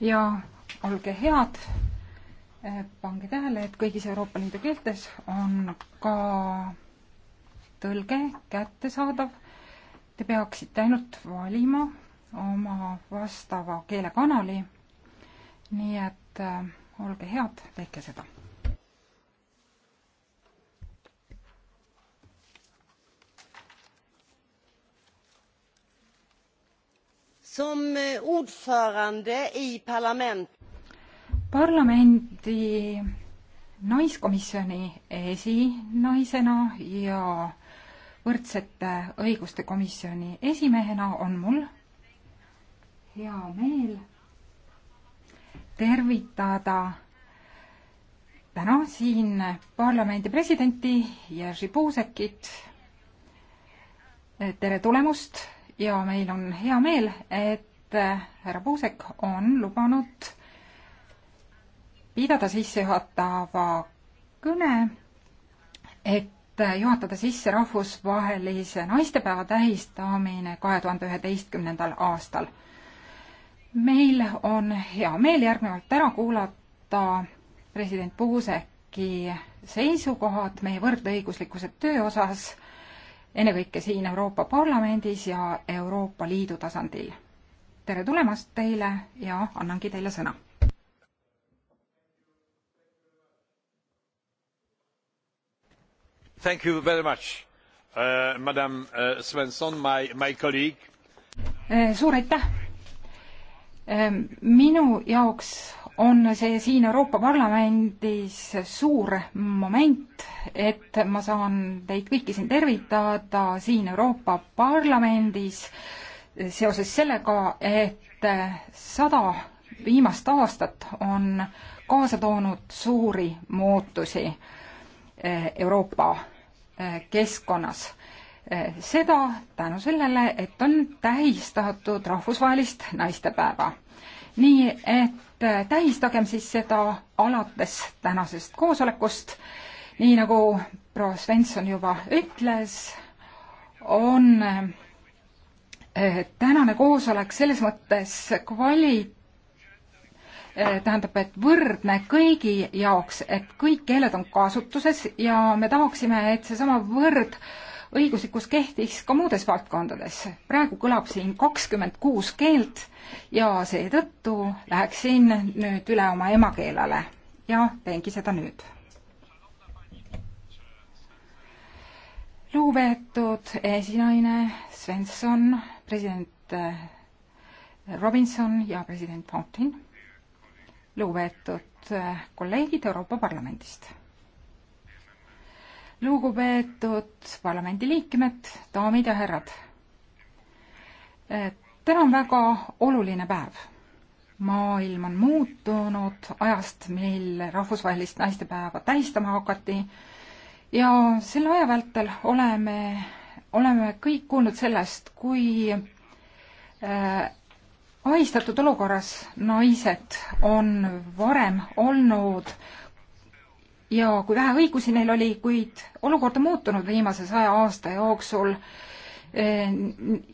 ja olge head, äh, pange tähele, et kõigis Euroopa Liidu keeltes on ka tõlge kättesaadav. Te peaksite ainult valima oma vastava keelekanali. nii et äh, olge head, tehke seda Som eh, ordförande i parlament... parlamendi naiskomisjoni esinaisena ja võrdsete õiguste komisjoni esimehena on mul hea meel tervitada täna siin parlamendi presidenti Jerzy Buzekit. tere tulemast ja meil on hea meel, et äh, härra Puusek on lubanud pidada sissejuhatava kõne, et äh, juhatada sisse rahvusvahelise naistepäeva tähistamine kahe tuhande üheteistkümnendal aastal. meil on hea meel järgnevalt ära kuulata president Puuseki seisukohad meie võrdõiguslikkuse töö osas ennekõike siin Euroopa Parlamendis ja Euroopa Liidu tasandil. tere tulemast teile ja annangi teile sõna. Thank you very much uh,, madam uh, Svensson, my, my colleague. Uh, suur aitäh! Uh, minu jaoks on see siin Euroopa Parlamendis suur moment, et ma saan teid kõiki siin tervitada siin Euroopa Parlamendis seoses sellega, et sada viimast aastat on kaasa toonud suuri muutusi Euroopa keskkonnas seda tänu sellele, et on tähistatud rahvusvahelist naistepäeva nii et äh, tähistagem siis seda alates tänasest koosolekust. nii nagu proua Svensson juba ütles, on äh, tänane koosolek selles mõttes kvali-, äh, tähendab, et võrdne kõigi jaoks, et kõik keeled on kasutuses ja me tahaksime, et seesama võrd äh, õiguslikus kehtiks ka muudes valdkondades. praegu kõlab siin kakskümmend kuus keelt ja seetõttu läheksin nüüd üle oma emakeelele ja teengi seda nüüd. lugupeetud esinaine Svensson, president eh, Robinson ja president Fountain, lugupeetud eh, kolleegid Euroopa Parlamendist lugupeetud parlamendiliikmed, daamid ja härrad. täna on väga oluline päev. maailm on muutunud ajast, mil rahvusvahelist naistepäeva tähistama hakati ja selle aja vältel oleme, oleme kõik kuulnud sellest, kui äh, ahistatud olukorras naised on varem olnud äh, ja kui vähe õigusi neil oli, kuid olukord on muutunud viimase saja aasta jooksul eh,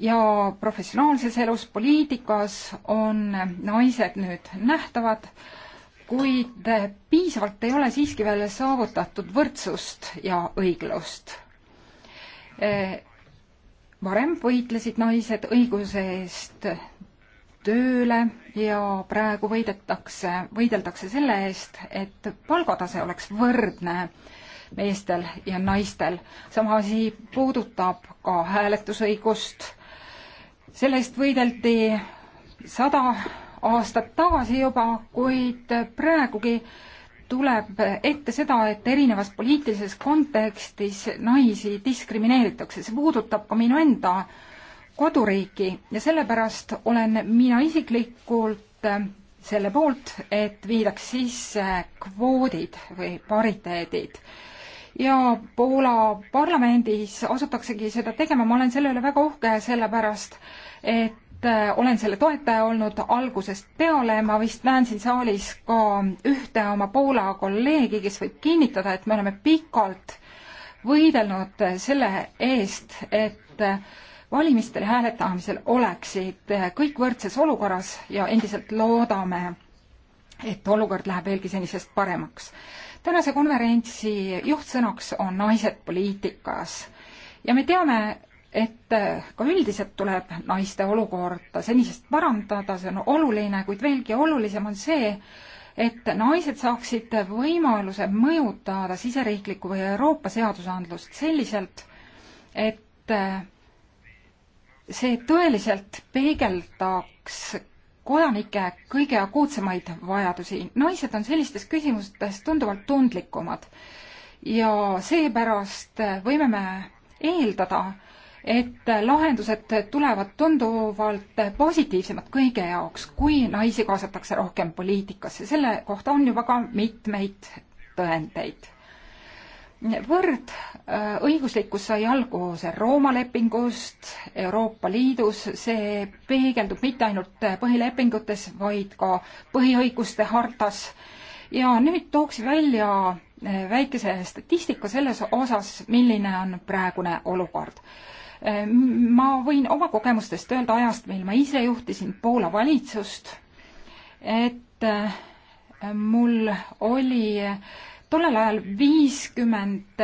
ja professionaalses elus, poliitikas on naised nüüd nähtavad, kuid piisavalt ei ole siiski veel saavutatud võrdsust ja õiglust. Eh, varem võitlesid naised õiguse eest tööle ja praegu võidetakse, võideldakse selle eest, et palgatase oleks võrdne meestel ja naistel. sama asi puudutab ka hääletusõigust. selle eest võideldi sada aastat tagasi juba, kuid praegugi tuleb ette seda, et erinevas poliitilises kontekstis naisi diskrimineeritakse, see puudutab ka minu enda koduriiki ja sellepärast olen mina isiklikult äh, selle poolt, et viidaks sisse kvoodid või pariteedid. ja Poola parlamendis asutaksegi seda tegema, ma olen selle üle väga uhke, sellepärast et äh, olen selle toetaja olnud algusest peale, ma vist näen siin saalis ka ühte oma Poola kolleegi, kes võib kinnitada, et me oleme pikalt võidelnud selle eest, et äh, valimistel ja hääletamisel oleksid eh, kõik võrdses olukorras ja endiselt loodame, et olukord läheb veelgi senisest paremaks. tänase konverentsi juhtsõnaks on naised poliitikas ja me teame, et eh, ka üldiselt tuleb naiste olukorda senisest parandada, see on oluline, kuid veelgi olulisem on see, et naised saaksid võimaluse mõjutada siseriiklikku või Euroopa seadusandlust selliselt, et eh, see tõeliselt peegeldaks kodanike kõige akuutsemaid vajadusi. naised on sellistes küsimustes tunduvalt tundlikumad ja seepärast võime me eeldada, et lahendused tulevad tunduvalt positiivsemad kõige jaoks, kui naisi kaasatakse rohkem poliitikasse. selle kohta on juba ka mitmeid tõendeid võrdõiguslikkus äh, sai alguse Rooma lepingust, Euroopa Liidus, see peegeldub mitte ainult põhilepingutes, vaid ka põhiõiguste hartas. ja nüüd tooks välja äh, väikese statistika selles osas, milline on praegune olukord. Äh, ma võin oma kogemustest öelda ajast, mil ma ise juhtisin Poola valitsust, et mul oli tollel ajal viiskümmend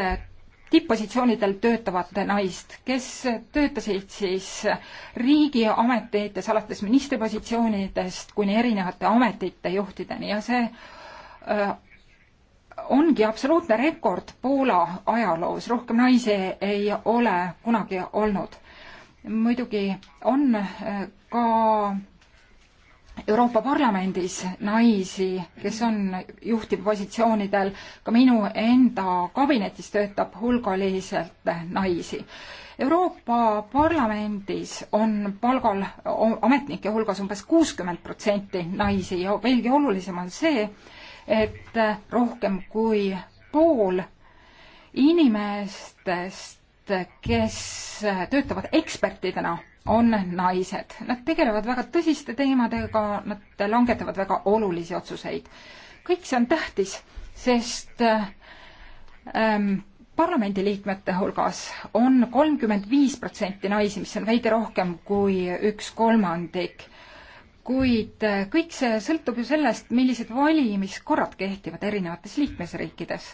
tipppositsioonidel töötavat naist, kes töötasid siis riigiametites, alates ministripositsioonidest kuni erinevate ametite juhtideni ja see öö, äh, ongi absoluutne rekord Poola ajaloos, rohkem naisi ei ole kunagi olnud. muidugi on äh, ka Euroopa Parlamendis naisi, kes on juhtivpositsioonidel, ka minu enda kabinetis töötab hulgaliselt naisi. Euroopa Parlamendis on palgal ametnike hulgas umbes kuuskümmend protsenti naisi ja veelgi olulisem on see, et rohkem kui pool inimestest, kes töötavad ekspertidena on naised. Nad tegelevad väga tõsiste teemadega, nad langetavad väga olulisi otsuseid. kõik see on tähtis, sest ähm, parlamendiliikmete hulgas on kolmkümmend viis protsenti naisi, mis on veidi rohkem kui üks kolmandik. kuid äh, kõik see sõltub ju sellest, millised valimiskorrad kehtivad erinevates liikmesriikides.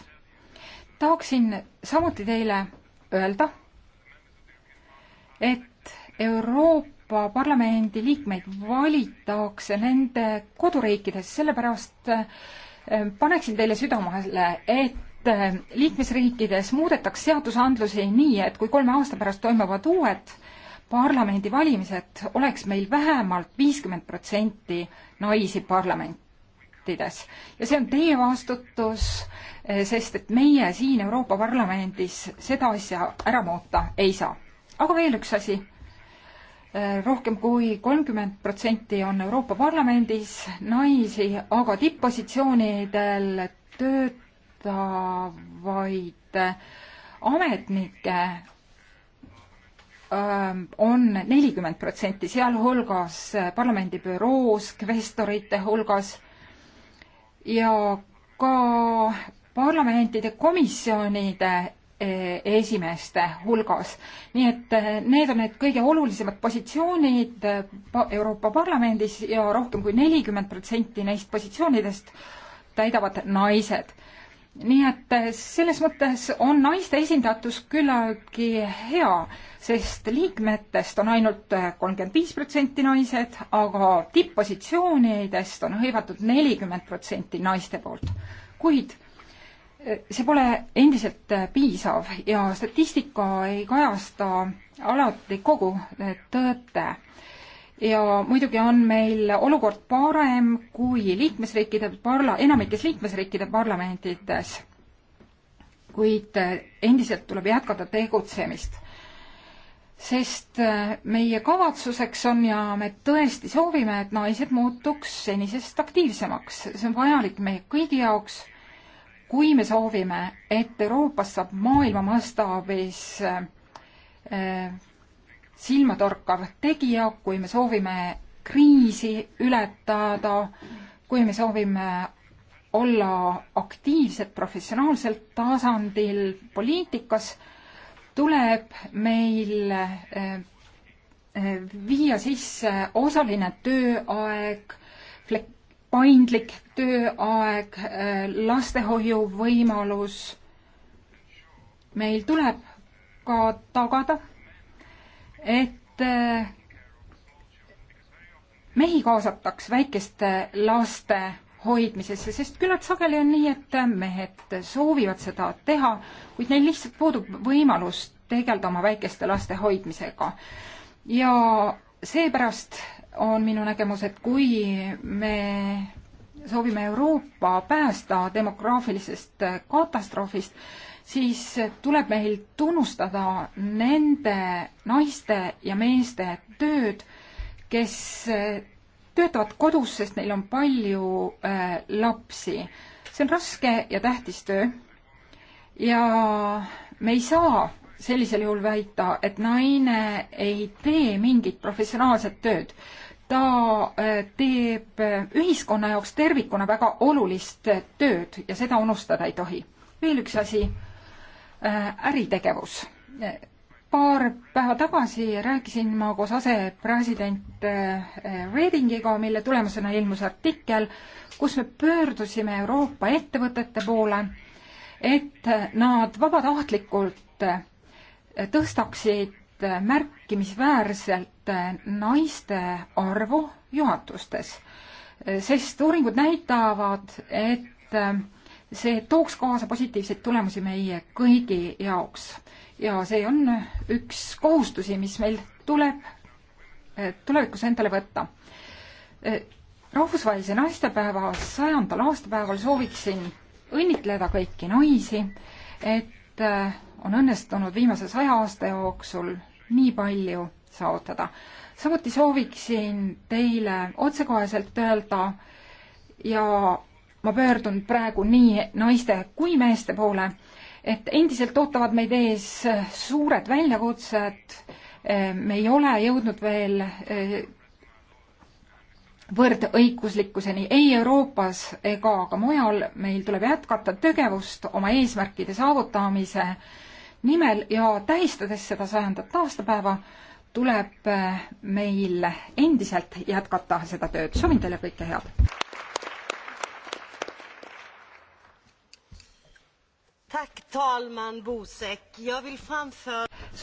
tahaksin samuti teile öelda, et Euroopa Parlamendi liikmeid valitakse nende koduriikides, sellepärast äh, paneksin teile südamele, et äh, liikmesriikides muudetaks seadusandlusi nii, et kui kolme aasta pärast toimuvad uued parlamendivalimised, oleks meil vähemalt viiskümmend protsenti naisi parlamentides. ja see on teie vastutus, äh, sest et meie siin Euroopa Parlamendis seda asja ära muuta ei saa. aga veel üks asi Äh, rohkem kui kolmkümmend protsenti on Euroopa Parlamendis naisi, aga tipppositsioonidel töötavaid äh, ametnikke ähm, on nelikümmend protsenti, sealhulgas äh, parlamendi büroos, kvestorite hulgas ja ka parlamentide komisjonide Eh, esimeste hulgas. nii et eh, need on need kõige olulisemad positsioonid eh, Euroopa Parlamendis ja rohkem kui nelikümmend protsenti neist positsioonidest täidavad naised. nii et selles mõttes on naiste esindatus küllaltki hea, sest liikmetest on ainult kolmkümmend viis protsenti naised, aga tipp-positsioonidest on hõivatud nelikümmend protsenti naiste poolt. kuid see pole endiselt äh, piisav ja statistika ei kajasta alati kogu äh, tõete. ja muidugi on meil olukord parem kui liikmesriikide parla-, enamikes liikmesriikide parlamentides. kuid äh, endiselt tuleb jätkata tegutsemist. sest meie kavatsuseks on ja me tõesti soovime, et naised muutuks senisest aktiivsemaks, see on vajalik meie kõigi jaoks kui me soovime, et Euroopast saab maailma mastaabis äh, silmatorkav tegija, kui me soovime kriisi ületada, kui me soovime olla aktiivsed professionaalsel tasandil poliitikas, tuleb meil äh, äh, viia sisse osaline tööaeg, flek-, paindlik tööaeg, lastehoiu võimalus. meil tuleb ka tagada, et eh, mehi kaasataks väikeste laste hoidmisesse, sest küllalt sageli on nii, et mehed soovivad seda teha, kuid neil lihtsalt puudub võimalus tegeleda oma väikeste laste hoidmisega. ja seepärast on minu nägemus, et kui me soovime Euroopa päästa demograafilisest katastroofist, siis tuleb meil tunnustada nende naiste ja meeste tööd, kes töötavad kodus, sest neil on palju äh, lapsi. see on raske ja tähtis töö. ja me ei saa sellisel juhul väita, et naine ei tee mingit professionaalset tööd ta äh, teeb äh, ühiskonna jaoks tervikuna väga olulist äh, tööd ja seda unustada ei tohi. veel üks asi, äritegevus. paar päeva tagasi rääkisin ma koos asepresident Redingiga, mille tulemusena ilmus artikkel, kus me pöördusime Euroopa ettevõtete poole, et nad vabatahtlikult tõstaksid märkimisväärselt naiste arvu juhatustes, sest uuringud näitavad, et see tooks kaasa positiivseid tulemusi meie kõigi jaoks ja see on üks kohustusi, mis meil tuleb tulevikus endale võtta. rahvusvahelise naistepäeva sajandal aastapäeval sooviksin õnnitleda kõiki naisi, et on õnnestunud viimase saja aasta jooksul nii palju saavutada. samuti sooviksin teile otsekoheselt öelda ja ma pöördun praegu nii naiste kui meeste poole, et endiselt ootavad meid ees suured väljakutsed, me ei ole jõudnud veel eh, võrdõiguslikkuseni ei Euroopas ega ka mujal, meil tuleb jätkata tegevust oma eesmärkide saavutamise äh, nimel ja tähistades seda sajandat aastapäeva, tuleb eh, meil endiselt jätkata seda tööd. soovin teile kõike head!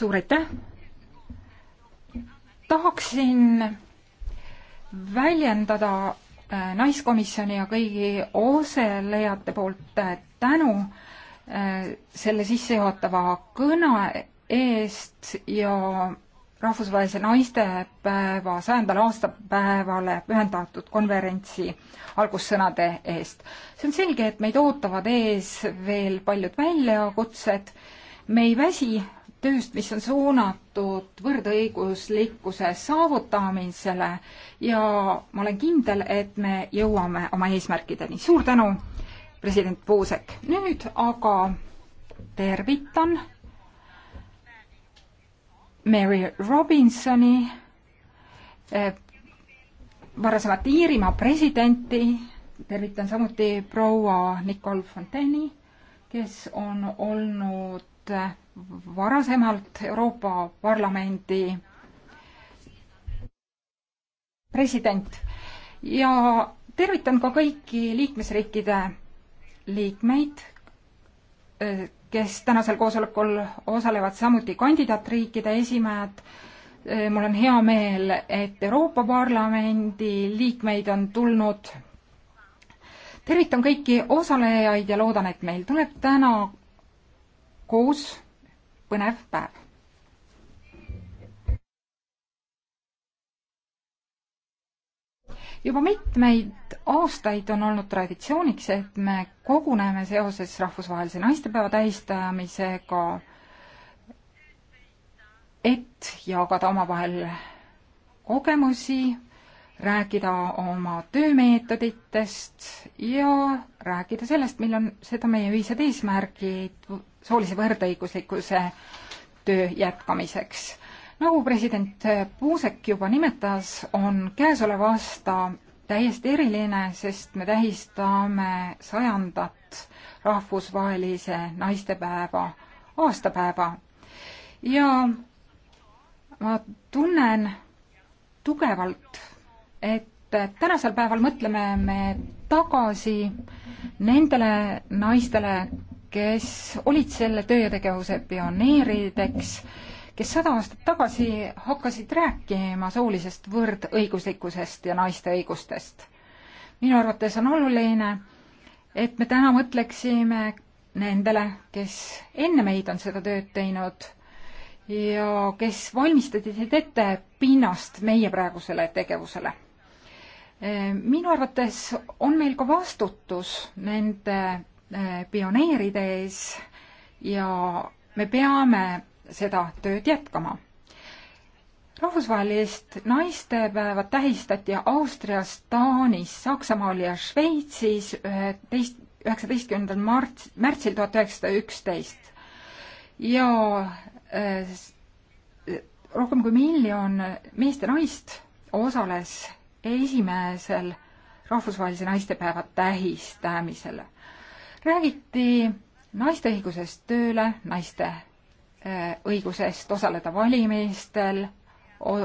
suur aitäh! tahaksin väljendada eh, naiskomisjoni ja kõigi osalejate poolt eh, tänu äh, Äh, selle sissejuhatava kõne eest ja rahvusvahelise naistepäeva sajandale aastapäevale pühendatud konverentsi algussõnade eest. see on selge, et meid ootavad ees veel paljud väljakutsed. me ei väsi tööst, mis on suunatud võrdõiguslikkuse saavutamisele ja ma olen kindel, et me jõuame oma eesmärkideni. suur tänu president Puusek. nüüd aga tervitan Mary Robinsoni, eh, varasemat Iirimaa presidenti, tervitan samuti proua Nicole Fontaine'i, kes on olnud varasemalt Euroopa Parlamendi president ja tervitan ka kõiki liikmesriikide liikmeid, eh, kes tänasel koosolekul osalevad, samuti kandidaatriikide esimehad. Eh, mul on hea meel, et Euroopa Parlamendi liikmeid on tulnud. tervitan kõiki osalejaid ja loodan, et meil tuleb täna koos põnev päev. juba mitmeid aastaid on olnud traditsiooniks, et me koguneme seoses rahvusvahelise naistepäeva tähistamisega, et jagada omavahel kogemusi, rääkida oma töömeetoditest ja rääkida sellest, mil on seda meie ühised eesmärgid soolise võrdõiguslikkuse töö jätkamiseks nagu president Puusek juba nimetas, on käesolev aasta täiesti eriline, sest me tähistame sajandat rahvusvahelise naistepäeva aastapäeva. ja ma tunnen tugevalt, et tänasel päeval mõtleme me tagasi nendele naistele, kes olid selle töö ja tegevuse pioneerideks kes sada aastat tagasi hakkasid rääkima soolisest võrdõiguslikkusest ja naiste õigustest. minu arvates on oluline, et me täna mõtleksime nendele, kes enne meid on seda tööd teinud ja kes valmistasid ette pinnast meie praegusele tegevusele. minu arvates on meil ka vastutus nende eh, pioneeride ees ja me peame seda tööd jätkama. rahvusvahelist naistepäeva tähistati Austrias, Taanis, Saksamaal ja Šveitsis üheteist, üheksateistkümnendal marts, märtsil tuhat üheksasada üksteist. ja äh, rohkem kui miljon meest ja naist osales esimesel rahvusvahelise naistepäeva tähistamisel. räägiti naiste õigusest tööle, naiste Äh, õigusest osaleda valimistel,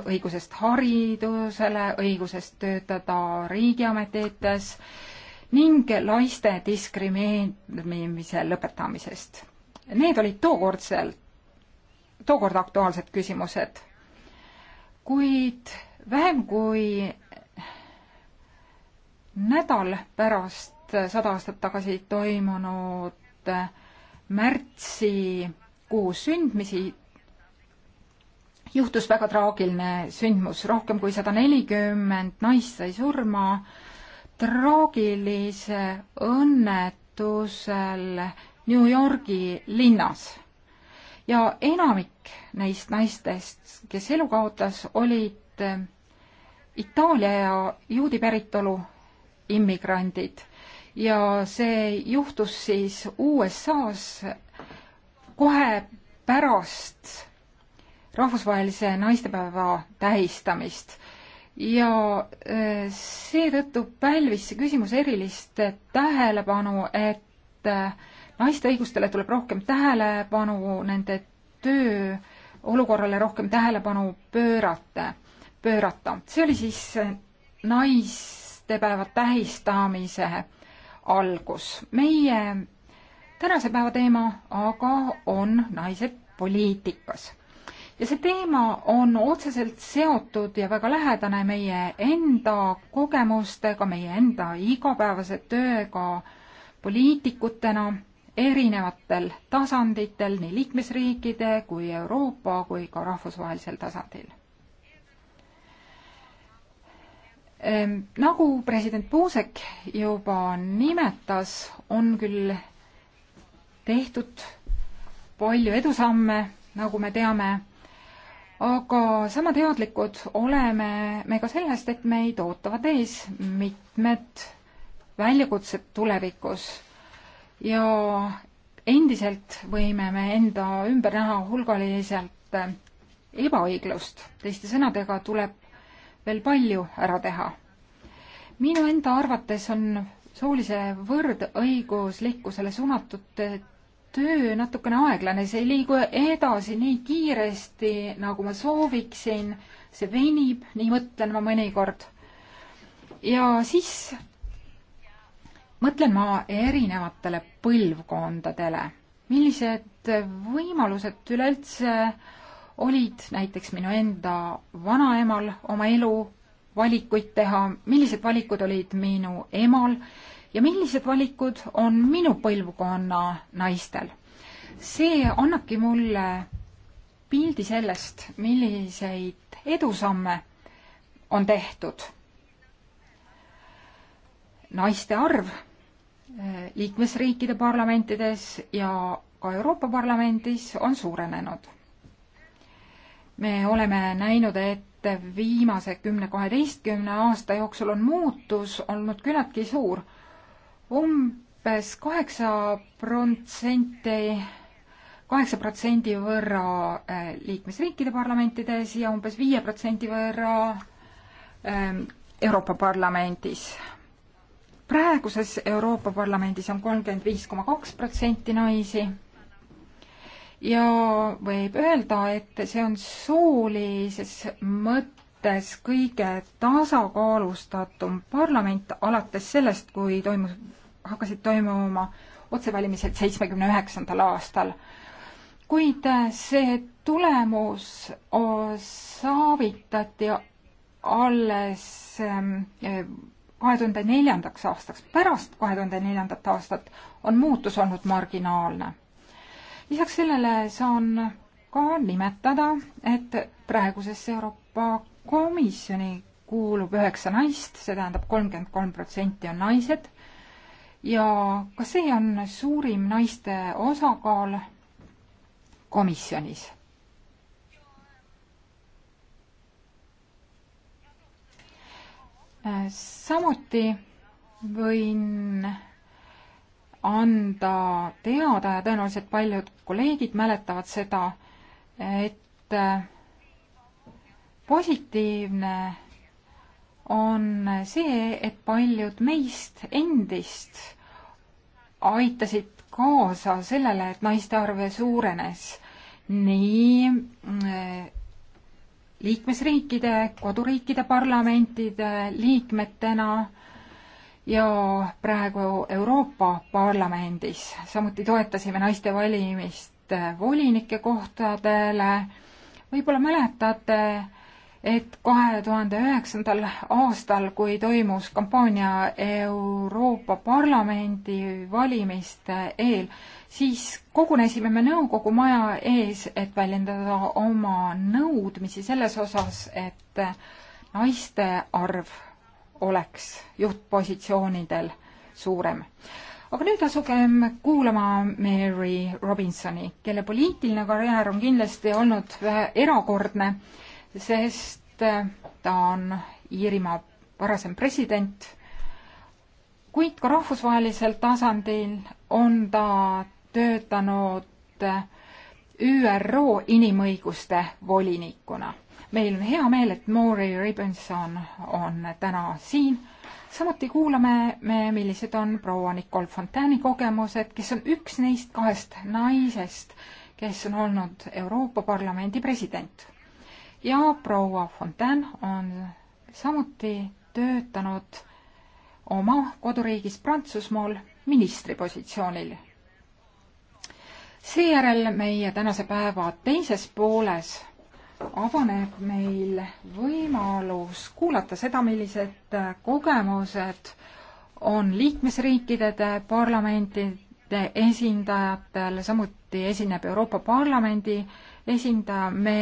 õigusest haridusele, õigusest töötada riigiametites ning naiste diskrimineerimise lõpetamisest. Need olid tookordsel, tookord aktuaalsed küsimused. kuid vähem kui nädal pärast sada aastat tagasi toimunud märtsi kuu sündmisi juhtus väga traagiline sündmus, rohkem kui sada nelikümmend naist sai surma traagilise õnnetusel New Yorgi linnas. ja enamik neist naistest, kes elu kaotas, olid eh, Itaalia ja juudi päritolu immigrandid ja see juhtus siis USA-s kohe pärast rahvusvahelise naistepäeva tähistamist ja äh, seetõttu pälvis see küsimus erilist tähelepanu, et äh, naiste õigustele tuleb rohkem tähelepanu, nende töö olukorrale rohkem tähelepanu pöörata, pöörata. see oli siis naistepäeva tähistamise algus. meie tänase päeva teema aga on naised poliitikas. ja see teema on otseselt seotud ja väga lähedane meie enda kogemustega, meie enda igapäevase tööga poliitikutena erinevatel tasanditel, nii liikmesriikide kui Euroopa kui ka rahvusvahelisel tasandil ehm, nagu president Puusek juba nimetas, on küll tehtud palju edusamme, nagu me teame, aga sama teadlikud oleme me ka sellest, et meid ootavad ees mitmed väljakutsed tulevikus ja endiselt võime me enda ümber näha hulgaliselt ebaõiglust. teiste sõnadega tuleb veel palju ära teha. minu enda arvates on soolise võrdõiguslikkusele suunatud töö natukene aeglane, see ei liigu edasi nii kiiresti, nagu ma sooviksin, see venib, nii mõtlen ma mõnikord. ja siis mõtlen ma erinevatele põlvkondadele, millised võimalused üleüldse olid näiteks minu enda vanaemal oma elu valikuid teha, millised valikud olid minu emal ja millised valikud on minu põlvkonna naistel. see annabki mulle pildi sellest, milliseid edusamme on tehtud. naiste arv eh, liikmesriikide parlamentides ja ka Euroopa Parlamendis on suurenenud. me oleme näinud, et viimase kümne-kaheteistkümne aasta jooksul on muutus olnud küllaltki suur umbes kaheksa protsenti, kaheksa protsendi võrra äh, liikmesriikide parlamentides ja umbes viie protsendi võrra ähm, Euroopa Parlamendis. praeguses Euroopa Parlamendis on kolmkümmend viis koma kaks protsenti naisi ja võib öelda, et see on soolises mõttes mõttes kõige tasakaalustatum parlament alates sellest, kui toimus, hakkasid toimuma otsevalimised seitsmekümne üheksandal aastal. kuid see tulemus saavitati alles ähm, kahe tuhande neljandaks aastaks, pärast kahe tuhande neljandat aastat on muutus olnud marginaalne. lisaks sellele saan ka nimetada, et praegusesse Euroopa komisjoni kuulub üheksa naist, see tähendab kolmkümmend kolm protsenti on naised ja ka see on suurim naiste osakaal komisjonis. samuti võin anda teada ja tõenäoliselt paljud kolleegid mäletavad seda, et positiivne on see, et paljud meist endist aitasid kaasa sellele, et naiste arv suurenes nii mm, liikmesriikide, koduriikide parlamentide liikmetena ja praegu Euroopa Parlamendis. samuti toetasime naiste valimist volinike kohtadele. võib-olla mäletate, et kahe tuhande üheksandal aastal, kui toimus kampaania Euroopa Parlamendi valimiste eel, siis kogunesime me nõukogu maja ees, et väljendada oma nõudmisi selles osas, et naiste arv oleks juhtpositsioonidel suurem. aga nüüd asugem kuulama Mary Robinsoni, kelle poliitiline karjäär on kindlasti olnud erakordne sest äh, ta on Iirimaa varasem president, kuid ka rahvusvahelisel tasandil on ta töötanud äh, ÜRO inimõiguste volinikuna. meil on hea meel, et Maury Ribenson on täna siin. samuti kuulame me, millised on proua Nicole Fontaine'i kogemused, kes on üks neist kahest naisest, kes on olnud Euroopa Parlamendi president ja proua Fontaine on samuti töötanud oma koduriigis Prantsusmaal ministri positsioonil. seejärel meie tänase päeva teises pooles avaneb meil võimalus kuulata seda, millised kogemused on liikmesriikide parlamentide esindajatel, samuti esineb Euroopa Parlamendi esindaja, me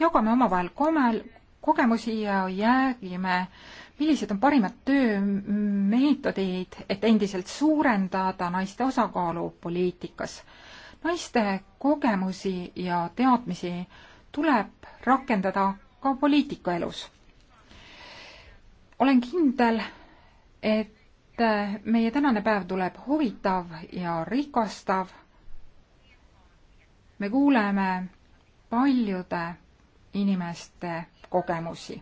jagame omavahel komel, kogemusi ja jäägime, millised on parimad töömeetodid, et endiselt suurendada naiste osakaalu poliitikas. naiste kogemusi ja teadmisi tuleb rakendada ka poliitikaelus. olen kindel, et meie tänane päev tuleb huvitav ja rikastav. me kuuleme paljude inimeste kogemusi.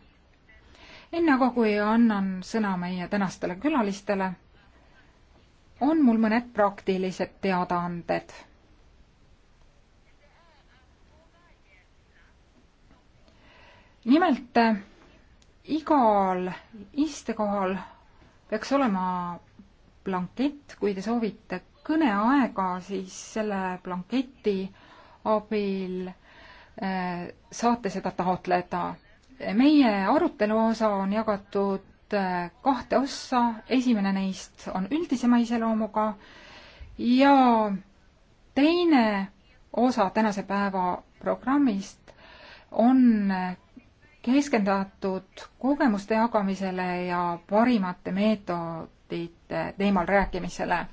enne kui annan sõna meie tänastele külalistele, on mul mõned praktilised teadaanded. nimelt igal istekohal peaks olema blankett, kui te soovite kõneaega, siis selle blanketi abil Äh, saate seda taotleda. meie arutelu osa on jagatud äh, kahte ossa, esimene neist on üldisema iseloomuga ja teine osa tänase päeva programmist on keskendatud kogemuste jagamisele ja parimate meetodite teemal rääkimisele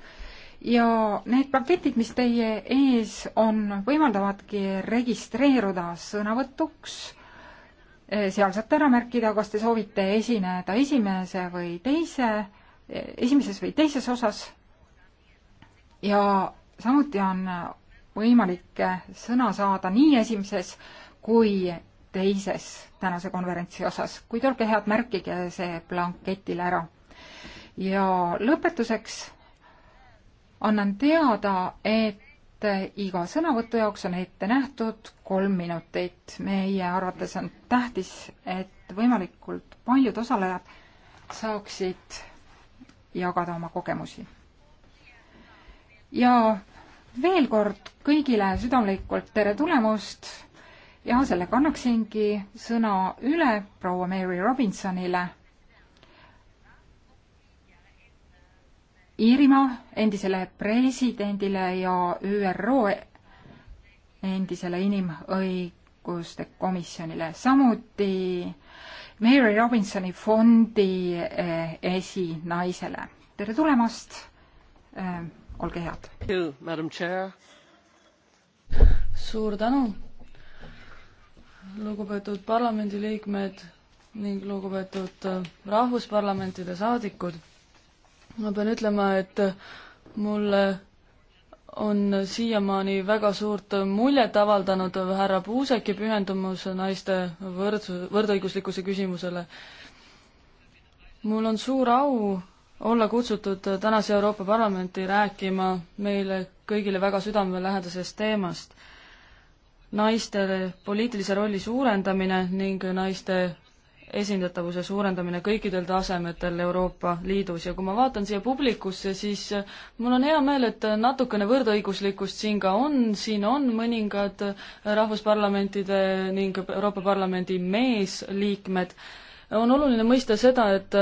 ja need plaketid, mis teie ees on, võimaldavadki registreeruda sõnavõtuks, eh, seal saate ära märkida, kas te soovite esineda esimese või teise, eh, esimeses või teises osas ja samuti on võimalik eh, sõna saada nii esimeses kui teises tänase konverentsi osas, kuid olge head, märkige see blanketile ära. ja lõpetuseks annan teada, et iga sõnavõtu jaoks on ette nähtud kolm minutit. meie arvates on tähtis, et võimalikult paljud osalejad saaksid jagada oma kogemusi. ja veel kord kõigile südamlikult tere tulemust ja sellega annaksingi sõna üle proua Mary Robinsonile Iirimaa endisele presidendile ja ÜRO endisele inimõiguste komisjonile, samuti Mary Robinsoni fondi eh, esinaisele. tere tulemast, eh, olge head! suur tänu, lugupeetud parlamendiliikmed ning lugupeetud eh, rahvusparlamentide saadikud ma pean ütlema, et mulle on siiamaani väga suurt muljet avaldanud härra Puuseki pühendumus naiste võrdsu-, võrdõiguslikkuse küsimusele. mul on suur au olla kutsutud tänase Euroopa Parlamenti rääkima meile kõigile väga südamelähedasest teemast, naistele poliitilise rolli suurendamine ning naiste esindatavuse suurendamine kõikidel tasemetel Euroopa Liidus ja kui ma vaatan siia publikusse, siis mul on hea meel, et natukene võrdõiguslikkust siin ka on, siin on mõningad rahvusparlamentide ning Euroopa Parlamendi meesliikmed. on oluline mõista seda, et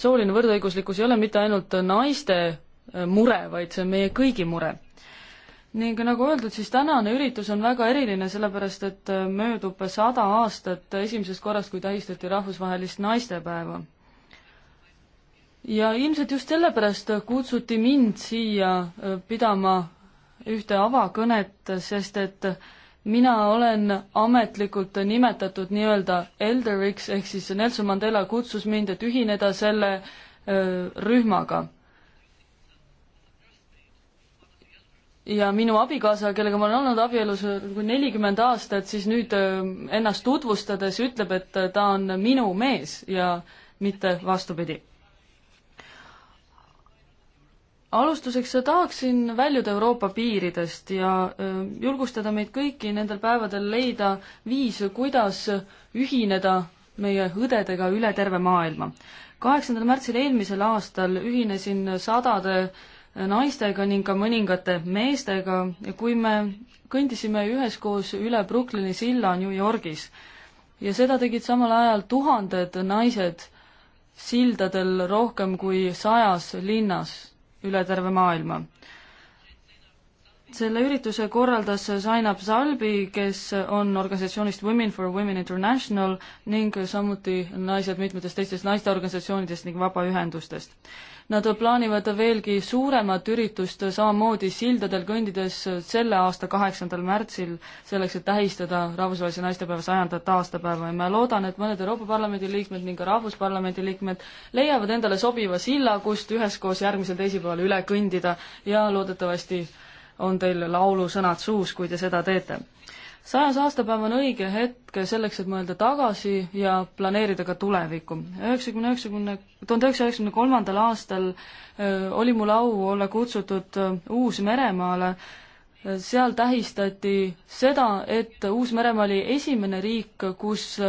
sooline võrdõiguslikkus ei ole mitte ainult naiste mure, vaid see on meie kõigi mure ning nagu öeldud, siis tänane üritus on väga eriline, sellepärast et äh, möödub sada aastat esimesest korrast, kui tähistati rahvusvahelist naistepäeva. ja ilmselt just sellepärast kutsuti mind siia äh, pidama ühte avakõnet, sest et mina olen ametlikult nimetatud nii-öelda elderiks ehk siis Nelson Mandela kutsus mind, et ühineda selle öö, äh, rühmaga ja minu abikaasa, kellega ma olen olnud abielus nagu nelikümmend aastat, siis nüüd äh, ennast tutvustades ütleb, et äh, ta on minu mees ja mitte vastupidi. alustuseks tahaksin väljuda Euroopa piiridest ja äh, julgustada meid kõiki nendel päevadel leida viis, kuidas ühineda meie õdedega üle terve maailma. kaheksandal märtsil eelmisel aastal ühinesin sadade naistega ning ka mõningate meestega ja kui me kõndisime üheskoos üle Brooklyni silla New Yorgis ja seda tegid samal ajal tuhanded naised sildadel rohkem kui sajas linnas üle terve maailma. selle ürituse korraldas Zainab Zalbi, kes on organisatsioonist Women for Women International ning samuti naised mitmetest teistest naisteorganisatsioonidest ning vabaühendustest Nad plaanivad veelgi suuremat üritust samamoodi sildadel kõndides selle aasta kaheksandal märtsil, selleks et tähistada rahvusvahelise naistepäeva sajandat aastapäeva ja ma loodan, et mõned Euroopa Parlamendi liikmed ning ka Rahvusparlamendi liikmed leiavad endale sobiva silla, kust üheskoos järgmisel teisipäeval üle kõndida ja loodetavasti on teil laulusõnad suus, kui te seda teete sajas aastapäev on õige hetk selleks, et mõelda tagasi ja planeerida ka tulevikku. üheksakümne, üheksakümne, tuhande üheksasaja üheksakümne kolmandal aastal oli mul au olla kutsutud Uus-Meremaale. seal tähistati seda, et Uus-Meremaa oli esimene riik, kus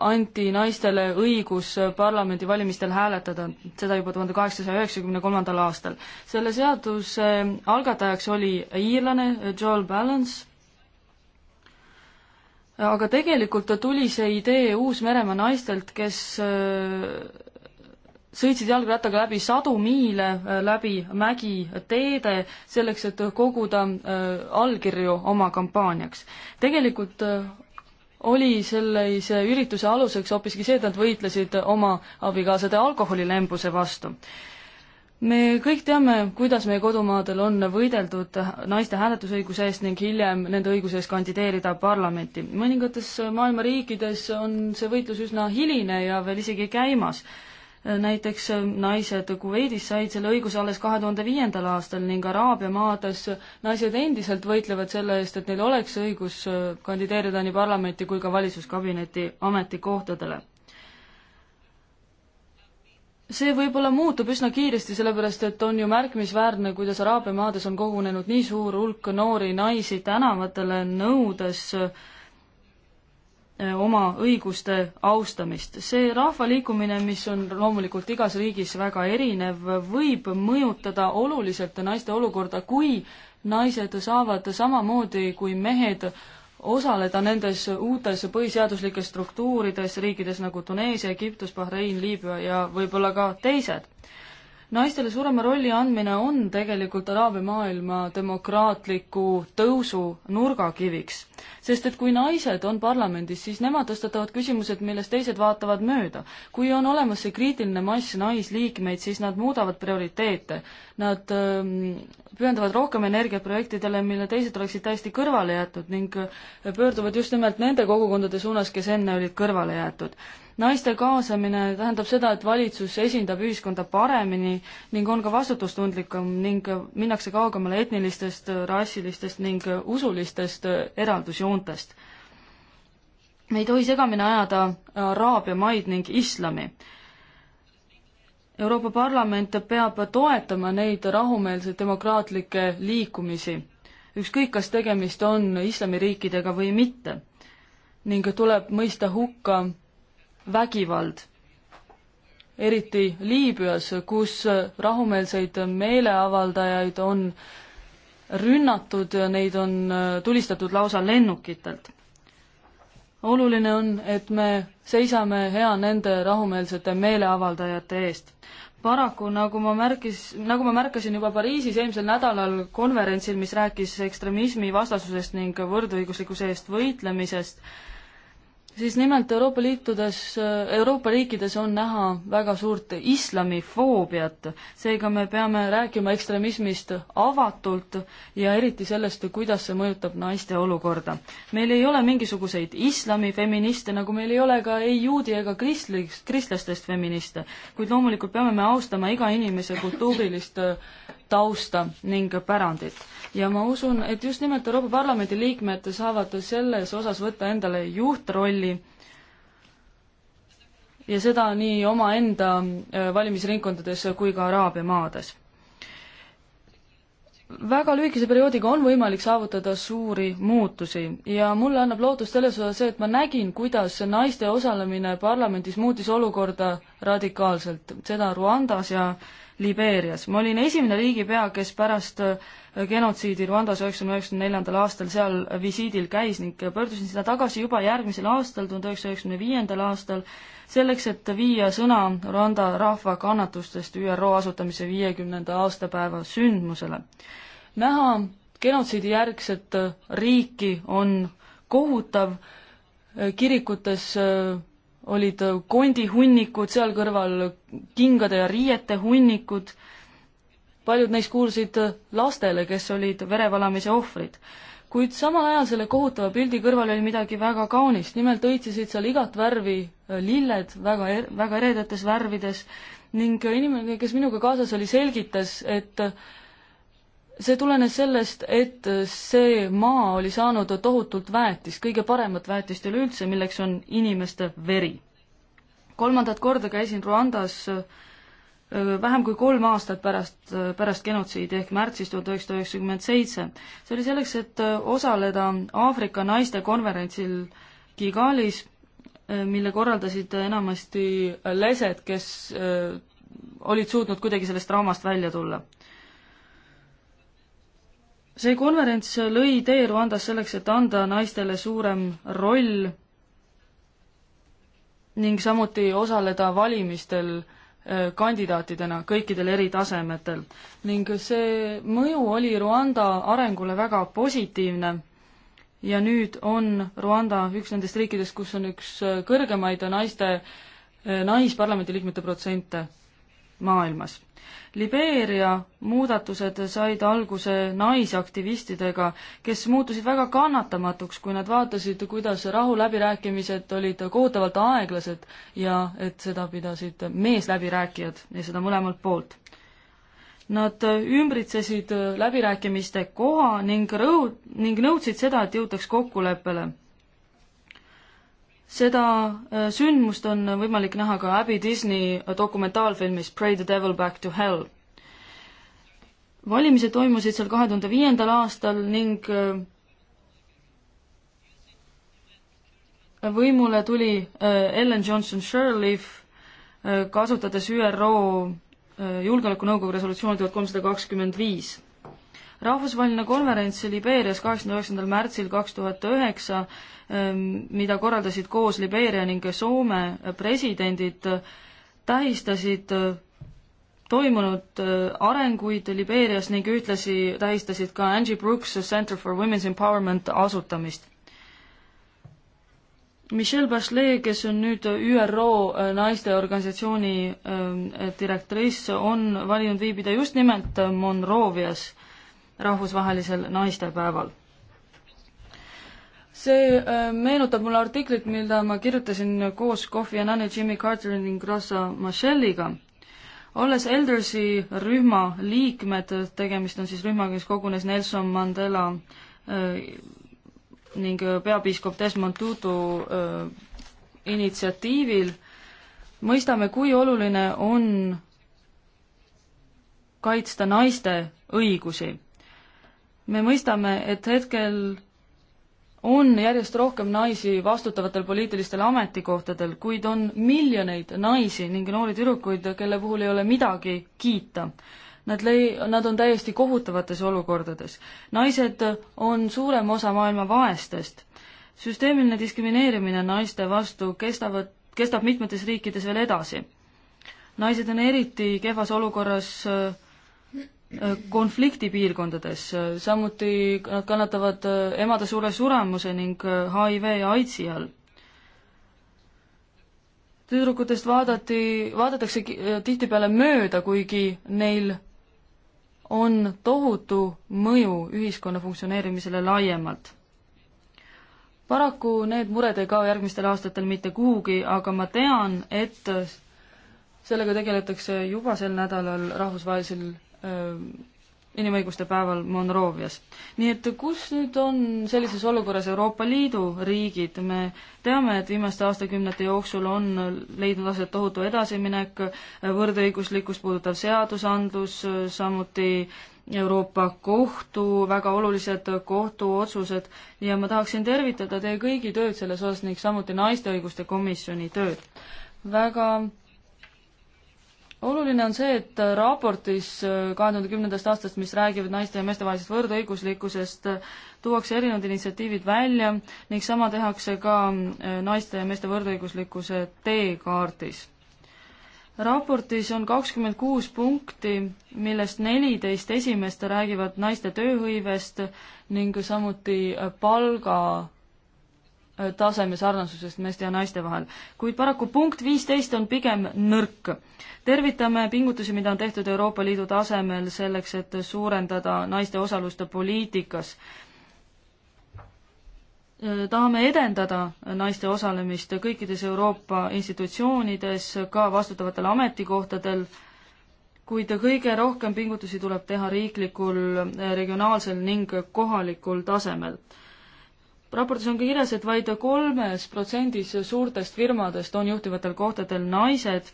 anti naistele õigus parlamendivalimistel hääletada, seda juba tuhande kaheksasaja üheksakümne kolmandal aastal. selle seaduse algatajaks oli iirlane Joel Balance aga tegelikult tuli see idee Uus-Meremaa naistelt, kes äh, sõitsid jalgrattaga läbi sadu miile, äh, läbi mägiteede, selleks, et koguda äh, allkirju oma kampaaniaks. tegelikult oli sellise ürituse aluseks hoopiski see, et nad võitlesid oma abikaasade alkoholilembuse vastu me kõik teame, kuidas meie kodumaadel on võideldud naiste hääletusõiguse eest ning hiljem nende õiguse eest kandideerida parlamenti. mõningates maailma riikides on see võitlus üsna hiline ja veel isegi käimas. näiteks naised Kuveidis said selle õiguse alles kahe tuhande viiendal aastal ning Araabia maades naised endiselt võitlevad selle eest, et neil oleks õigus kandideerida nii parlamenti kui ka valitsuskabineti ametikohtadele see võib-olla muutub üsna kiiresti, sellepärast et on ju märkimisväärne, kuidas Araabia maades on kogunenud nii suur hulk noori naisi tänavatele, nõudes eh, oma õiguste austamist. see rahvaliikumine, mis on loomulikult igas riigis väga erinev, võib mõjutada oluliselt naiste olukorda, kui naised saavad samamoodi kui mehed osaleda nendes uutes põhiseaduslikes struktuurides riikides nagu Tuneesia, Egiptus, Bahrein, Liibüa ja võib-olla ka teised. naistele suurema rolli andmine on tegelikult araabia maailma demokraatliku tõusu nurgakiviks. sest et kui naised on parlamendis, siis nemad tõstatavad küsimused, millest teised vaatavad mööda. kui on olemas see kriitiline mass naisliikmeid, siis nad muudavad prioriteete. Nad öö, ähm, pühendavad rohkem energiat projektidele, mille teised oleksid täiesti kõrvale jäetud ning äh, pöörduvad just nimelt nende kogukondade suunas, kes enne olid kõrvale jäetud. naiste kaasamine tähendab seda, et valitsus esindab ühiskonda paremini ning on ka vastutustundlikum ning äh, minnakse kaugemale etnilistest, äh, rassilistest ning usulistest eraldusjoontest. me ei tohi segamini ajada araabia maid ning islami Euroopa Parlament peab toetama neid rahumeelseid demokraatlikke liikumisi, ükskõik, kas tegemist on islamiriikidega või mitte. ning tuleb mõista hukka vägivald, eriti Liibüas, kus rahumeelseid meeleavaldajaid on rünnatud, neid on tulistatud lausa lennukitelt oluline on, et me seisame hea nende rahumeelsete meeleavaldajate eest paraku, nagu ma märgis, nagu ma märkasin juba Pariisis eelmisel nädalal konverentsil, mis rääkis ekstremismi vastasusest ning võrdõiguslikkuse eest võitlemisest, siis nimelt Euroopa Liitudes, Euroopa riikides on näha väga suurt islamifoobiat, seega me peame rääkima ekstremismist avatult ja eriti sellest, kuidas see mõjutab naiste olukorda. meil ei ole mingisuguseid islamifeministe, nagu meil ei ole ka ei juudi ega kristli-, kristlastest feministe, kuid loomulikult peame me austama iga inimese kultuurilist tausta ning pärandit. ja ma usun, et just nimelt Euroopa Parlamendi liikmed saavad selles osas võtta endale juhtrolli ja seda nii omaenda äh, valimisringkondades kui ka Araabia maades. väga lühikese perioodiga on võimalik saavutada suuri muutusi ja mulle annab lootust selles osas see, et ma nägin, kuidas naiste osalemine parlamendis muutis olukorda radikaalselt, seda Ruandas ja äh, Libeerias. ma olin esimene riigipea, kes pärast äh, genotsiidi Rwandas üheksakümne üheksakümne neljandal aastal seal visiidil käis ning pöördusin sinna tagasi juba järgmisel aastal, tuhande üheksasaja üheksakümne viiendal aastal, selleks, et viia sõna Rwanda rahva kannatustest ÜRO asutamise viiekümnenda aastapäeva sündmusele. näha genotsiidi järgset äh, riiki on kohutav, äh, kirikutes olid äh, kondihunnikud seal kõrval, kingade ja riiete hunnikud, paljud neist kuulsid äh, lastele, kes olid verevalamise ohvrid. kuid samal ajal selle kohutava pildi kõrval oli midagi väga kaunist, nimelt õitsesid seal igat värvi äh, lilled väga er,, väga eredates värvides ning inimene, kes minuga kaasas oli, selgitas, et see tulenes sellest, et see maa oli saanud tohutult väetist, kõige paremat väetist üleüldse, milleks on inimeste veri. kolmandat korda käisin Rwandas äh, vähem kui kolm aastat pärast, äh, pärast genotsiidi ehk märtsis tuhat üheksasada üheksakümmend seitse. see oli selleks, et äh, osaleda Aafrika naistekonverentsil Kigalis, mille korraldasid enamasti lesed, kes olid suutnud kuidagi sellest traumast välja tulla see konverents lõi tee Rwandas selleks, et anda naistele suurem roll ning samuti osaleda valimistel äh, kandidaatidena kõikidel eri tasemetel. ning see mõju oli Rwanda arengule väga positiivne ja nüüd on Rwanda üks nendest riikidest, kus on üks äh, kõrgemaid naiste, äh, naisparlamendi liikmete protsente maailmas Libeeria muudatused said alguse naisaktivistidega, kes muutusid väga kannatamatuks, kui nad vaatasid, kuidas rahuläbirääkimised olid kohutavalt aeglased ja et seda pidasid meesläbirääkijad ja seda mõlemalt poolt Nad ümbritsesid läbirääkimiste koha ning rõhu-, ning nõudsid seda, et jõutaks kokkuleppele seda äh, sündmust on võimalik näha ka Abby Disney dokumentaalfilmis Pray the devil back to hell. valimised toimusid seal kahe tuhande viiendal aastal ning äh, võimule tuli äh, Ellen Johnson Sirleaf, kasutades ÜRO Julgeolekunõukogu resolutsiooni tuhat kolmsada kakskümmend viis rahvusvaheline konverents Libeerias kaheksakümne üheksandal märtsil kaks tuhat üheksa, ehm, mida korraldasid koos Libeeria ning Soome presidendid, tähistasid eh, toimunud eh, arenguid Libeerias ning ühtlasi tähistasid ka Angie Brooks Center for Women's Empowerment asutamist. Michelle Bachelet, kes on nüüd ÜRO eh, naisteorganisatsiooni ehm, direktriss, on valinud viibida just nimelt Monrovias rahvusvahelisel naistepäeval. see äh, meenutab mulle artiklit, mida ma kirjutasin koos Kofi Annani, Jimmy Carteri ning Rosa Michelliga. olles Eldersi rühma liikmed, tegemist on siis rühmaga, kes kogunes Nelson Mandela äh, ning äh, peapiiskop Desmond Tutu initsiatiivil, mõistame, kui oluline on kaitsta naiste õigusi me mõistame, et hetkel on järjest rohkem naisi vastutavatel poliitilistel ametikohtadel, kuid on miljoneid naisi ning noori tüdrukuid, kelle puhul ei ole midagi kiita. Nad lei-, nad on täiesti kohutavates olukordades. naised on suurem osa maailma vaestest. süsteemiline diskrimineerimine naiste vastu kestavad, kestab mitmetes riikides veel edasi. naised on eriti kehvas olukorras äh, Äh, konfliktipiirkondades, äh, samuti nad kannatavad äh, emade suure suremuse ning HIV ja AIDSi all. tüdrukutest vaadati, vaadatakse tihtipeale mööda, kuigi neil on tohutu mõju ühiskonna funktsioneerimisele laiemalt. paraku need mured ei kao järgmistel aastatel mitte kuhugi, aga ma tean, et sellega tegeletakse juba sel nädalal rahvusvahelisel inimõiguste päeval Monrovias. nii et kus nüüd on sellises olukorras Euroopa Liidu riigid, me teame, et viimaste aastakümnete jooksul on leidnud aset tohutu edasiminek, võrdõiguslikkus puudutav seadusandlus, samuti Euroopa Kohtu väga olulised kohtuotsused ja ma tahaksin tervitada teie kõigi tööd selles osas ning samuti Naiste Õiguste Komisjoni tööd. väga oluline on see, et raportis äh, kahe tuhande kümnendast aastast, mis räägivad naiste ja meeste vahelisest võrdõiguslikkusest, tuuakse erinevad initsiatiivid välja ning sama tehakse ka äh, naiste ja meeste võrdõiguslikkuse teekaardis. raportis on kakskümmend kuus punkti, millest neliteist esimest räägivad naiste tööhõivest ning samuti palga Äh, taseme sarnasusest meeste ja naiste vahel, kuid paraku punkt viisteist on pigem nõrk. tervitame pingutusi, mida on tehtud Euroopa Liidu tasemel selleks, et suurendada naiste osalust poliitikas. Äh, tahame edendada naiste osalemist kõikides Euroopa institutsioonides, ka vastutavatel ametikohtadel, kuid kõige rohkem pingutusi tuleb teha riiklikul, regionaalsel ning kohalikul tasemel raportis on kirjas, et vaid kolmes protsendis suurtest firmadest on juhtivatel kohtadel naised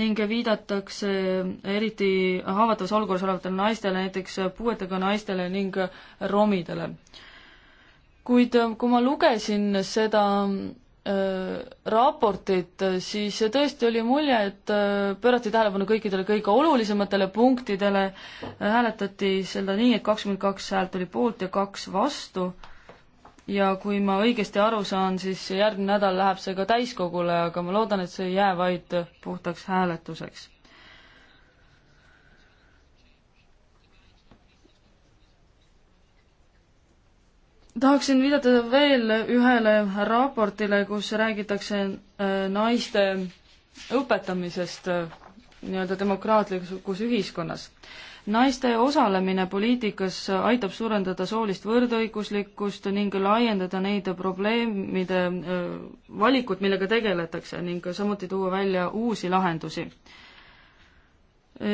ning viidatakse eriti haavatavas olukorras olevatele naistele, näiteks puuetega naistele ning romidele. kuid kui ma lugesin seda äh, raportit, siis tõesti oli mulje, et äh, pöörati tähelepanu kõikidele kõige olulisematele punktidele, hääletati seda nii, et kakskümmend kaks häält oli poolt ja kaks vastu äh,, ja kui ma õigesti aru saan, siis järgmine nädal läheb see ka täiskogule, aga ma loodan, et see ei jää vaid puhtaks hääletuseks. tahaksin viidata veel ühele raportile, kus räägitakse äh, naiste õpetamisest äh, nii-öelda demokraatlikus ühiskonnas naiste osalemine poliitikas aitab suurendada soolist võrdõiguslikkust ning laiendada neid probleemide valikut, millega tegeletakse ning samuti tuua välja uusi lahendusi.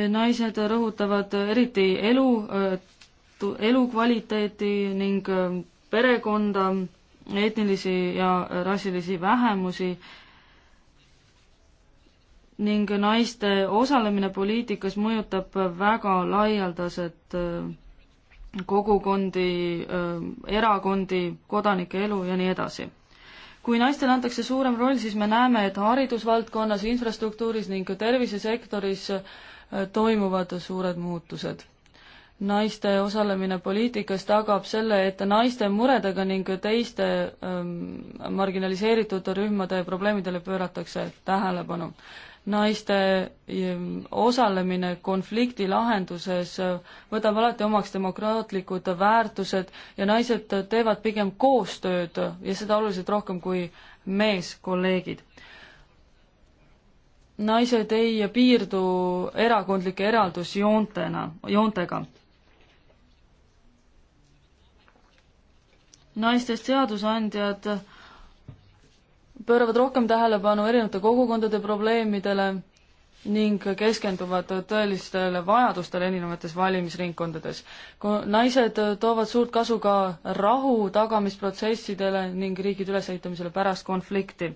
naised rõhutavad eriti elu, elukvaliteeti ning perekonda, etnilisi ja rassilisi vähemusi ning naiste osalemine poliitikas mõjutab väga laialdaselt äh, kogukondi, äh, erakondi, kodanike elu ja nii edasi. kui naistele antakse suurem roll, siis me näeme, et haridusvaldkonnas, infrastruktuuris ning tervisesektoris äh, toimuvad suured muutused naiste osalemine poliitikas tagab selle, et naiste muredega ning teiste ähm, marginaliseeritud rühmade probleemidele pööratakse tähelepanu naiste ehm, osalemine konflikti lahenduses äh, võtab alati omaks demokraatlikud väärtused ja naised teevad pigem koostööd ja seda oluliselt rohkem kui meeskolleegid. naised ei piirdu erakondlike eraldusjoontena, joontega naistest seadusandjad pööravad rohkem tähelepanu erinevate kogukondade probleemidele ning keskenduvad tõelistele vajadustele erinevates valimisringkondades. naised toovad suurt kasu ka rahu tagamisprotsessidele ning riigid ülesehitamisele pärast konflikti.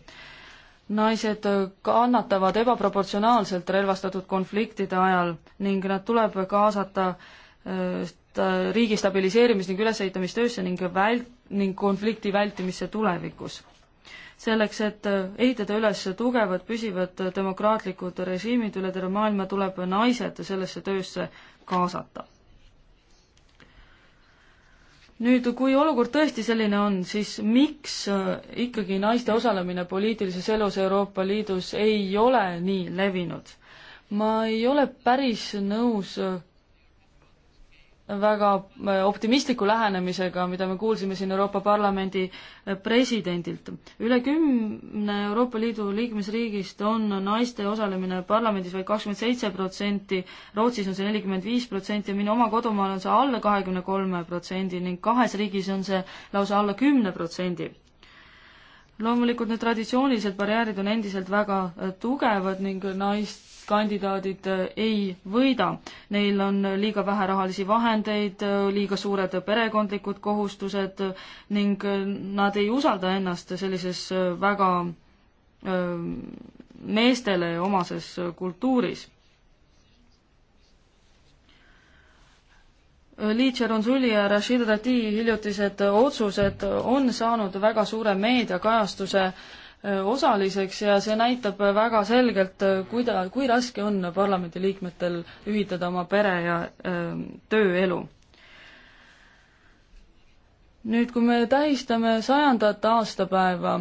naised kannatavad ebaproportsionaalselt relvastatud konfliktide ajal ning nad tuleb kaasata äh, äh, riigi stabiliseerimis- ning ülesehitamistöösse ning vält-, ning konflikti vältimisse tulevikus selleks, et äh, ehitada üles tugevad püsivad äh, demokraatlikud režiimid üle terve maailma, tuleb naised sellesse töösse kaasata. nüüd, kui olukord tõesti selline on, siis miks äh, ikkagi naiste osalemine poliitilises elus Euroopa Liidus ei ole nii levinud? ma ei ole päris nõus väga äh, optimistliku lähenemisega, mida me kuulsime siin Euroopa Parlamendi äh, presidendilt. üle kümne Euroopa Liidu liikmesriigist on naiste osalemine parlamendis vaid kakskümmend seitse protsenti, Rootsis on see nelikümmend viis protsenti ja minu oma kodumaal on see alla kahekümne kolme protsendi ning kahes riigis on see lausa alla kümne protsendi loomulikult need traditsioonilised barjäärid on endiselt väga äh, tugevad ning naist kandidaadid äh, ei võida. Neil on liiga vähe rahalisi vahendeid, äh, liiga suured perekondlikud kohustused ning äh, nad ei usalda ennast sellises väga meestele omases kultuuris. Lee Cheronsuli ja Rashid Rati hiljutised otsused on saanud väga suure meediakajastuse äh, Äh, osaliseks ja see näitab väga selgelt, äh, kuida-, kui raske on parlamendiliikmetel ühitada oma pere ja äh, tööelu. nüüd, kui me tähistame sajandat aastapäeva,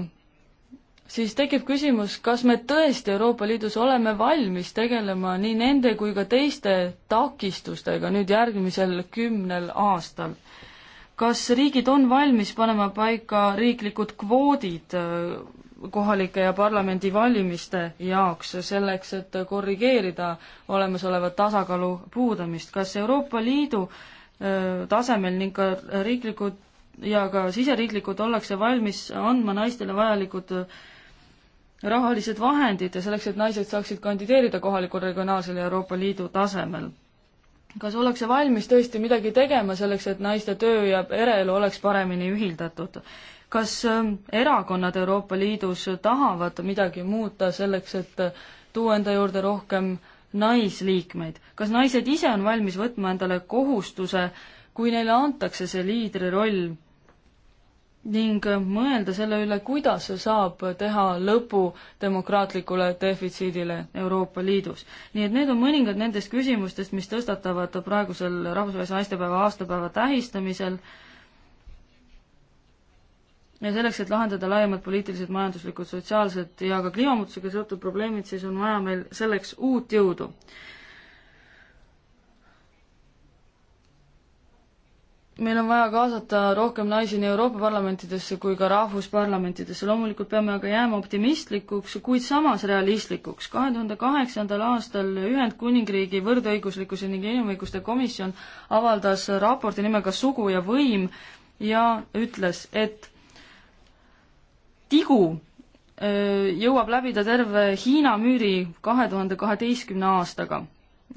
siis tekib küsimus, kas me tõesti Euroopa Liidus oleme valmis tegelema nii nende kui ka teiste takistustega nüüd järgmisel kümnel aastal kas riigid on valmis panema paika riiklikud kvoodid äh, kohalike ja parlamendivalimiste jaoks, selleks et korrigeerida olemasolevat tasakaalu puudumist. kas Euroopa Liidu tasemel ning ka riiklikud ja ka siseriiklikud ollakse valmis andma naistele vajalikud rahalised vahendid ja selleks, et naised saaksid kandideerida kohalikul, regionaalsel ja Euroopa Liidu tasemel? kas ollakse valmis tõesti midagi tegema selleks, et naiste töö ja pereelu oleks paremini ühildatud? kas ähm, erakonnad Euroopa Liidus tahavad midagi muuta selleks, et äh, tuua enda juurde rohkem naisliikmeid? kas naised ise on valmis võtma endale kohustuse, kui neile antakse see liidriroll ning äh, mõelda selle üle, kuidas saab teha lõpu demokraatlikule defitsiidile Euroopa Liidus. nii et need on mõningad nendest küsimustest, mis tõstatavad praegusel rahvusvahelise naistepäeva aastapäeva tähistamisel äh, ja selleks, et lahendada laiemad poliitilised, majanduslikud, sotsiaalsed ja ka kliimamuutusega seotud probleemid, siis on vaja meil selleks uut jõudu. meil on vaja kaasata rohkem naisi nii Euroopa parlamentidesse kui ka rahvusparlamentidesse, loomulikult peame aga jääma optimistlikuks, kuid samas realistlikuks. kahe tuhande kaheksandal aastal Ühendkuningriigi võrdõiguslikkuse ning inimõiguste komisjon avaldas raporti nimega Sugu ja võim ja ütles, et tigu jõuab läbida terve Hiina müüri kahe tuhande kaheteistkümne aastaga.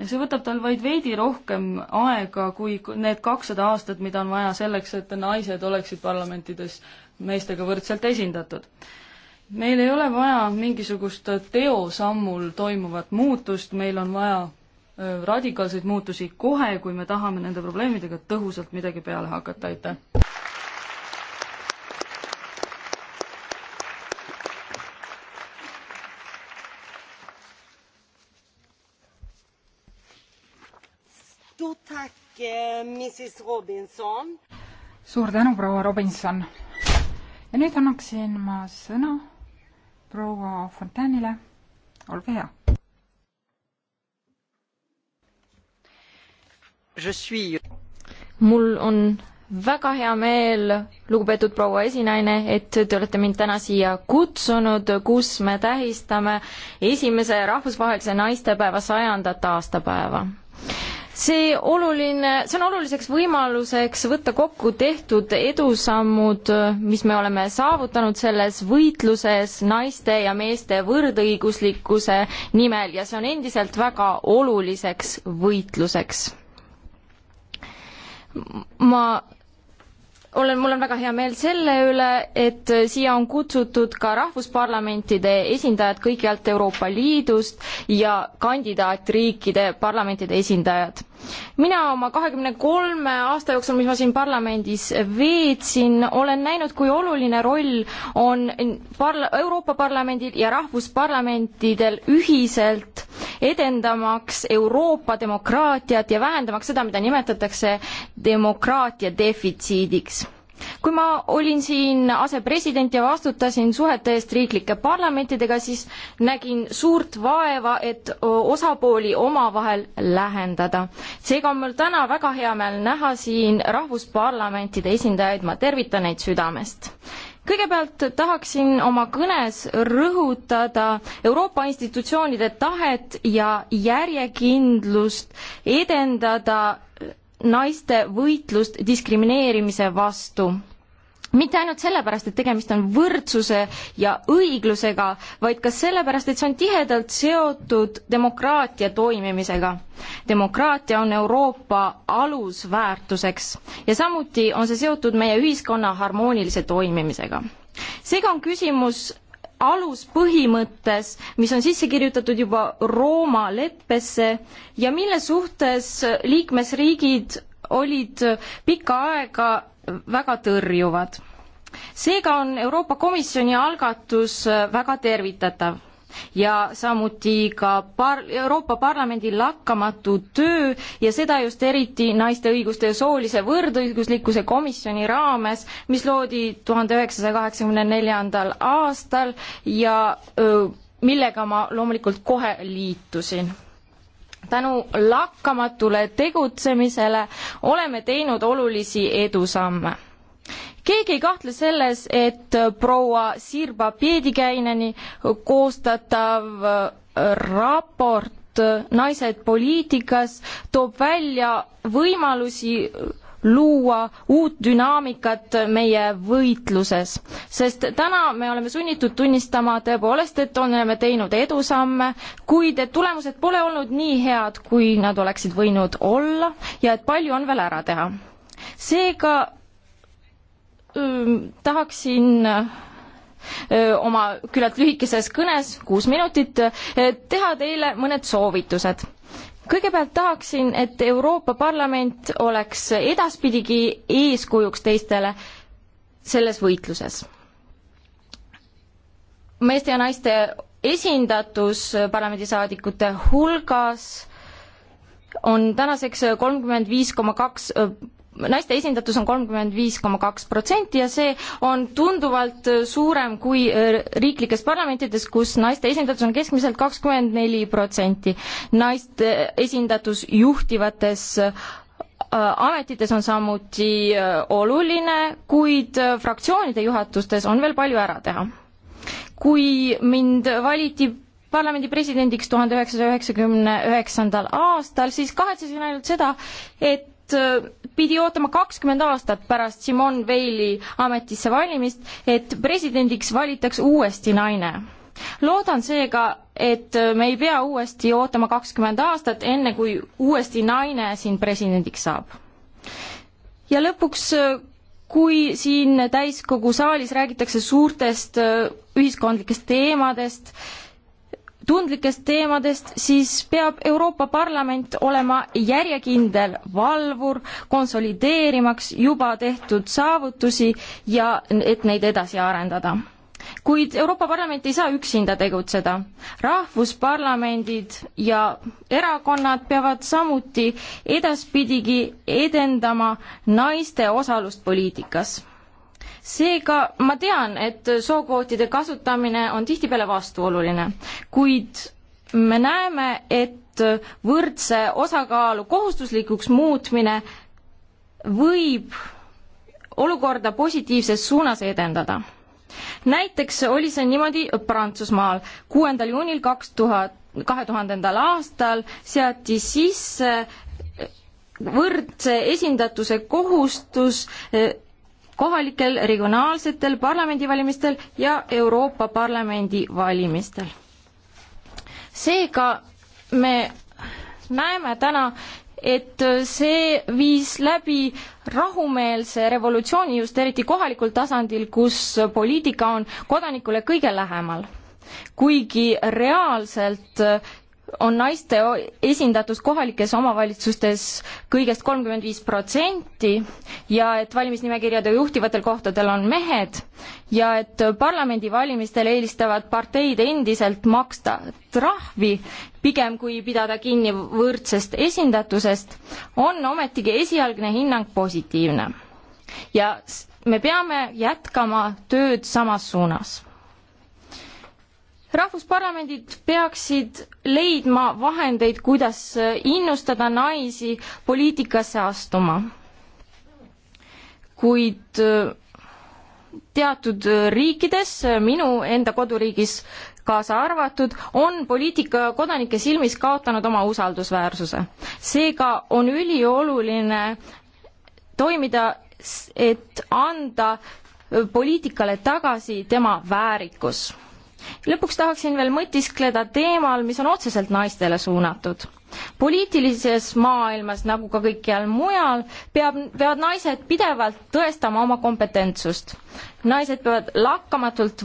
ja see võtab tal vaid veidi rohkem aega kui need kakssada aastat, mida on vaja selleks, et naised oleksid parlamentides meestega võrdselt esindatud. meil ei ole vaja mingisugust teosammul toimuvat muutust, meil on vaja radikaalseid muutusi kohe, kui me tahame nende probleemidega tõhusalt midagi peale hakata, aitäh! Eh, suur tänu, proua Robinson. ja nüüd annaksin ma sõna proua Fontanile. olge hea. mul on väga hea meel, lugupeetud proua esinaine, et te olete mind täna siia kutsunud, kus me tähistame esimese rahvusvahelise naistepäeva sajandat aastapäeva see oluline, see on oluliseks võimaluseks võtta kokku tehtud edusammud, mis me oleme saavutanud selles võitluses naiste ja meeste võrdõiguslikkuse nimel ja see on endiselt väga oluliseks võitluseks. ma olen, mul on väga hea meel selle üle, et siia on kutsutud ka rahvusparlamentide esindajad kõikjalt Euroopa Liidust ja kandidaatriikide parlamentide esindajad mina oma kahekümne kolme aasta jooksul, mis ma siin parlamendis veetsin, olen näinud, kui oluline roll on parla-, Euroopa Parlamendil ja rahvusparlamentidel ühiselt edendamaks Euroopa demokraatiat ja vähendamaks seda, mida nimetatakse demokraatia defitsiidiks kui ma olin siin asepresident ja vastutasin suhete eest riiklike parlamentidega, siis nägin suurt vaeva, et osapooli omavahel lähendada. seega on mul täna väga hea meel näha siin rahvusparlamentide esindajaid, ma tervitan neid südamest kõigepealt tahaksin oma kõnes rõhutada Euroopa institutsioonide tahet ja järjekindlust edendada naiste võitlust diskrimineerimise vastu mitte ainult sellepärast, et tegemist on võrdsuse ja õiglusega, vaid ka sellepärast, et see on tihedalt seotud demokraatia toimimisega. demokraatia on Euroopa alusväärtuseks ja samuti on see seotud meie ühiskonna harmoonilise toimimisega. seega on küsimus aluspõhimõttes, mis on sisse kirjutatud juba Rooma leppesse ja mille suhtes liikmesriigid olid pikka aega väga tõrjuvad. seega on Euroopa Komisjoni algatus äh, väga tervitatav ja samuti ka par-, Euroopa Parlamendi lakkamatu töö ja seda just eriti naiste õiguste ja soolise võrdõiguslikkuse komisjoni raames, mis loodi tuhande üheksasaja kaheksakümne neljandal aastal ja öö, millega ma loomulikult kohe liitusin tänu lakkamatule tegutsemisele oleme teinud olulisi edusamme keegi ei kahtle selles, et proua Sirba Piedikäineni koostatav äh, raport äh, Naised poliitikas toob välja võimalusi luua uut dünaamikat meie võitluses. sest täna me oleme sunnitud tunnistama tõepoolest, et oleme teinud edusamme, kuid et tulemused pole olnud nii head, kui nad oleksid võinud olla ja et palju on veel ära teha. seega üh, tahaksin üh, oma küllalt lühikeses kõnes, kuus minutit, teha teile mõned soovitused kõigepealt tahaksin, et Euroopa Parlament oleks edaspidigi eeskujuks teistele selles võitluses. meeste ja naiste esindatus parlamendisaadikute hulgas on tänaseks kolmkümmend viis koma kaks naiste esindatus on kolmkümmend viis koma kaks protsenti ja see on tunduvalt äh, suurem kui äh, riiklikes parlamentides, kus naiste esindatus on keskmiselt kakskümmend neli protsenti. naiste äh, esindatus juhtivates ametites on samuti oluline, kuid fraktsioonide juhatustes on veel palju ära teha. kui mind valiti parlamendi presidendiks tuhande üheksasaja üheksakümne üheksandal aastal, siis kahetsesin ainult seda, et pidi ootama kakskümmend aastat pärast Simone Veili ametisse valimist, et presidendiks valitaks uuesti naine. loodan seega, et me ei pea uuesti ootama kakskümmend aastat, enne kui uuesti naine siin presidendiks saab. ja lõpuks kui siin täiskogu saalis räägitakse suurtest ühiskondlikest teemadest, tundlikest teemadest, siis peab Euroopa Parlament olema järjekindel valvur, konsolideerimaks juba tehtud saavutusi ja et neid edasi arendada. kuid Euroopa Parlament ei saa üksinda tegutseda. rahvusparlamendid ja erakonnad peavad samuti edaspidigi edendama naiste osalust poliitikas seega ma tean, et sookvootide kasutamine on tihtipeale vastuoluline, kuid me näeme, et võrdse osakaalu kohustuslikuks muutmine võib olukorda positiivses suunas edendada. näiteks oli see niimoodi Prantsusmaal. kuuendal juunil kaks tuhat, kahe tuhandendal aastal seati sisse võrdse esindatuse kohustus eh, kohalikel, regionaalsetel parlamendivalimistel ja Euroopa Parlamendi valimistel. seega me näeme täna, et see viis läbi rahumeelse revolutsiooni just eriti kohalikul tasandil, kus poliitika on kodanikule kõige lähemal. kuigi reaalselt on naiste esindatus kohalikes omavalitsustes kõigest kolmkümmend viis protsenti ja et valimisnimekirjade juhtivatel kohtadel on mehed ja et parlamendivalimistel eelistavad parteid endiselt maksta trahvi pigem kui pidada kinni võrdsest esindatusest, on ometigi esialgne hinnang positiivne. ja me peame jätkama tööd samas suunas rahvusparlamendid peaksid leidma vahendeid, kuidas innustada naisi poliitikasse astuma. kuid äh, teatud riikides, äh, minu enda koduriigis kaasa arvatud, on poliitika kodanike silmis kaotanud oma usaldusväärsuse. seega on ülioluline toimida, et anda poliitikale tagasi tema väärikus lõpuks tahaksin veel mõtiskleda teemal, mis on otseselt naistele suunatud. poliitilises maailmas, nagu ka kõikjal mujal, peab, peavad naised pidevalt tõestama oma kompetentsust. naised peavad lakkamatult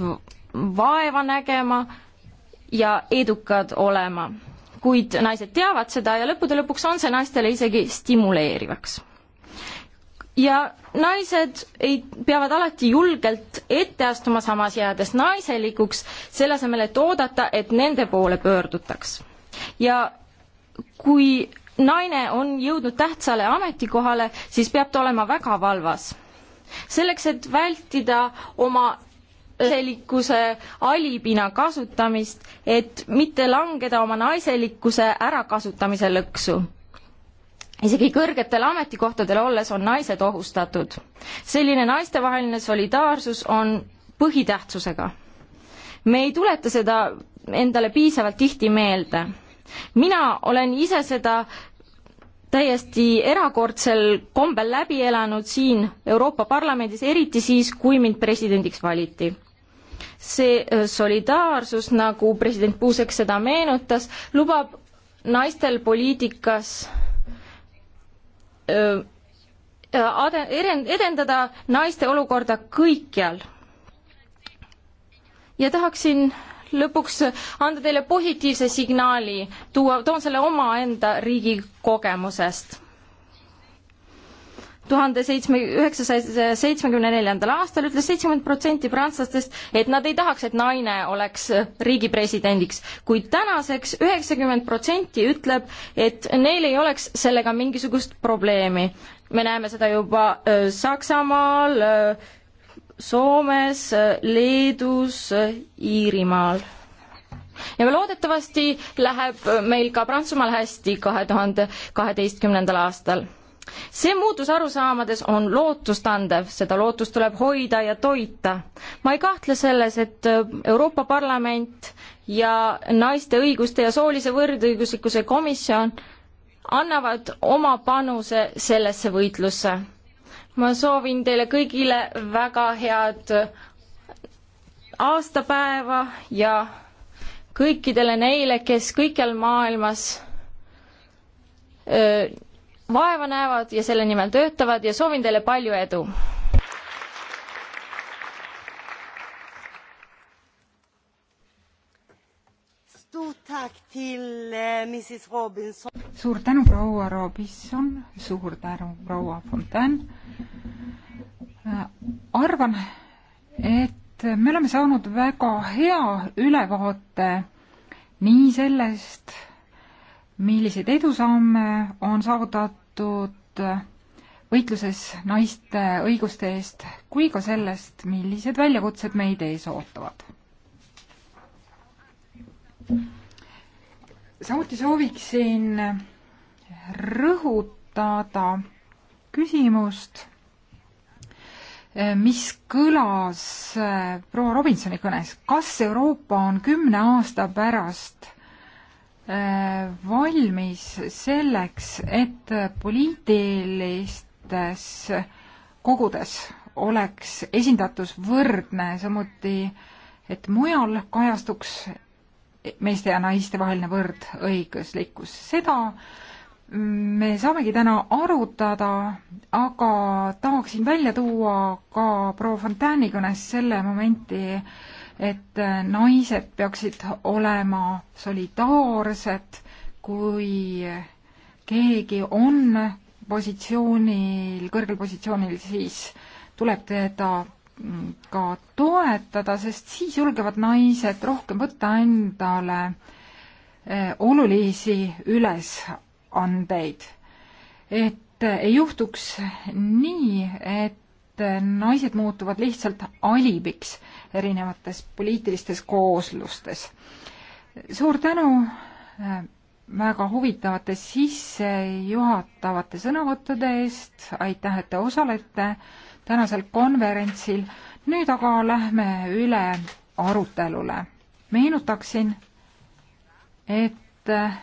vaeva nägema ja edukad olema. kuid naised teavad seda ja lõppude lõpuks on see naistele isegi stimuleerivaks ja naised ei, peavad alati julgelt ette astuma, samas jäädes naiselikuks, selle asemel, et oodata, et nende poole pöördutaks. ja kui naine on jõudnud tähtsale ametikohale, siis peab ta olema väga valvas. selleks, et vältida oma naiselikkuse alipina kasutamist, et mitte langeda oma naiselikkuse ärakasutamise lõksu isegi kõrgetel ametikohtadel olles on naised ohustatud. selline naistevaheline solidaarsus on põhitähtsusega. me ei tuleta seda endale piisavalt tihti meelde. mina olen ise seda täiesti erakordsel kombel läbi elanud siin Euroopa Parlamendis, eriti siis, kui mind presidendiks valiti. see äh, solidaarsus, nagu president Puusek seda meenutas, lubab naistel poliitikas edendada naiste olukorda kõikjal. ja tahaksin lõpuks anda teile positiivse signaali, tuua, toon selle omaenda riigi kogemusest tuhande seitsme, üheksasaja seitsmekümne neljandal aastal ütles seitsekümmend protsenti prantslastest, et nad ei tahaks, et naine oleks riigi presidendiks, kuid tänaseks üheksakümmend protsenti ütleb, et neil ei oleks sellega mingisugust probleemi. me näeme seda juba äh, Saksamaal, äh, Soomes, äh, Leedus, Iirimaal ja loodetavasti läheb meil ka Prantsusmaal hästi kahe tuhande kaheteistkümnendal aastal see muutus arusaamades on lootustandev, seda lootust tuleb hoida ja toita. ma ei kahtle selles, et äh, Euroopa Parlament ja naiste õiguste ja soolise võrdõiguslikkuse komisjon annavad oma panuse sellesse võitlusse. ma soovin teile kõigile väga head äh, aastapäeva ja kõikidele neile, kes kõikjal maailmas öö, äh, vaeva näevad ja selle nimel töötavad ja soovin teile palju edu. suur tänu, proua Robinson, suur tänu, proua Fontaine. Äh, arvan, et me oleme saanud väga hea ülevaate nii sellest, milliseid edusamme on saavutatud võitluses naiste õiguste eest kui ka sellest, millised väljakutsed meid ees ootavad. samuti sooviksin rõhutada küsimust, mis kõlas proua Robinsoni kõnes, kas Euroopa on kümne aasta pärast Äh, valmis selleks, et poliitilistes kogudes oleks esindatus võrdne, samuti et mujal kajastuks meeste ja naiste vaheline võrdõiguslikkus. seda me saamegi täna arutada, aga tahaksin välja tuua ka proua Fontaine'i kõnes selle momenti, et äh, naised peaksid olema solidaarsed, kui keegi on positsioonil, kõrgel positsioonil, siis tuleb teda mm, ka toetada, sest siis julgevad naised rohkem võtta endale äh, olulisi ülesandeid. et äh, ei juhtuks nii, et et naised muutuvad lihtsalt alibiks erinevates poliitilistes kooslustes. suur tänu äh, väga huvitavate sissejuhatavate sõnavõttude eest, aitäh, et te osalete tänasel konverentsil. nüüd aga lähme üle arutelule. meenutaksin, et äh,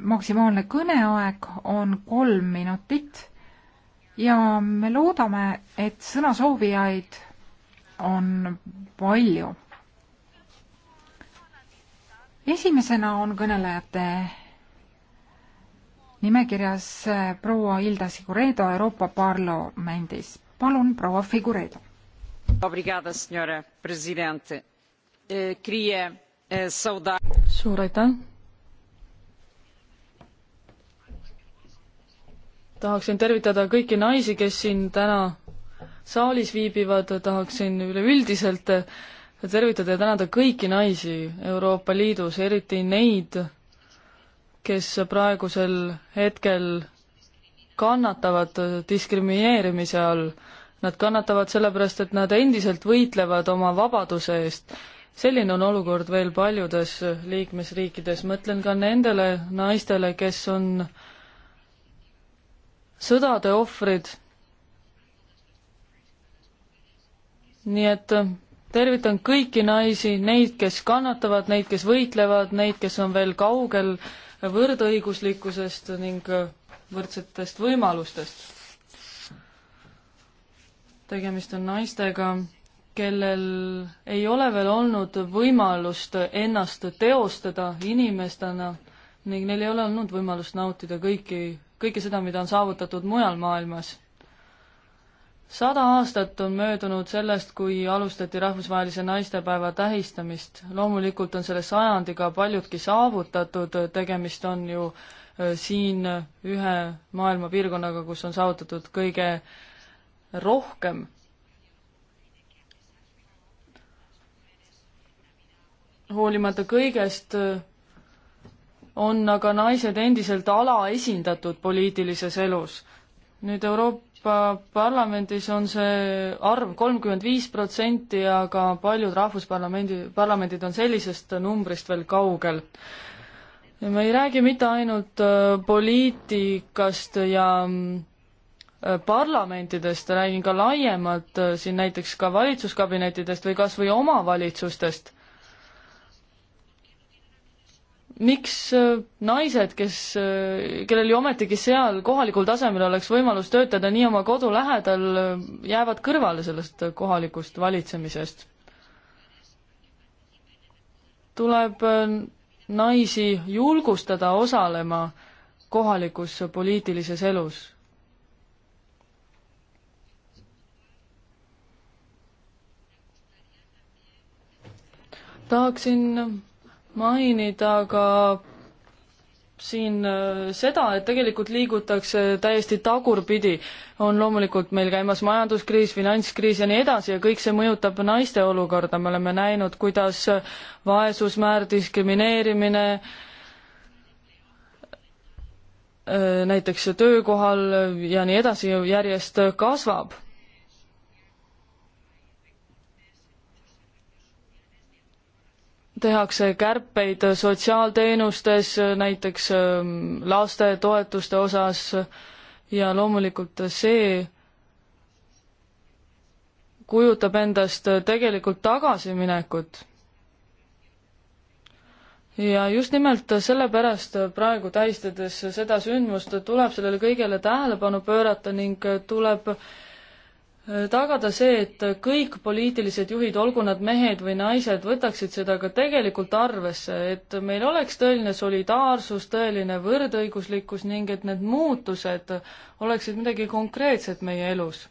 maksimaalne kõneaeg on kolm minutit ja me loodame, et sõnasoovijaid on palju. esimesena on kõnelejate nimekirjas proua Hilda Figuredo Euroopa Parlamendis. palun, proua Figuredo. Eh, eh, suur aitäh, tahaksin tervitada kõiki naisi, kes siin täna saalis viibivad, tahaksin üleüldiselt tervitada ja tänada kõiki naisi Euroopa Liidus, eriti neid, kes praegusel hetkel kannatavad diskrimineerimise all. Nad kannatavad sellepärast, et nad endiselt võitlevad oma vabaduse eest. selline on olukord veel paljudes liikmesriikides, mõtlen ka nendele naistele, kes on äh, sõdade ohvrid. nii et äh, tervitan kõiki naisi, neid, kes kannatavad, neid, kes võitlevad, neid, kes on veel kaugel võrdõiguslikkusest ning äh, võrdsetest võimalustest. tegemist on naistega, kellel ei ole veel olnud võimalust ennast teostada inimestena ning neil ei ole olnud võimalust nautida kõiki kõike seda, mida on saavutatud mujal maailmas. sada aastat on möödunud sellest, kui alustati rahvusvahelise naistepäeva tähistamist. loomulikult on selle sajandiga paljudki saavutatud, tegemist on ju äh, siin ühe maailma piirkonnaga, kus on saavutatud kõige rohkem hoolimata kõigest äh, on aga naised endiselt alaesindatud poliitilises elus. nüüd Euroopa Parlamendis on see arv kolmkümmend viis protsenti, aga paljud rahvusparlamendi, parlamendid on sellisest numbrist veel kaugel. ja me ei räägi mitte ainult äh, poliitikast ja äh, parlamentidest, räägin ka laiemalt äh, siin näiteks ka valitsuskabinetidest või kas või omavalitsustest miks äh, naised, kes, äh, kellel ju ometigi seal kohalikul tasemel oleks võimalus töötada nii oma kodu lähedal, äh, jäävad kõrvale sellest kohalikust valitsemisest? tuleb naisi julgustada osalema kohalikus poliitilises elus. tahaksin mainida ka siin äh, seda, et tegelikult liigutakse täiesti tagurpidi. on loomulikult meil käimas majanduskriis, finantskriis ja nii edasi ja kõik see mõjutab naiste olukorda, me oleme näinud, kuidas vaesusmäär, diskrimineerimine, äh, näiteks töökohal ja nii edasi järjest kasvab tehakse kärpeid sotsiaalteenustes, näiteks ähm, lastetoetuste osas ja loomulikult see kujutab endast tegelikult tagasiminekut. ja just nimelt sellepärast praegu tähistades seda sündmust, tuleb sellele kõigele tähelepanu pöörata ning tuleb äh, tagada see, et kõik poliitilised juhid, olgu nad mehed või naised, võtaksid seda ka tegelikult arvesse, et meil oleks tõeline solidaarsus, tõeline võrdõiguslikkus ning et need muutused oleksid midagi konkreetset meie elus.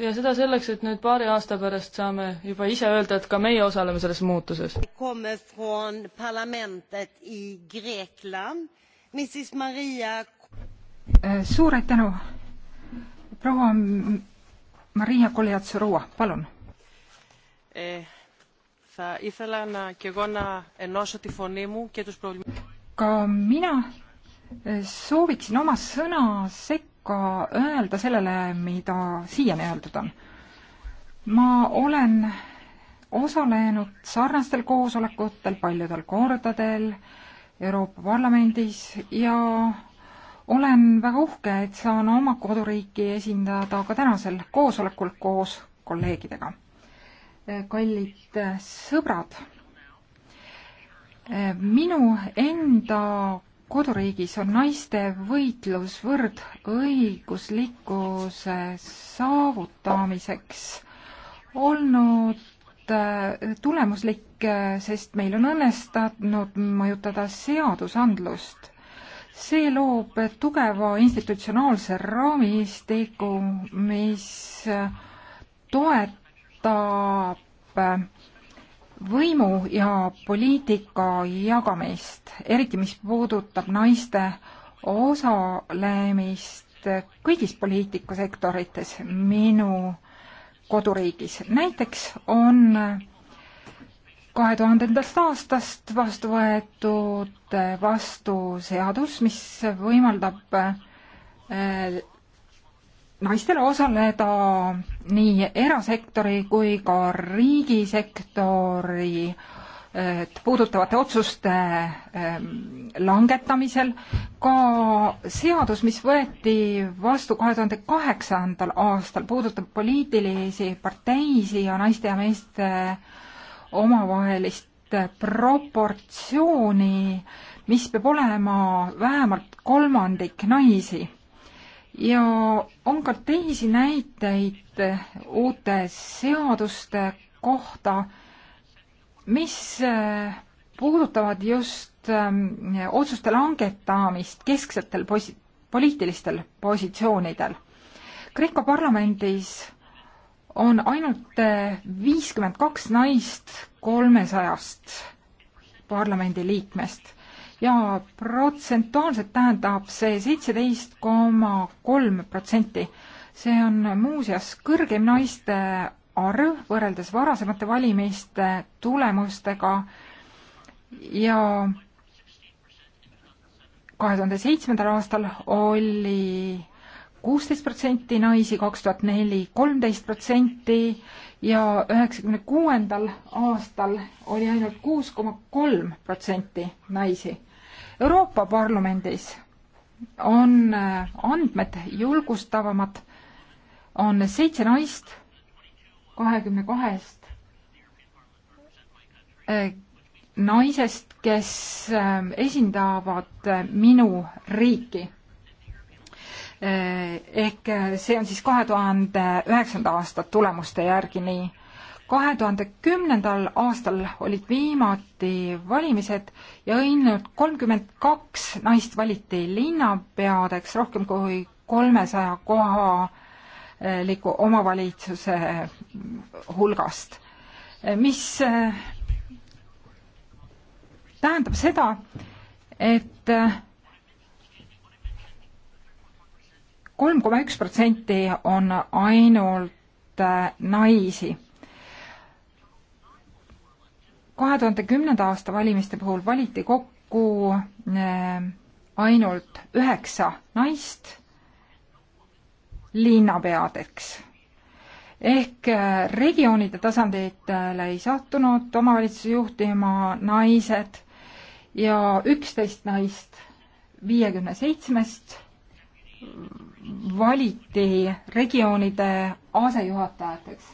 ja seda selleks, et nüüd paari aasta pärast saame juba ise öelda, et ka meie osaleme selles muutuses. Maria Äh, suured tänu, proua Maria Koljatsurua, palun eh,. Θα ήθελα να, και εγώ να ενώσω τη φωνή μου και τους προβληματικούς. Ka mina äh, sooviksin oma sõna sekka öelda sellele, mida siiani öeldud on. ma olen osalenud sarnastel koosolekutel paljudel kordadel Euroopa Parlamendis ja olen väga uhke, et saan oma koduriiki esindada ka tänasel koosolekul koos kolleegidega. kallid sõbrad, minu enda koduriigis on naiste võitlus võrdõiguslikkuse saavutamiseks olnud äh, tulemuslik, äh, sest meil on õnnestunud mõjutada seadusandlust see loob tugeva institutsionaalse raamistiku, mis toetab võimu ja poliitika jagamist, eriti mis puudutab naiste osalemist kõigis poliitikasektorites minu koduriigis. näiteks on kahe tuhandendast aastast vastu võetud eh, vastuseadus, mis võimaldab eh, naistele osaleda nii erasektori kui ka riigisektori eh, puudutavate otsuste langetamisel, ka seadus, mis võeti vastu kahe tuhande kaheksandal aastal, puudutab poliitilisi parteisid ja naiste ja meeste äh, omavahelist proportsiooni, mis peab olema vähemalt kolmandik naisi. ja on ka teisi näiteid uute seaduste kohta, mis puudutavad just ähm, otsuste langetamist kesksetel posi-, poliitilistel positsioonidel. Kreeka parlamendis on ainult viiskümmend kaks naist kolmesajast parlamendiliikmest ja protsentuaalselt tähendab see seitseteist koma kolm protsenti. see on muuseas kõrgem naiste arv võrreldes varasemate valimiste tulemustega ja kahe tuhande seitsmendal aastal oli kuusteist protsenti naisi, kaks tuhat neli kolmteist protsenti ja üheksakümne kuuendal aastal oli ainult kuus koma kolm protsenti naisi. Euroopa Parlamendis on äh, andmed julgustavamad, on seitse naist kahekümne kahest äh, naisest, kes äh, esindavad minu riiki Eh, ehk eh, see on siis kahe tuhande üheksanda aasta tulemuste järgi nii. kahe tuhande kümnendal aastal olid viimati valimised ja ainult kolmkümmend kaks naist valiti linnapeadeks, rohkem kui kolmesaja kohaliku omavalitsuse eh, hulgast, mis tähendab seda, et kolm koma üks protsenti on ainult äh, naisi. kahe tuhande kümnenda aasta valimiste puhul valiti kokku äh, ainult üheksa naist linnapeadeks ehk äh, regioonide tasanditele ei sattunud omavalitsuse juhtima naised ja üksteist naist viiekümne seitsmest valiti regioonide asejuhatajateks,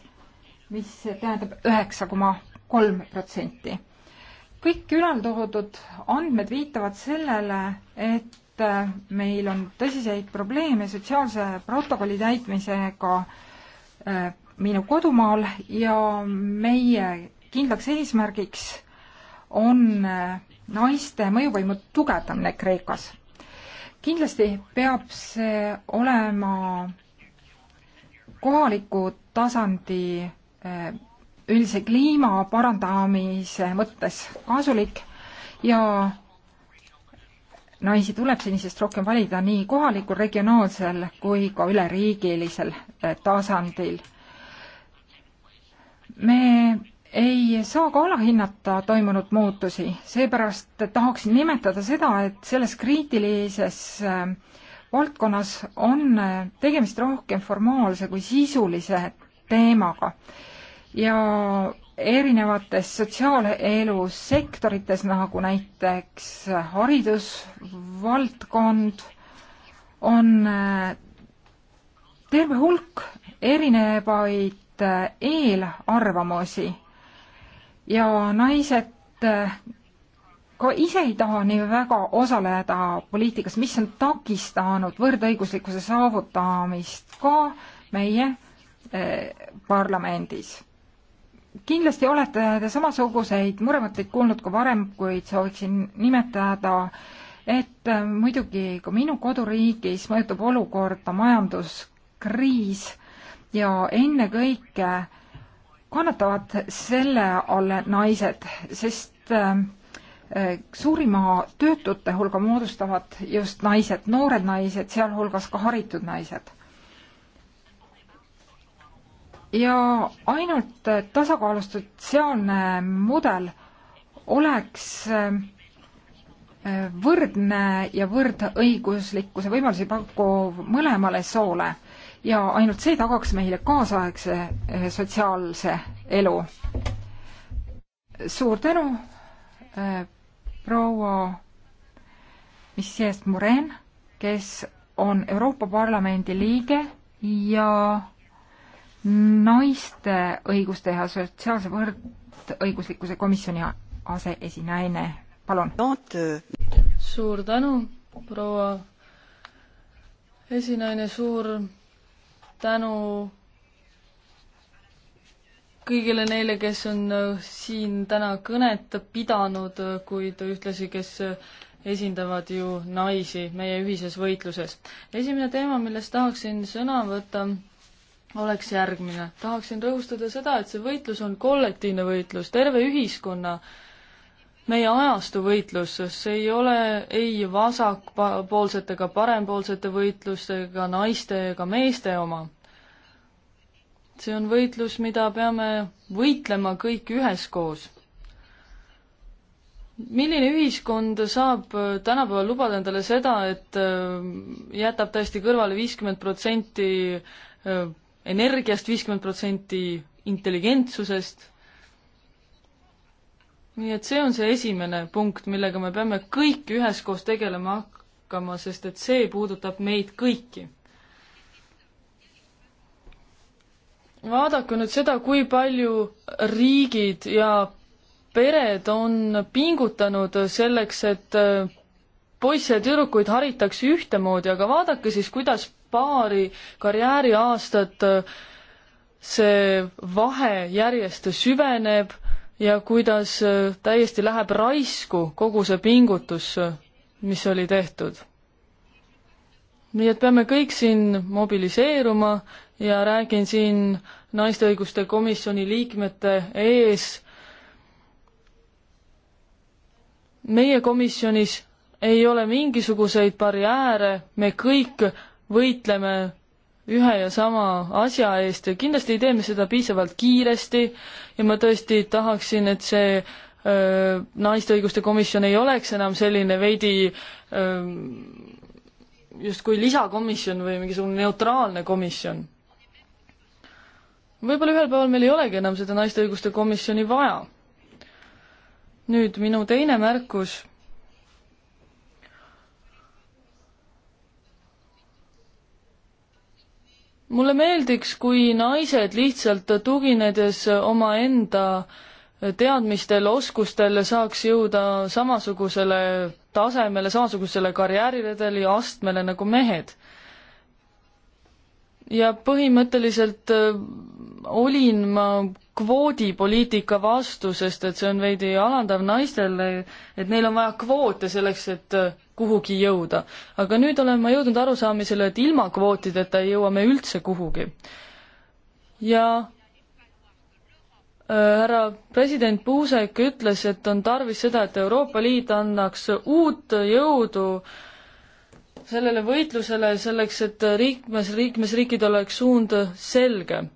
mis tähendab üheksa koma kolm protsenti. kõik ülaltoodud andmed viitavad sellele, et meil on tõsiseid probleeme sotsiaalse protokolli täitmisega äh, minu kodumaal ja meie kindlaks eesmärgiks on äh, naiste mõjuvõimu tugevdamine Kreekas kindlasti peab see olema kohaliku tasandi eh, üldise kliima parandamise mõttes kasulik ja naisi tuleb senisest rohkem valida nii kohalikul, regionaalsel kui ka üleriigilisel eh, tasandil. me ei saa ka alahinnata toimunud muutusi, seepärast tahaksin nimetada seda, et selles kriitilises äh, valdkonnas on äh, tegemist rohkem formaalse kui sisulise teemaga. ja erinevates sotsiaalelu sektorites, nagu näiteks haridusvaldkond, on äh, terve hulk erinevaid eelarvamusi ja naised äh, ka ise ei taha nii väga osaleda poliitikas, mis on takistanud võrdõiguslikkuse saavutamist ka meie äh, parlamendis. kindlasti olete te samasuguseid muremõtteid kuulnud ka varem, kuid sooviksin nimetada, et äh, muidugi ka minu koduriigis mõjutab olukorda majanduskriis ja ennekõike kannatavad selle all naised, sest ähm, äh, suurima töötute hulga moodustavad just naised, noored naised, sealhulgas ka haritud naised. ja ainult äh, tasakaalustatud sotsiaalne mudel oleks ähm, äh, võrdne ja võrdõiguslikkuse võimalusi pakkuv mõlemale soole ja ainult see tagaks meile kaasaegse eh, sotsiaalse elu. suur tänu, eh, proua Missiest Muren, kes on Euroopa Parlamendi liige ja naiste õiguste ja sotsiaalse võrdõiguslikkuse komisjoni aseesinaine. palun. suur tänu, proua esinaine, suur tänu kõigile neile, kes on äh, siin täna kõnet pidanud, äh, kuid ühtlasi, kes äh, esindavad ju naisi meie ühises võitluses. esimene teema, millest tahaksin sõna võtta, oleks järgmine. tahaksin rõhustada seda, et see võitlus on kollektiivne võitlus, terve ühiskonna äh, meie ajastu võitlus, see ei ole ei vasakpoolsete ega parempoolsete võitlustega naiste ega meeste oma. see on võitlus, mida peame võitlema kõik üheskoos. milline ühiskond saab tänapäeval lubada endale seda, et äh, jätab täiesti kõrvale viiskümmend protsenti äh, energiast, viiskümmend protsenti intelligentsusest nii et see on see esimene punkt, millega me peame kõik üheskoos tegelema hakkama, sest et see puudutab meid kõiki. vaadake nüüd seda, kui palju riigid ja pered on pingutanud selleks, et äh, poisse ja tüdrukuid haritakse ühtemoodi, aga vaadake siis, kuidas paari karjääriaastat äh, see vahe järjest süveneb ja kuidas äh, täiesti läheb raisku kogu see pingutus, äh, mis oli tehtud. nii et peame kõik siin mobiliseeruma ja räägin siin naiste õiguste komisjoni liikmete ees. meie komisjonis ei ole mingisuguseid barjääre, me kõik võitleme ühe ja sama asja eest ja kindlasti ei tee me seda piisavalt kiiresti ja ma tõesti tahaksin, et see öö, naiste õiguste komisjon ei oleks enam selline veidi justkui lisakomisjon või mingisugune neutraalne komisjon. võib-olla ühel päeval meil ei olegi enam seda naiste õiguste komisjoni vaja. nüüd minu teine märkus mulle meeldiks, kui naised lihtsalt tuginedes omaenda teadmistel, oskustel saaks jõuda samasugusele tasemele, samasugusele karjääriredeli astmele nagu mehed. ja põhimõtteliselt olin ma kvoodipoliitika vastu, sest et see on veidi alandav naistele, et neil on vaja kvoote selleks, et äh, kuhugi jõuda. aga nüüd olen ma jõudnud arusaamisele, et ilma kvootideta ei jõua me üldse kuhugi. ja äh, härra president Puusek ütles, et on tarvis seda, et Euroopa Liit annaks uut jõudu sellele võitlusele selleks, et liikmes, liikmesriikidel oleks suund selge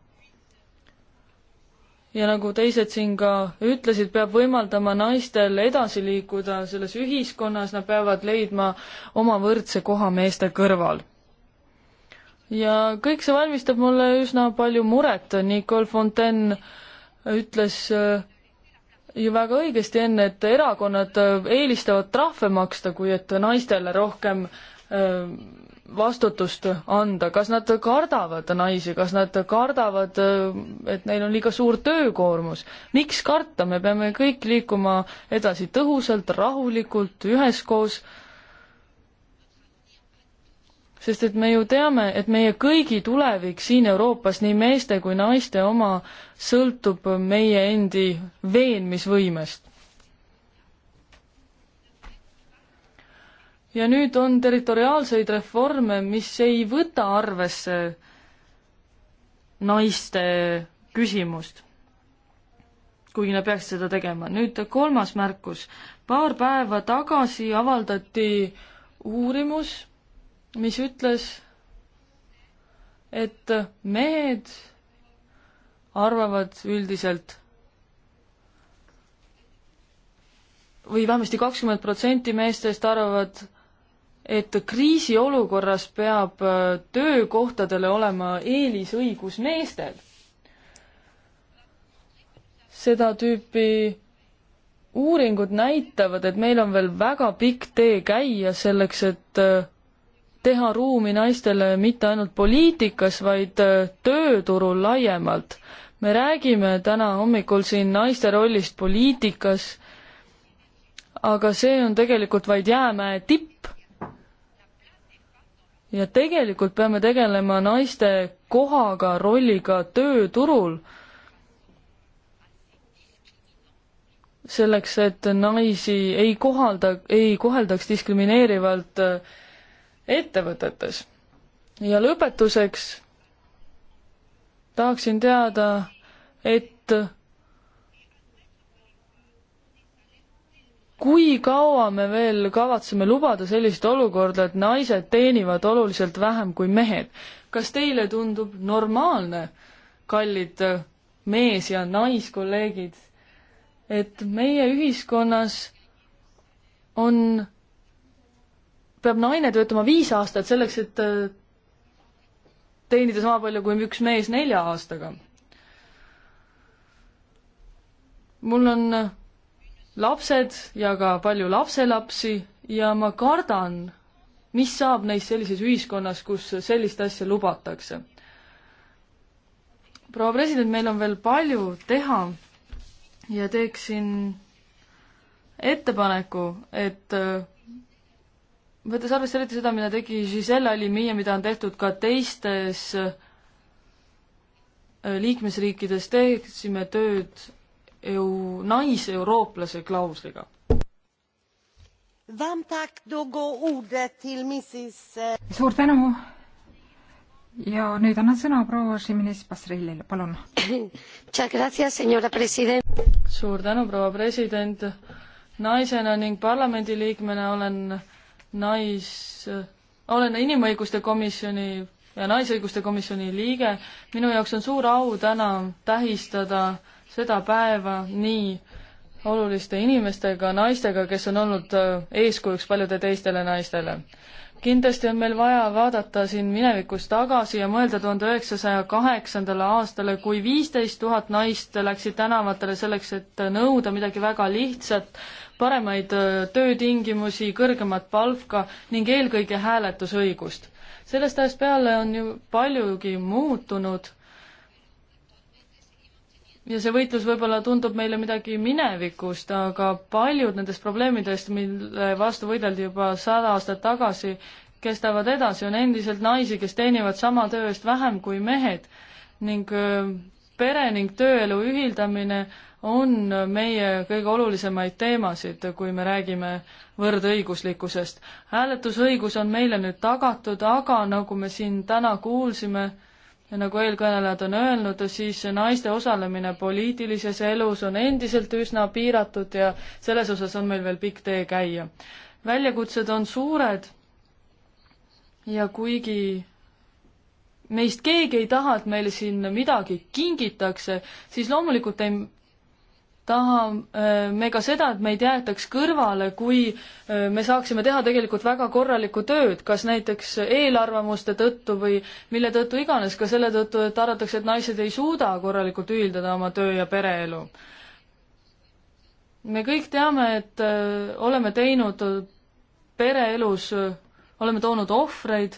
ja nagu teised siin ka ütlesid, peab võimaldama naistel edasi liikuda selles ühiskonnas, nad peavad leidma oma võrdse koha meeste kõrval. ja kõik see valmistab mulle üsna palju muret, Nicole Fontaine ütles äh, ju väga õigesti enne, et erakonnad äh, eelistavad trahve maksta, kui et naistele rohkem öö, äh, vastutust anda, kas nad kardavad naisi, kas nad kardavad, et neil on liiga suur töökoormus? miks karta, me peame kõik liikuma edasi tõhusalt, rahulikult, üheskoos, sest et me ju teame, et meie kõigi tulevik siin Euroopas, nii meeste kui naiste oma, sõltub meie endi veenmisvõimest. ja nüüd on territoriaalseid reforme, mis ei võta arvesse naiste küsimust. kuigi nad peaksid seda tegema. nüüd kolmas märkus. paar päeva tagasi avaldati uurimus, mis ütles, et mehed arvavad üldiselt või vähemasti kakskümmend protsenti meestest arvavad, et kriisiolukorras peab äh, töökohtadele olema eelisõigus meestel. seda tüüpi uuringud näitavad, et meil on veel väga pikk tee käia selleks, et äh, teha ruumi naistele mitte ainult poliitikas, vaid äh, tööturul laiemalt. me räägime täna hommikul siin naiste rollist poliitikas, aga see on tegelikult vaid jäämäe tipp ja tegelikult peame tegelema naiste kohaga, rolliga tööturul, selleks, et naisi ei kohalda, ei koheldaks diskrimineerivalt äh, ettevõtetes. ja lõpetuseks tahaksin teada, et kui kaua me veel kavatseme lubada sellist olukorda, et naised teenivad oluliselt vähem kui mehed? kas teile tundub normaalne, kallid äh, mees- ja naiskolleegid, et meie ühiskonnas on, peab naine töötama viis aastat selleks, et äh, teenida sama palju kui üks mees nelja aastaga? mul on äh, lapsed ja ka palju lapselapsi ja ma kardan, mis saab neist sellises ühiskonnas, kus sellist asja lubatakse. proua president, meil on veel palju teha ja teeksin ettepaneku, et äh, võttes arvesse eriti seda, mida tegi Giselle Alimi ja mida on tehtud ka teistes äh, liikmesriikides, teeksime tööd eu-, naiseurooplase klausliga. Eh, suur tänu ja nüüd annan sõna proua Šiminis Basrilile, palun. suur tänu, proua president. naisena ning parlamendiliikmena olen nais, olen inimõiguste komisjoni ja naisõiguste komisjoni liige. minu jaoks on suur au täna tähistada äh, seda päeva nii oluliste inimestega, naistega, kes on olnud äh, eeskujuks paljude teistele naistele. kindlasti on meil vaja vaadata siin minevikus tagasi ja mõelda tuhande üheksasaja kaheksandale aastale, kui viisteist tuhat naist läksid tänavatele selleks, et äh, nõuda midagi väga lihtsat, paremaid äh, töötingimusi, kõrgemat palka ning eelkõige hääletusõigust. sellest ajast peale on ju paljugi muutunud ja see võitlus võib-olla tundub meile midagi minevikust, aga paljud nendest probleemidest, mille vastu võideldi juba sada aastat tagasi, kestavad edasi, on endiselt naisi, kes teenivad sama töö eest vähem kui mehed ning pere ning tööelu ühildamine on meie kõige olulisemaid teemasid, kui me räägime võrdõiguslikkusest. hääletusõigus on meile nüüd tagatud, aga nagu me siin täna kuulsime, ja nagu eelkõnelejad on öelnud, siis naiste osalemine poliitilises elus on endiselt üsna piiratud ja selles osas on meil veel pikk tee käia. väljakutsed on suured ja kuigi meist keegi ei taha, et meile siin midagi kingitakse, siis loomulikult ei tahame äh, ka seda, et meid jäetaks kõrvale, kui äh, me saaksime teha tegelikult väga korralikku tööd, kas näiteks eelarvamuste tõttu või mille tõttu iganes, ka selle tõttu, et arvatakse, et naised ei suuda korralikult ühildada oma töö- ja pereelu. me kõik teame, et äh, oleme teinud pereelus, oleme toonud ohvreid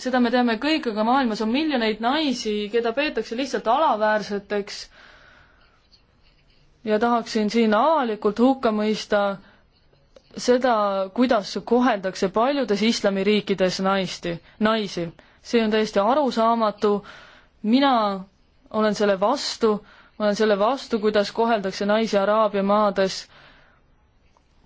seda me teame kõik, aga maailmas on miljoneid naisi, keda peetakse lihtsalt alaväärseteks. ja tahaksin siin avalikult hukka mõista seda, kuidas koheldakse paljudes islamiriikides naisti, naisi. see on täiesti arusaamatu. mina olen selle vastu, ma olen selle vastu, kuidas koheldakse naisi Araabia maades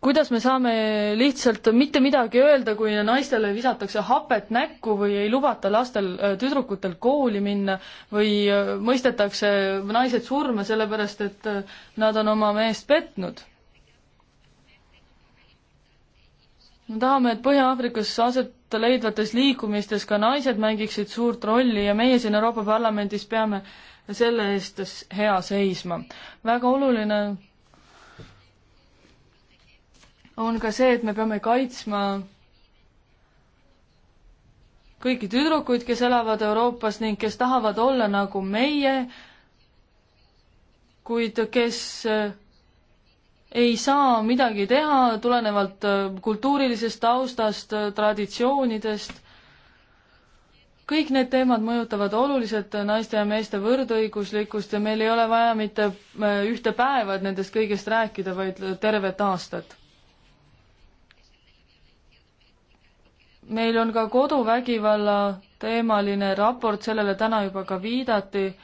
kuidas me saame lihtsalt mitte midagi öelda, kui naistele visatakse hapet näkku või ei lubata lastel, äh, tüdrukutel kooli minna või äh, mõistetakse naised surma sellepärast, et äh, nad on oma meest petnud? me tahame, et Põhja-Aafrikas aset leidvates liikumistes ka naised mängiksid suurt rolli ja meie siin Euroopa Parlamendis peame selle eest hea seisma. väga oluline on ka see, et me peame kaitsma kõiki tüdrukuid, kes elavad Euroopas ning kes tahavad olla nagu meie, kuid kes eh, ei saa midagi teha tulenevalt eh, kultuurilisest taustast, eh, traditsioonidest. kõik need teemad mõjutavad oluliselt naiste ja meeste võrdõiguslikkust ja meil ei ole vaja mitte ühte päeva, et nendest kõigest rääkida, vaid tervet aastat meil on ka koduvägivalla teemaline raport, sellele täna juba ka viidati.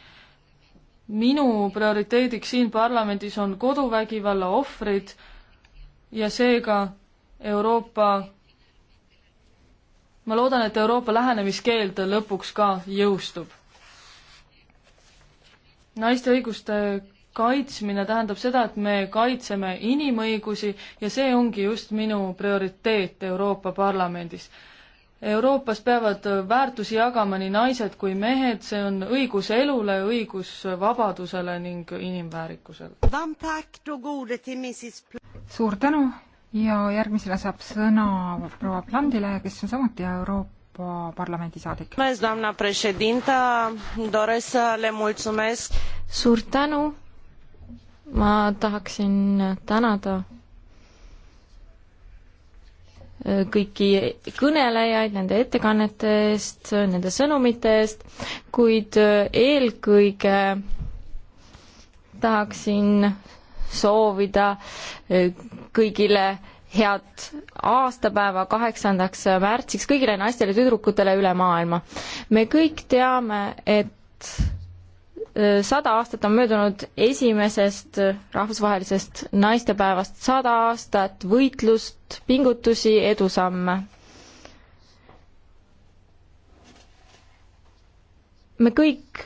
minu prioriteediks siin parlamendis on koduvägivalla ohvrid ja seega Euroopa, ma loodan, et Euroopa lähenemiskeeld lõpuks ka jõustub. naiste õiguste kaitsmine tähendab seda, et me kaitseme inimõigusi ja see ongi just minu prioriteet Euroopa Parlamendis Euroopas peavad väärtusi jagama nii naised kui mehed, see on õigus elule, õigus vabadusele ning inimväärikusele. suur tänu ja järgmisena saab sõna proua Plandile, kes on samuti Euroopa Parlamendi saadik. suur tänu, ma tahaksin tänada Äh, kõiki kõnelejaid nende ettekannete eest, nende sõnumite eest, kuid äh, eelkõige tahaksin soovida äh, kõigile head aastapäeva kaheksandaks märtsiks kõigile naistele ja tüdrukutele üle maailma. me kõik teame, et Äh, sada aastat on möödunud esimesest äh, rahvusvahelisest naistepäevast, sada aastat võitlust, pingutusi, edusamme. me kõik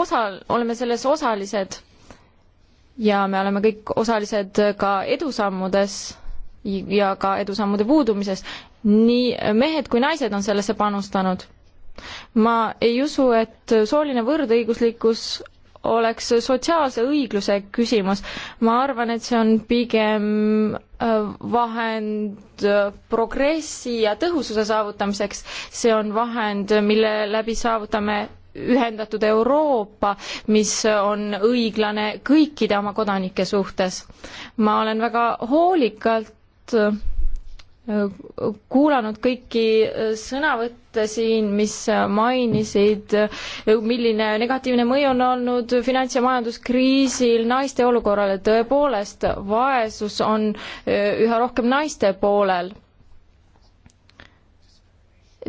osal, oleme selles osalised ja me oleme kõik osalised ka edusammudes ja ka edusammude puudumises. nii mehed kui naised on sellesse panustanud ma ei usu, et sooline võrdõiguslikkus oleks sotsiaalse õigluse küsimus. ma arvan, et see on pigem äh, vahend äh, progressi ja tõhususe saavutamiseks. see on vahend, mille läbi saavutame ühendatud Euroopa, mis on õiglane kõikide oma kodanike suhtes. ma olen väga hoolikalt äh, kuulanud kõiki sõnavõtte siin, mis mainisid, milline negatiivne mõju on olnud finants- ja majanduskriisil naiste olukorrale. tõepoolest, vaesus on üha rohkem naiste poolel.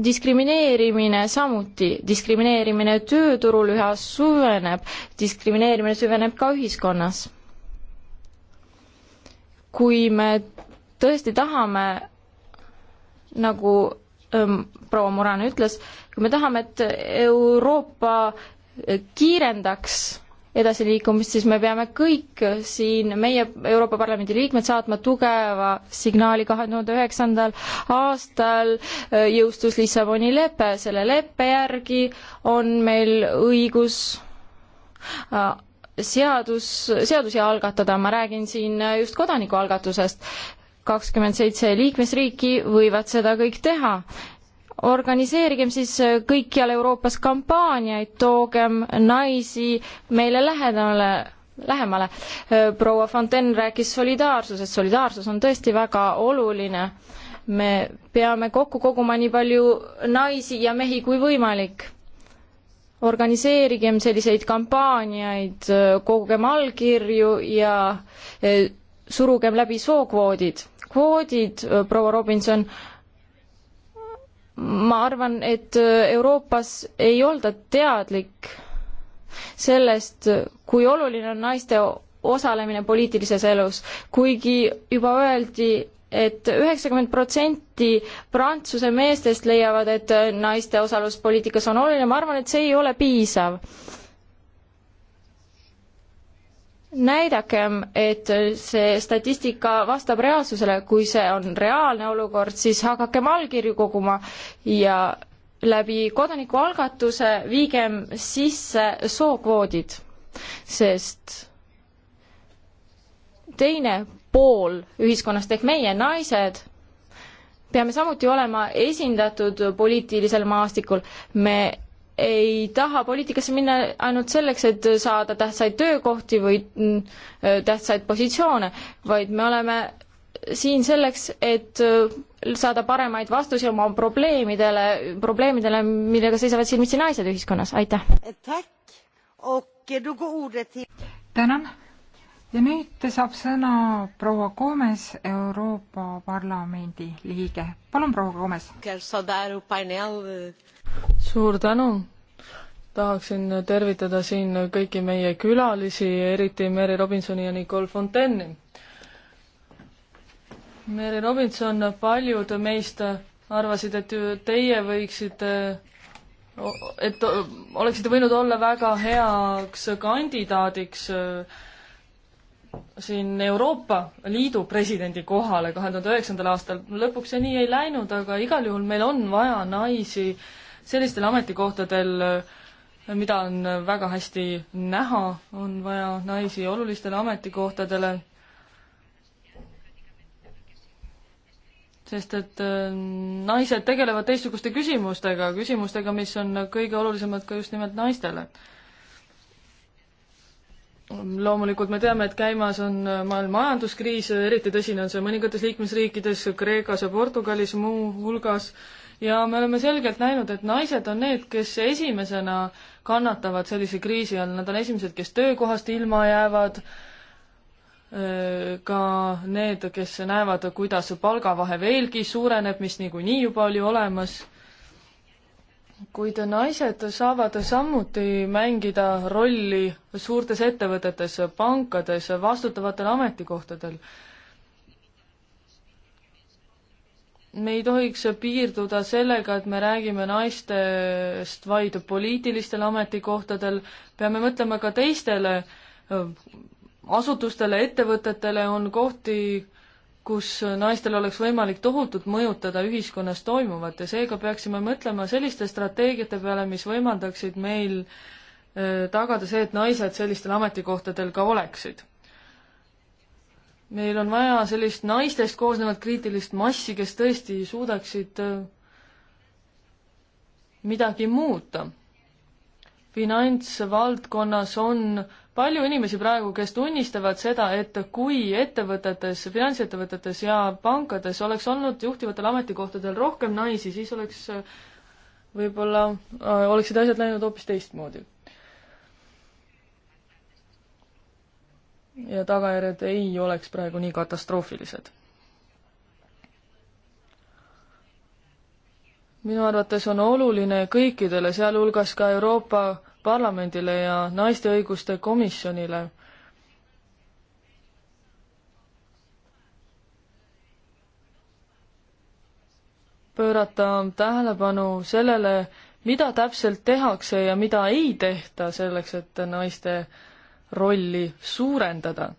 diskrimineerimine samuti, diskrimineerimine tööturul üha süveneb, diskrimineerimine süveneb ka ühiskonnas. kui me tõesti tahame nagu ähm, proua Murane ütles, kui me tahame, et Euroopa kiirendaks edasiliikumist, siis me peame kõik siin, meie Euroopa Parlamendi liikmed, saatma tugeva signaali. kahe tuhande üheksandal aastal äh, jõustus Lissaboni lepe, selle leppe järgi on meil õigus äh, seadus, seadusi algatada, ma räägin siin just kodanikualgatusest kakskümmend seitse liikmesriiki võivad seda kõik teha. organiseerigem siis kõikjal Euroopas kampaaniaid, toogem naisi meile lähedale, lähemale. proua Fontaine rääkis solidaarsusest, solidaarsus on tõesti väga oluline. me peame kokku koguma nii palju naisi ja mehi kui võimalik organiseerigem selliseid kampaaniaid, kogugem allkirju ja eh, surugem läbi sookvoodid kvoodid, äh, proua Robinson, ma arvan, et äh, Euroopas ei olda teadlik sellest, kui oluline on naiste osalemine poliitilises elus, kuigi juba öeldi et, et üheksakümmend protsenti Prantsuse meestest leiavad, et naiste osalus poliitikas on oluline, ma arvan, et see ei ole piisav näidakem, et see statistika vastab reaalsusele, kui see on reaalne olukord, siis hakakem allkirju koguma ja läbi kodanikualgatuse viigem sisse sookvoodid, sest teine pool ühiskonnast ehk meie, naised, peame samuti olema esindatud poliitilisel maastikul. me ei taha poliitikasse minna ainult selleks, et saada tähtsaid töökohti või mm, äh, tähtsaid positsioone, vaid me oleme siin selleks, et äh, saada paremaid vastuseid oma probleemidele, probleemidele, millega seisavad silmitsi naised ühiskonnas, aitäh! tänan! ja nüüd saab sõna proua Gomes, Euroopa Parlamendi liige. palun, proua Gomes! suur tänu! tahaksin tervitada siin kõiki meie külalisi, eriti Mary Robinsoni ja Nicole Fontaine'i. Mary Robinson, paljud meist arvasid, et teie võiksite, et oleksite võinud olla väga heaks kandidaadiks siin Euroopa Liidu presidendi kohale kahe tuhande üheksandal aastal. lõpuks see nii ei läinud, aga igal juhul meil on vaja naisi äh, sellistel ametikohtadel, mida on väga hästi näha, on vaja naisi olulistele ametikohtadele, sest et äh, naised tegelevad teistsuguste küsimustega, küsimustega, mis on kõige olulisemad ka just nimelt naistele loomulikult me teame, et käimas on maailma majanduskriis, eriti tõsine on see mõningates liikmesriikides, Kreekas ja Portugalis muuhulgas, ja me oleme selgelt näinud, et naised on need, kes esimesena kannatavad sellise kriisi all, nad on esimesed, kes töökohast ilma jäävad, ka need, kes näevad, kuidas palgavahe veelgi suureneb, mis niikuinii juba oli olemas, kuid naised saavad samuti mängida rolli suurtes ettevõtetes, pankades, vastutavatel ametikohtadel me ei tohiks piirduda sellega, et me räägime naistest vaid poliitilistel ametikohtadel, peame mõtlema ka teistele asutustele, ettevõtetele on kohti, kus naistel oleks võimalik tohutult mõjutada ühiskonnas toimuvat ja seega peaksime mõtlema selliste strateegiate peale, mis võimaldaksid meil tagada see, et naised sellistel ametikohtadel ka oleksid meil on vaja sellist naistest koosnevat kriitilist massi, kes tõesti suudaksid äh, midagi muuta. finantsvaldkonnas on palju inimesi praegu, kes tunnistavad seda, et kui ettevõtetes, finantsettevõtetes ja pankades oleks olnud juhtivatel ametikohtadel rohkem naisi, siis oleks äh, võib-olla, äh, oleksid asjad läinud hoopis teistmoodi ja tagajärjed ei oleks praegu nii katastroofilised. minu arvates on oluline kõikidele, sealhulgas ka Euroopa Parlamendile ja Naiste Õiguste Komisjonile, pöörata tähelepanu sellele, mida täpselt tehakse ja mida ei tehta selleks, et naiste äh, rolli suurendada.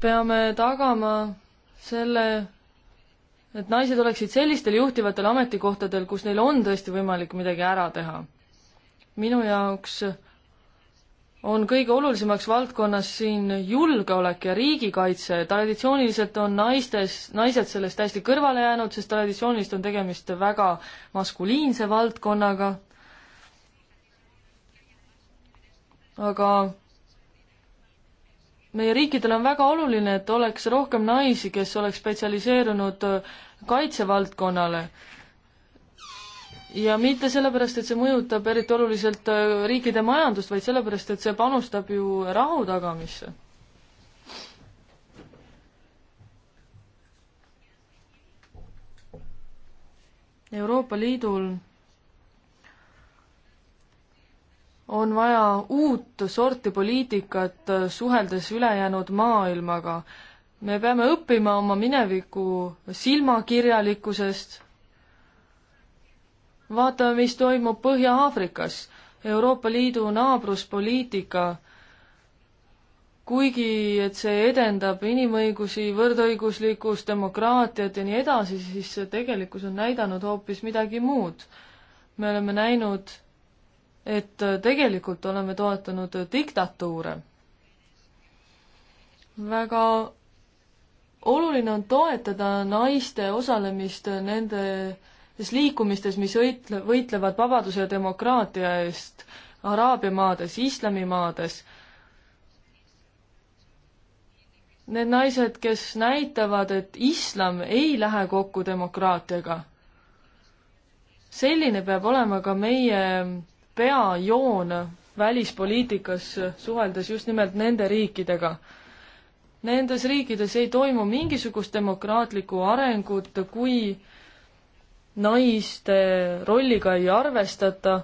peame tagama selle, et naised oleksid sellistel juhtivatel ametikohtadel, kus neil on tõesti võimalik midagi ära teha. minu jaoks on kõige olulisemaks valdkonnas siin julgeolek ja riigikaitse. traditsiooniliselt on naistes, naised sellest hästi kõrvale jäänud, sest traditsiooniliselt on tegemist väga maskuliinse valdkonnaga. aga meie riikidel on väga oluline, et oleks rohkem naisi, kes oleks spetsialiseerunud kaitsevaldkonnale. ja mitte sellepärast, et see mõjutab eriti oluliselt äh, riikide majandust, vaid sellepärast, et see panustab ju rahu tagamisse. Euroopa Liidul on vaja uut sorti poliitikat, äh, suheldes ülejäänud maailmaga. me peame õppima oma mineviku silmakirjalikkusest, vaatame, mis toimub Põhja-Aafrikas, Euroopa Liidu naabruspoliitika, kuigi et see edendab inimõigusi, võrdõiguslikkust, demokraatiat ja nii edasi, siis tegelikkus on näidanud hoopis midagi muud. me oleme näinud et tegelikult oleme toetanud diktatuure. väga oluline on toetada naiste osalemist nendes liikumistes, mis võitle, võitlevad vabaduse ja demokraatia eest Araabia maades, islamimaades. Need naised, kes näitavad, et islam ei lähe kokku demokraatiaga. selline peab olema ka meie peajoon välispoliitikas, suheldes just nimelt nende riikidega. Nendes riikides ei toimu mingisugust demokraatlikku arengut, kui naiste rolliga ei arvestata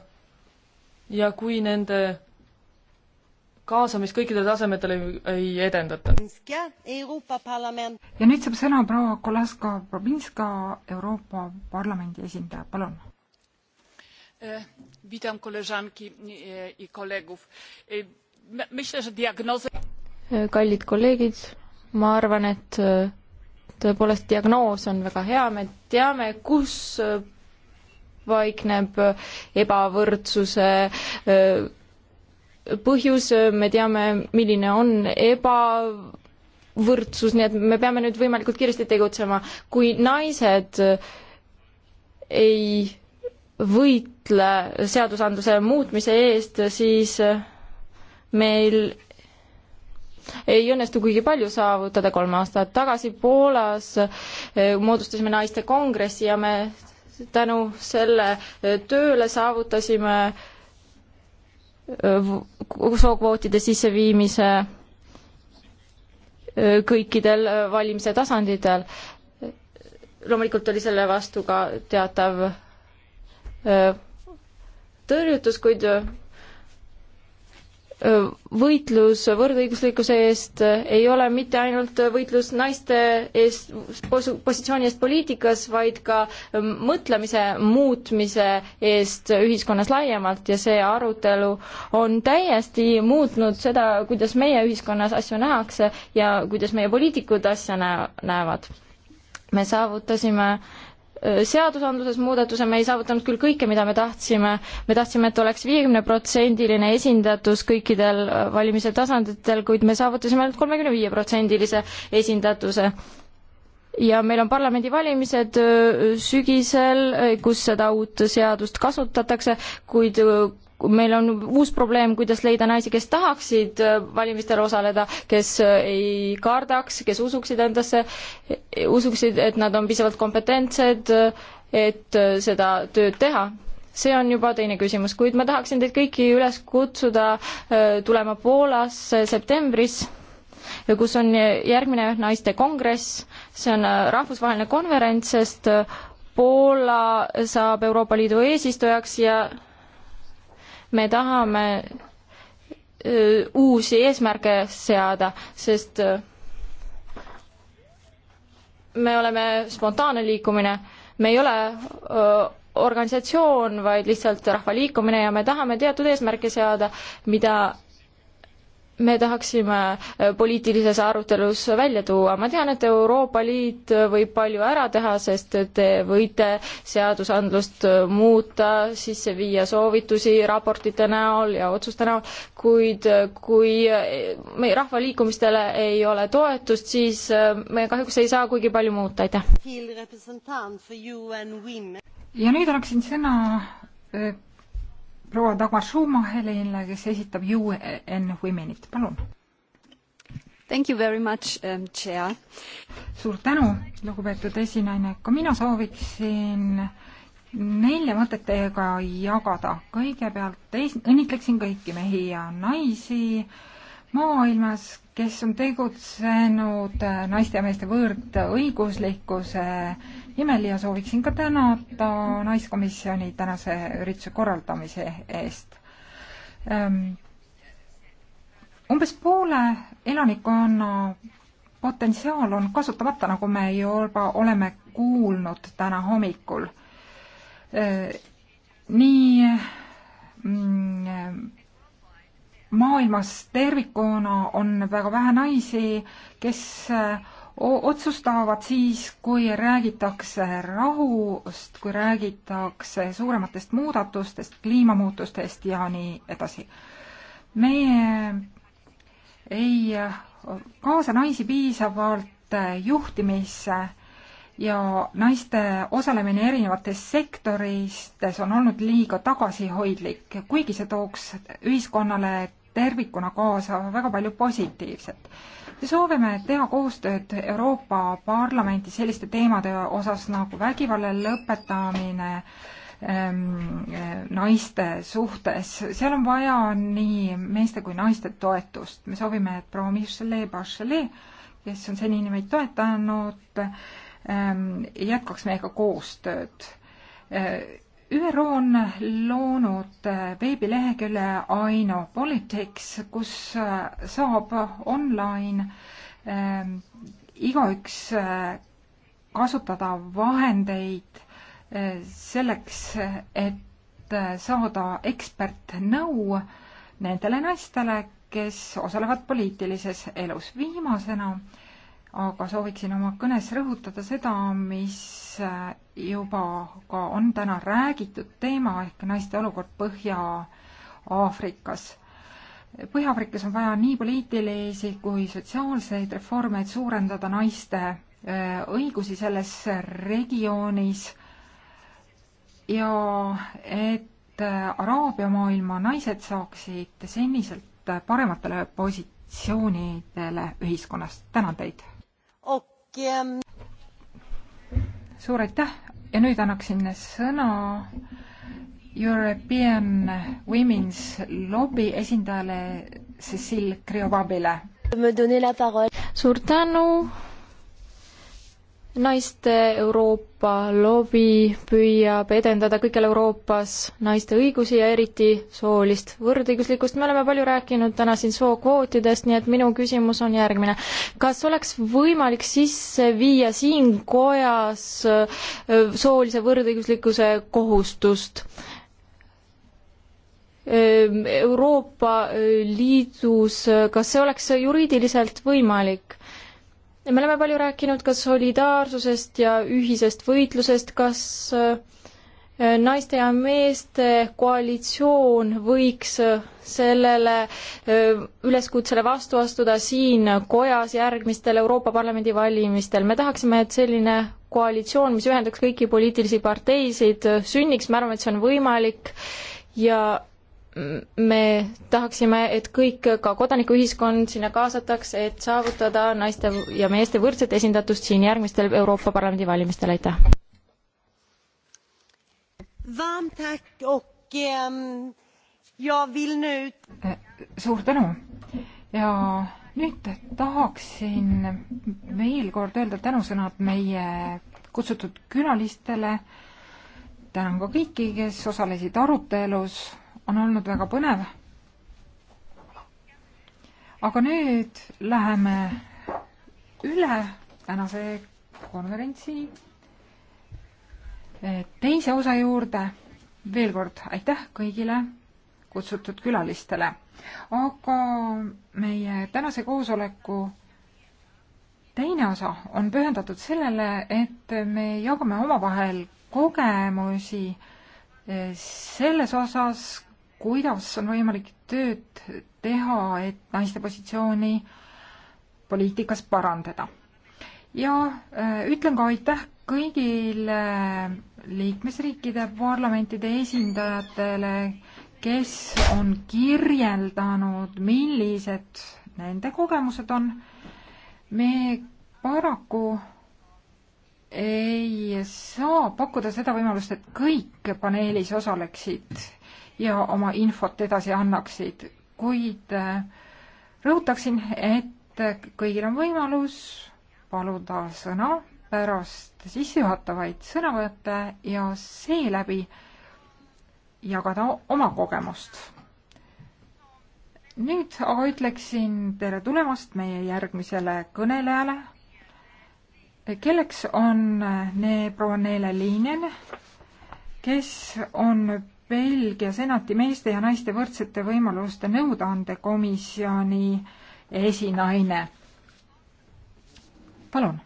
ja kui nende kaasamist kõikidele tasemetele ei edendata. ja nüüd saab sõna proua Kolaska-Babinska Euroopa Parlamendi esindaja, palun E, witam koleżanki e, i kolegów. E, myślę, że diagnozę... Kallid kolleegid, ma arvan, et tõepoolest diagnoos on väga hea, me teame, kus paikneb ebavõrdsuse põhjus, me teame, milline on ebavõrdsus, nii et me peame nüüd võimalikult kiiresti tegutsema. kui naised ei võitle seadusandluse muutmise eest, siis meil ei õnnestu kuigi palju saavutada, kolm aastat tagasi Poolas eh, moodustasime naiste kongressi ja me tänu selle eh, tööle saavutasime eh, sookvootide sisseviimise kõikidel valimise tasanditel. loomulikult oli selle vastu ka teatav tõrjutus, kuid äh, võitlus võrdõiguslikkuse eest äh, ei ole mitte ainult võitlus naiste eest, positsiooni eest poliitikas, vaid ka ähm, mõtlemise muutmise eest ühiskonnas laiemalt ja see arutelu on täiesti muutnud seda, kuidas meie ühiskonnas asju nähakse ja kuidas meie poliitikud asja näe-, näevad. me saavutasime äh, seadusandluses muudatuse, me ei saavutanud küll kõike, mida me tahtsime, me tahtsime, et oleks viiekümneprotsendiline esindatus kõikidel valimise tasanditel, kuid me saavutasime ainult kolmekümne viie protsendilise esindatuse ja meil on parlamendivalimised äh, sügisel, äh, kus seda uut seadust kasutatakse, kuid äh, meil on uus probleem, kuidas leida naisi, kes tahaksid valimistel osaleda, kes ei kardaks, kes usuksid endasse, e, usuksid, et nad on piisavalt kompetentsed, et seda tööd teha. see on juba teine küsimus, kuid ma tahaksin teid kõiki üles kutsuda tulema Poolasse septembris kus on järgmine naiste kongress, see on äh, rahvusvaheline konverents, sest äh, Poola saab Euroopa Liidu eesistujaks ja me tahame äh, uusi eesmärke seada, sest me oleme spontaanne liikumine, me ei ole öö, organisatsioon, vaid lihtsalt rahvaliikumine ja me tahame teatud eesmärke seada, mida me tahaksime äh, poliitilises arutelus välja tuua. ma tean, et Euroopa Liit võib palju ära teha, sest te võite seadusandlust äh, muuta, sisse viia soovitusi raportite näol ja otsuste näol, kuid äh, kui meie rahvaliikumistele ei ole toetust, siis me kahjuks ei saa kuigi palju muuta, aitäh. ja nüüd annaksin sõna proua Dagmar Schumacherile, kes esitab UN Womenit, palun. Thank you very much um,, Chair. suur tänu, lugupeetud esinaine, ka mina sooviksin nelja mõtet teiega jagada. kõigepealt õnnitleksin kõiki mehi ja naisi maailmas, kes on tegutsenud äh, naiste ja meeste võrdõiguslikkuse äh, Imeli ja sooviksin ka tänada Naiskomisjoni tänase ürituse korraldamise eest. Ehm, umbes poole elanikkonna potentsiaal on kasutamata, nagu me juba oleme kuulnud täna hommikul. Ehm, nii mm, maailmas tervikuna on väga vähe naisi, kes otsustavad siis, kui räägitakse rahust, kui räägitakse suurematest muudatustest, kliimamuutustest ja nii edasi. meie ei kaasa naisi piisavalt juhtimisse ja naiste osalemine erinevates sektorites on olnud liiga tagasihoidlik, kuigi see tooks ühiskonnale tervikuna kaasa väga palju positiivset me soovime teha koostööd Euroopa Parlamenti selliste teemade osas nagu vägivalla lõpetamine ähm, naiste suhtes, seal on vaja nii meeste kui naiste toetust. me soovime, et proua Michelet Bachelet, kes on senini meid toetanud ähm,, jätkaks meiega koostööd äh, ÜRO on loonud äh, veebilehekülje Aino Politics, kus äh, saab online äh, igaüks äh, kasutada vahendeid äh, selleks, et äh, saada ekspertnõu nendele naistele, kes osalevad poliitilises elus. viimasena äh, aga sooviksin oma kõnes rõhutada seda, mis juba ka on täna räägitud teema ehk naiste olukord Põhja-Aafrikas. Põhja-Aafrikas on vaja nii poliitilisi kui sotsiaalseid reforme, et suurendada naiste äh, õigusi selles regioonis ja et äh, Araabia maailma naised saaksid seniselt parematele positsioonidele ühiskonnas. tänan teid! suur aitäh ja nüüd annaksin sõna European Women's Lobby esindajale Cecil Kriovabile. suur tänu naiste Euroopa lobi püüab edendada kõikjal Euroopas naiste õigusi ja eriti soolist võrdõiguslikkust. me oleme palju rääkinud täna siin sookvootidest, nii et minu küsimus on järgmine. kas oleks võimalik sisse viia siin kojas äh, soolise võrdõiguslikkuse kohustust? Äh, Euroopa äh, Liidus, kas see oleks juriidiliselt võimalik? me oleme palju rääkinud ka solidaarsusest ja ühisest võitlusest, kas äh, naiste ja meeste koalitsioon võiks äh, sellele äh, üleskutsele vastu astuda siin kojas järgmistel Euroopa Parlamendi valimistel. me tahaksime, et selline koalitsioon, mis ühendaks kõiki poliitilisi parteisid, sünniks, me arvame, et see on võimalik ja me tahaksime, et kõik, ka kodanikuühiskond sinna kaasataks, et saavutada naiste ja meeste võrdset esindatust siin järgmistel Euroopa Parlamendi valimistel, aitäh! Ehm, eh, suur tänu ja nüüd tahaksin veel kord öelda tänusõnad meie kutsutud külalistele, tänan ka kõiki, kes osalesid arutelus on olnud väga põnev. aga nüüd läheme üle tänase konverentsi teise osa juurde. veel kord aitäh kõigile kutsutud külalistele. aga meie tänase koosoleku teine osa on pühendatud sellele, et me jagame omavahel kogemusi selles osas, kuidas on võimalik tööd teha, et naiste positsiooni poliitikas parandada. ja äh, ütlen ka aitäh kõigile liikmesriikide parlamentide esindajatele, kes on kirjeldanud, millised nende kogemused on. me paraku ei saa pakkuda seda võimalust, et kõik paneelis osaleksid ja oma infot edasi annaksid, kuid äh, rõhutaksin, et kõigil on võimalus paluda sõna pärast sissejuhatavaid sõnavõtte ja seeläbi jagada oma kogemust. nüüd aga ütleksin tere tulemast meie järgmisele kõnelejale kelleks on äh, ne-, proua Neele Liinen, kes on Belgia senati meeste ja naiste võrdsete võimaluste nõudeandekomisjoni esinaine. palun.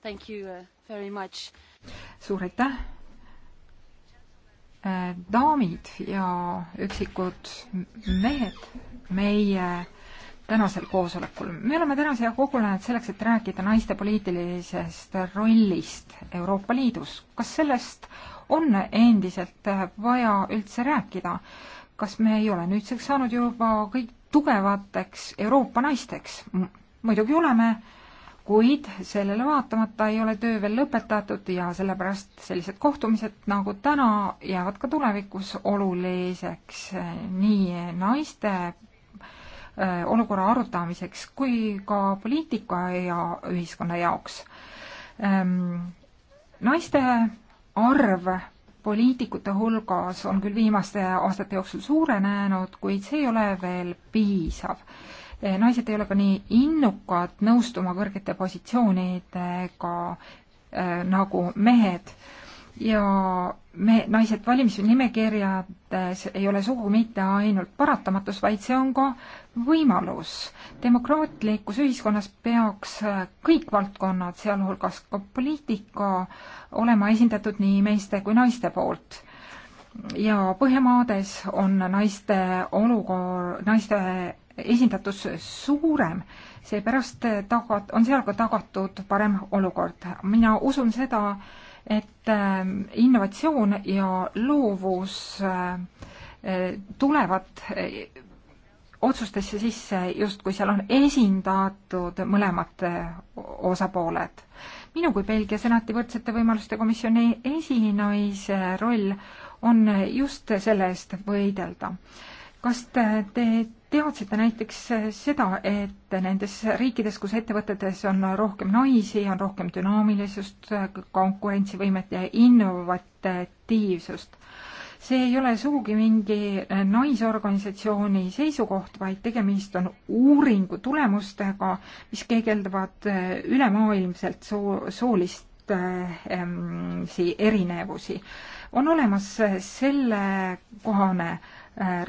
Thank you uh, very much. suur aitäh. Äh, daamid ja üksikud mehed, meie tänasel koosolekul. me oleme täna siia kogunenud selleks, et rääkida naiste poliitilisest rollist Euroopa Liidus. kas sellest on endiselt vaja üldse rääkida? kas me ei ole nüüdseks saanud juba kõik tugevateks Euroopa naisteks? muidugi oleme, kuid sellele vaatamata ei ole töö veel lõpetatud ja sellepärast sellised kohtumised nagu täna jäävad ka tulevikus oluliseks nii naiste Äh, olukorra arutamiseks kui ka poliitika ja ühiskonna jaoks. Ähm, naiste arv poliitikute hulgas on küll viimaste aastate jooksul suurenenud, kuid see ei ole veel piisav. Äh, naised ei ole ka nii innukad nõustuma kõrgete positsioonidega äh, nagu mehed ja me, naised valimisnimekirjades ei ole sugugi mitte ainult paratamatus, vaid see on ka võimalus. demokraatlikus ühiskonnas peaks kõik valdkonnad, sealhulgas ka poliitika, olema esindatud nii meeste kui naiste poolt. ja Põhjamaades on naiste olukord, naiste esindatus suurem, seepärast tagat-, on seal ka tagatud parem olukord. mina usun seda, et ähm, innovatsioon ja loovus äh, tulevad äh, otsustesse sisse justkui seal on esindatud mõlemad äh, osapooled. minu kui Belgia senati võrdsete võimaluste komisjoni esinaise roll on just selle eest võidelda. kas te teadsite näiteks eh, seda, et nendes riikides, kus ettevõtetes on rohkem naisi, on rohkem dünaamilisust, konkurentsivõimet ja innovatiivsust? see ei ole sugugi mingi naisorganisatsiooni seisukoht, vaid tegemist on uuringu tulemustega, mis peegeldavad eh, ülemaailmselt soo-, soolist eh, erinevusi. on olemas sellekohane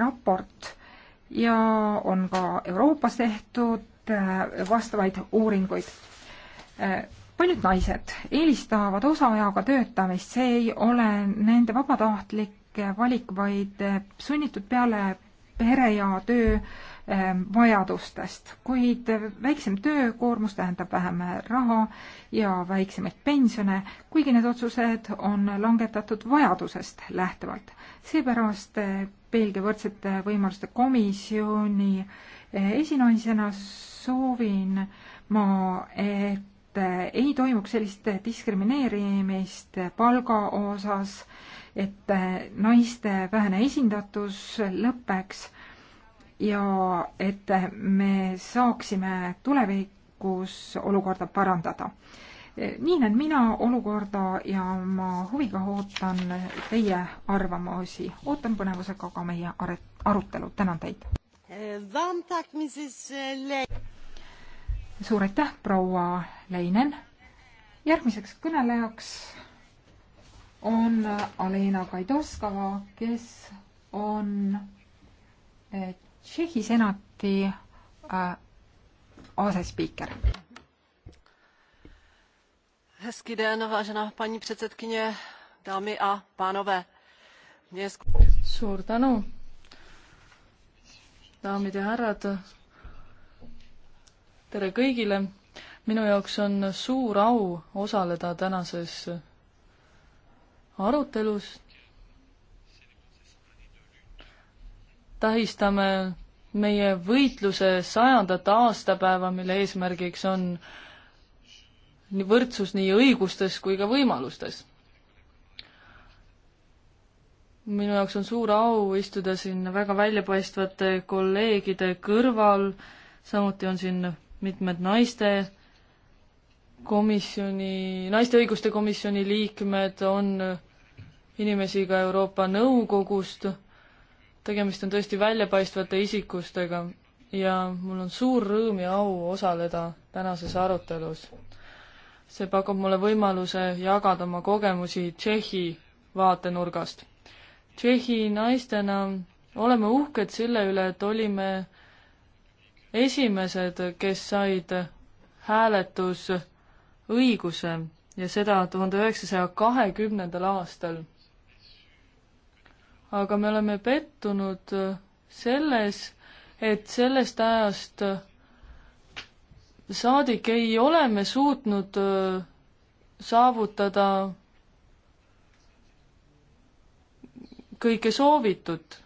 raport ja on ka Euroopas tehtud äh, vastavaid uuringuid. Äh, paljud naised eelistavad osaajaga töötamist, see ei ole nende vabatahtlik valik, vaid äh, sunnitud peale pere ja töö vajadustest, kuid väiksem töökoormus tähendab vähem raha ja väiksemaid pensione, kuigi need otsused on langetatud vajadusest lähtuvalt. seepärast Belgia võrdsete võimaluste komisjoni esinaisena soovin ma, et ei toimuks sellist diskrimineerimist palga osas, et naiste vähene esindatus lõpeks ja et me saaksime tulevikus olukorda parandada nii näen mina olukorda ja ma huviga ootan teie arvamusi. ootan põnevusega ka meie arutelu, tänan teid. Eh, suur aitäh, proua Leinen. järgmiseks kõnelejaks on Alena Kaidoskova, kes on eh, Tšehhi senati eh, asespiiker. Hezký den, vážená paní předsedkyně, dámy a pánové. Mě... suur tänu, daamid ja härrad. tere kõigile. minu jaoks on suur au osaleda tänases arutelus. tähistame meie võitluse sajandat aastapäeva, mille eesmärgiks on võrdsus nii õigustes kui ka võimalustes. minu jaoks on suur au istuda siin väga väljapaistvate kolleegide kõrval, samuti on siin mitmed naiste komisjoni, naiste õiguste komisjoni liikmed, on inimesi ka Euroopa Nõukogust, tegemist on tõesti väljapaistvate isikustega ja mul on suur rõõm ja au osaleda tänases arutelus see pakub mulle võimaluse jagada oma kogemusi Tšehhi vaatenurgast. Tšehhi naistena oleme uhked selle üle, et olime esimesed, kes said hääletusõiguse ja seda tuhande üheksasaja kahekümnendal aastal. aga me oleme pettunud selles, et sellest ajast saadik ei ole me suutnud saavutada kõike soovitut.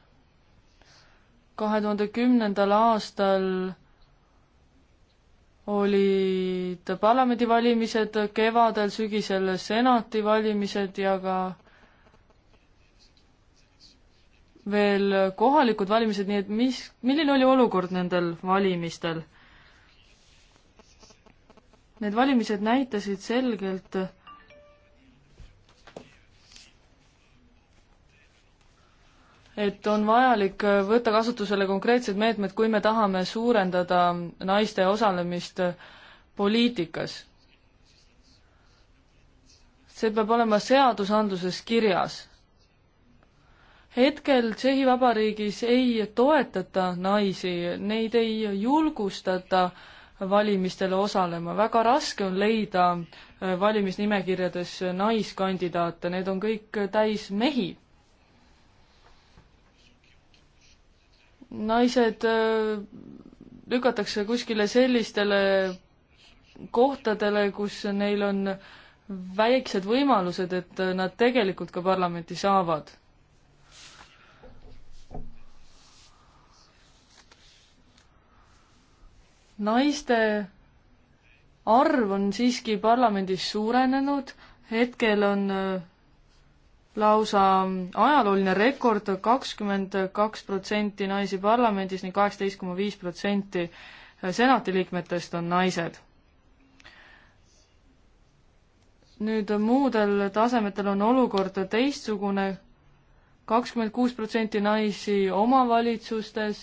kahe tuhande kümnendal aastal olid parlamendivalimised kevadel, sügisel senati valimised ja ka veel kohalikud valimised, nii et mis, milline oli olukord nendel valimistel? Need valimised näitasid selgelt, et on vajalik võtta kasutusele konkreetsed meetmed, kui me tahame suurendada naiste osalemist poliitikas. see peab olema seadusandluses kirjas hetkel Tšehhi Vabariigis ei toetata naisi, neid ei julgustata valimistel osalema. väga raske on leida äh, valimisnimekirjades naiskandidaate, need on kõik täis mehi. naised äh, lükatakse kuskile sellistele kohtadele, kus neil on väiksed võimalused, et äh, nad tegelikult ka parlamenti saavad naiste arv on siiski parlamendis suurenenud, hetkel on äh, lausa mm, ajalooline rekord, kakskümmend kaks protsenti naisi parlamendis ning kaheksateist koma viis protsenti äh, senati liikmetest on naised. nüüd äh, muudel tasemetel on olukord teistsugune, kakskümmend kuus protsenti naisi omavalitsustes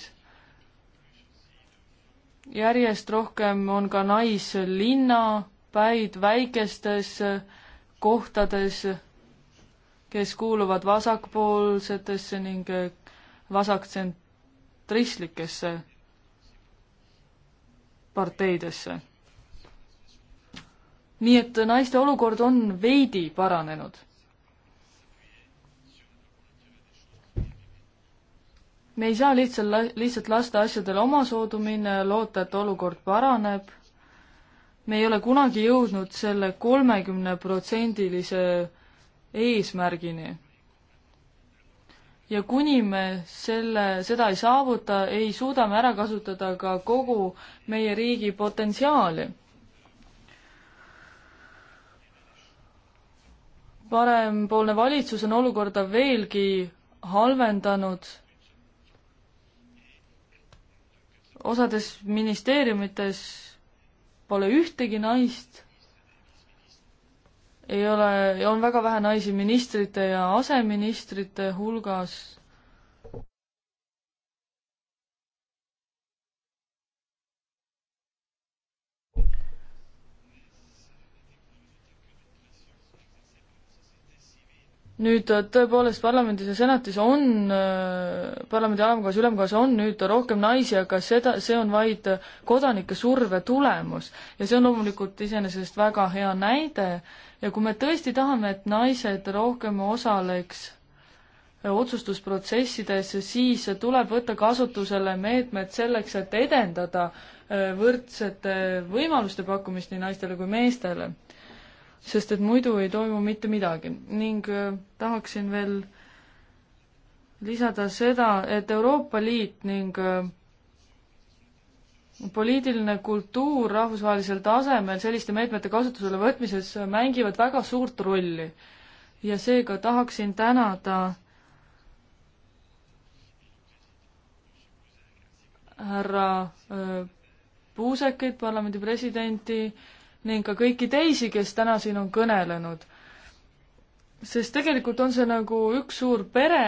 järjest rohkem on ka naislinnapäid väikestes kohtades, kes kuuluvad vasakpoolsetesse ning vasaktsentristlikesse parteidesse. nii et naiste olukord on veidi paranenud me ei saa lihtsalt, lihtsalt lasta asjadele omasoodu minna ja loota, et olukord paraneb. me ei ole kunagi jõudnud selle kolmekümneprotsendilise eesmärgini. ja kuni me selle, seda ei saavuta, ei suuda me ära kasutada ka kogu meie riigi potentsiaali. parempoolne valitsus on olukorda veelgi halvendanud osades ministeeriumites pole ühtegi naist, ei ole, on väga vähe naisi ministrite ja aseministrite hulgas nüüd äh, tõepoolest parlamendis ja senatis on, äh, parlamendi alamkojas, ülemkojas on nüüd rohkem naisi, aga seda, see on vaid äh, kodanike surve tulemus. ja see on loomulikult iseenesest väga hea näide ja kui me tõesti tahame, et naised rohkem osaleks otsustusprotsessides, siis tuleb võtta kasutusele meetmed selleks, et edendada võrdsete võimaluste pakkumist nii naistele kui meestele sest et muidu ei toimu mitte midagi ning äh, tahaksin veel lisada seda, et Euroopa Liit ning äh, poliitiline kultuur rahvusvahelisel tasemel selliste meetmete kasutusele võtmises äh, mängivad väga suurt rolli. ja seega tahaksin tänada härra Puusekit, parlamendi presidenti, ning ka kõiki teisi, kes täna siin on kõnelenud. sest tegelikult on see nagu üks suur pere.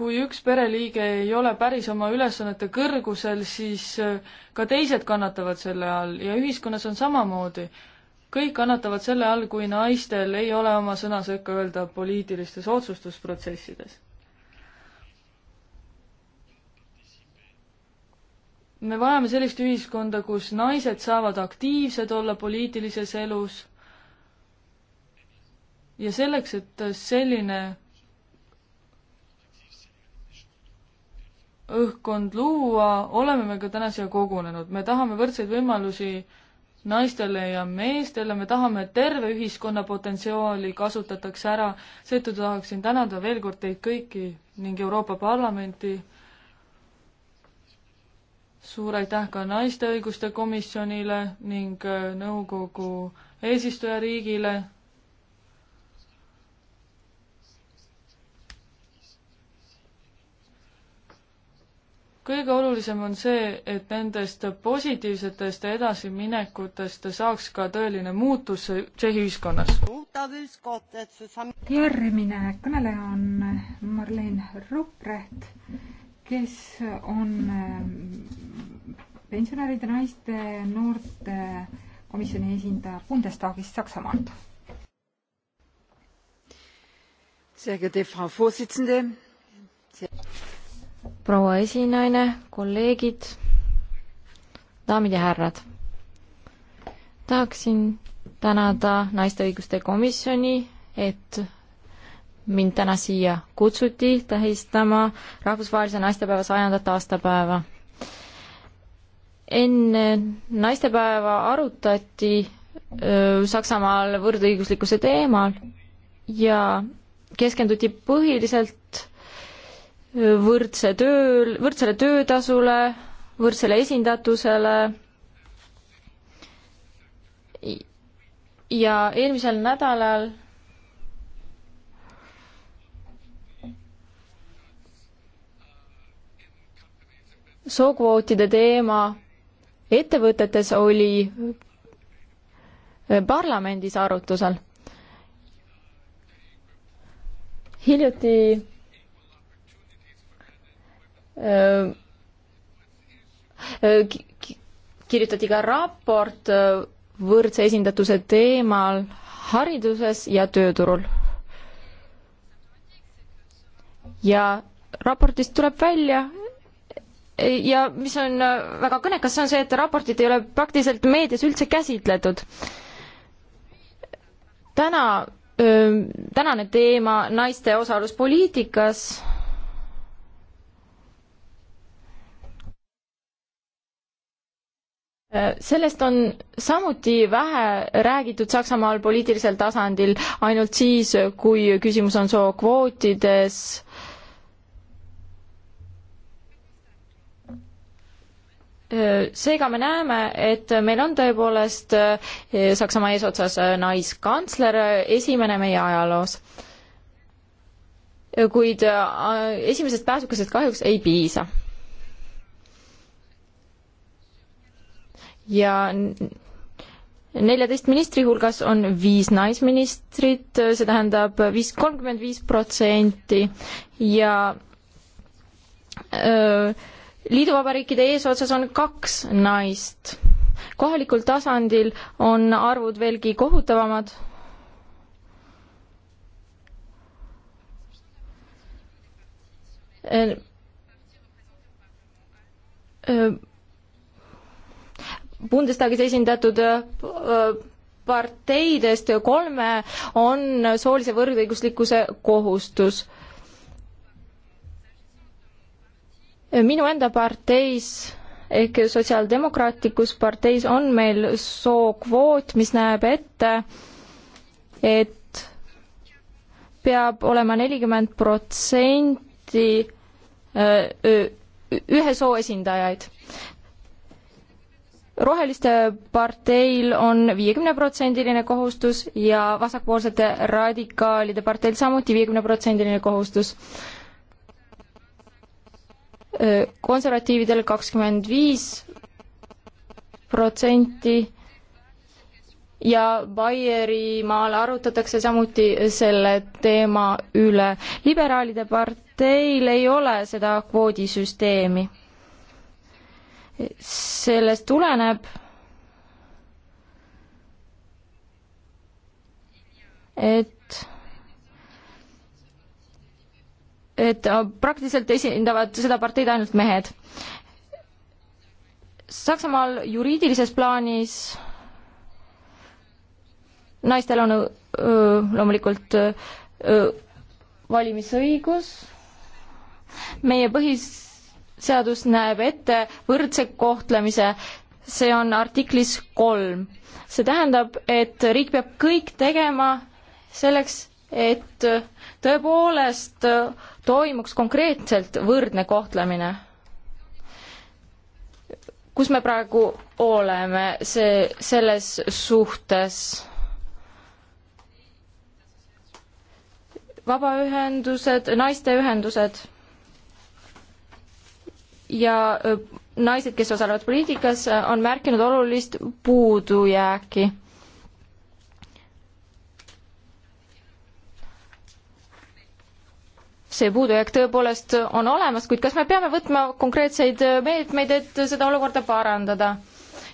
kui üks pereliige ei ole päris oma ülesannete kõrgusel, siis äh, ka teised kannatavad selle all ja ühiskonnas on samamoodi. kõik kannatavad selle all, kui naistel ei ole oma sõna sekka öelda poliitilistes otsustusprotsessides me vajame sellist ühiskonda, kus naised saavad aktiivsed olla poliitilises elus. ja selleks, et selline õhkkond luua, oleme me ka täna siia kogunenud, me tahame võrdseid võimalusi naistele ja meestele, me tahame, et terve ühiskonna potentsiaali kasutatakse ära, seetõttu tahaksin tänada veel kord teid kõiki ning Euroopa Parlamenti äh, suur aitäh ka naiste õiguste komisjonile ning äh, nõukogu eesistujariigile. kõige olulisem on see, et nendest positiivsetest edasiminekutest saaks ka tõeline muutus Tšehhi ühiskonnas. järgmine kõneleja on Marleen Ruprecht kes on ähm, pensionäride naiste noorte komisjoni esindaja Bundestagist Saksamaalt. proua esinaine, kolleegid, daamid ja härrad. tahaksin tänada naiste õiguste komisjoni, et mind täna siia kutsuti tähistama rahvusvahelise naistepäeva sajandat aastapäeva. enne naistepäeva arutati öö, Saksamaal võrdõiguslikkuse teemal ja keskenduti põhiliselt võrdse töö, võrdsele töötasule, võrdsele esindatusele ja eelmisel nädalal sookvootide teema ettevõtetes oli parlamendis arutusel. hiljuti kirjutati ka raport võrdse esindatuse teemal hariduses ja tööturul. ja raportist tuleb välja, ja mis on äh, väga kõnekas, see on see, et raportit ei ole praktiliselt meedias üldse käsitletud. täna, tänane teema naiste osalus poliitikas sellest on samuti vähe räägitud Saksamaal poliitilisel tasandil, ainult siis, kui küsimus on sookvootides seega me näeme, et meil on tõepoolest eh, Saksamaa eesotsas eh, naiskantsler, eh, esimene meie ajaloos. kuid esimesest pääsukesest kahjuks ei piisa. ja neljateist ministri hulgas on viis naisministrit, see tähendab viis, kolmkümmend viis protsenti ja öö, liiduvabariikide eesotsas on kaks naist. kohalikul tasandil on arvud veelgi kohutavamad. Äh, äh, Bundestagis esindatud äh, parteidest kolme on soolise võrdõiguslikkuse kohustus minu enda parteis ehk Sotsiaaldemokraatlikus parteis on meil sookvoot, mis näeb ette, et peab olema nelikümmend protsenti ühe soo esindajaid. roheliste parteil on viiekümneprotsendiline kohustus ja vasakpoolsete radikaalide parteil samuti viiekümneprotsendiline kohustus konservatiividel kakskümmend viis protsenti ja Baierimaal arutatakse samuti selle teema üle. liberaalide parteil ei ole seda kvoodisüsteemi. sellest tuleneb, et et äh, praktiliselt esindavad seda parteid ainult mehed. Saksamaal juriidilises plaanis naistel on öö, loomulikult öö, valimisõigus, meie põhiseadus näeb ette võrdse kohtlemise, see on artiklis kolm. see tähendab, et riik peab kõik tegema selleks, et öö, tõepoolest äh, toimuks konkreetselt võrdne kohtlemine. kus me praegu oleme see, selles suhtes? vabaühendused, naisteühendused ja äh, naised, kes osalevad poliitikas, äh, on märkinud olulist puudujääki see puudujääk tõepoolest on olemas, kuid kas me peame võtma konkreetseid meetmeid, et seda olukorda parandada?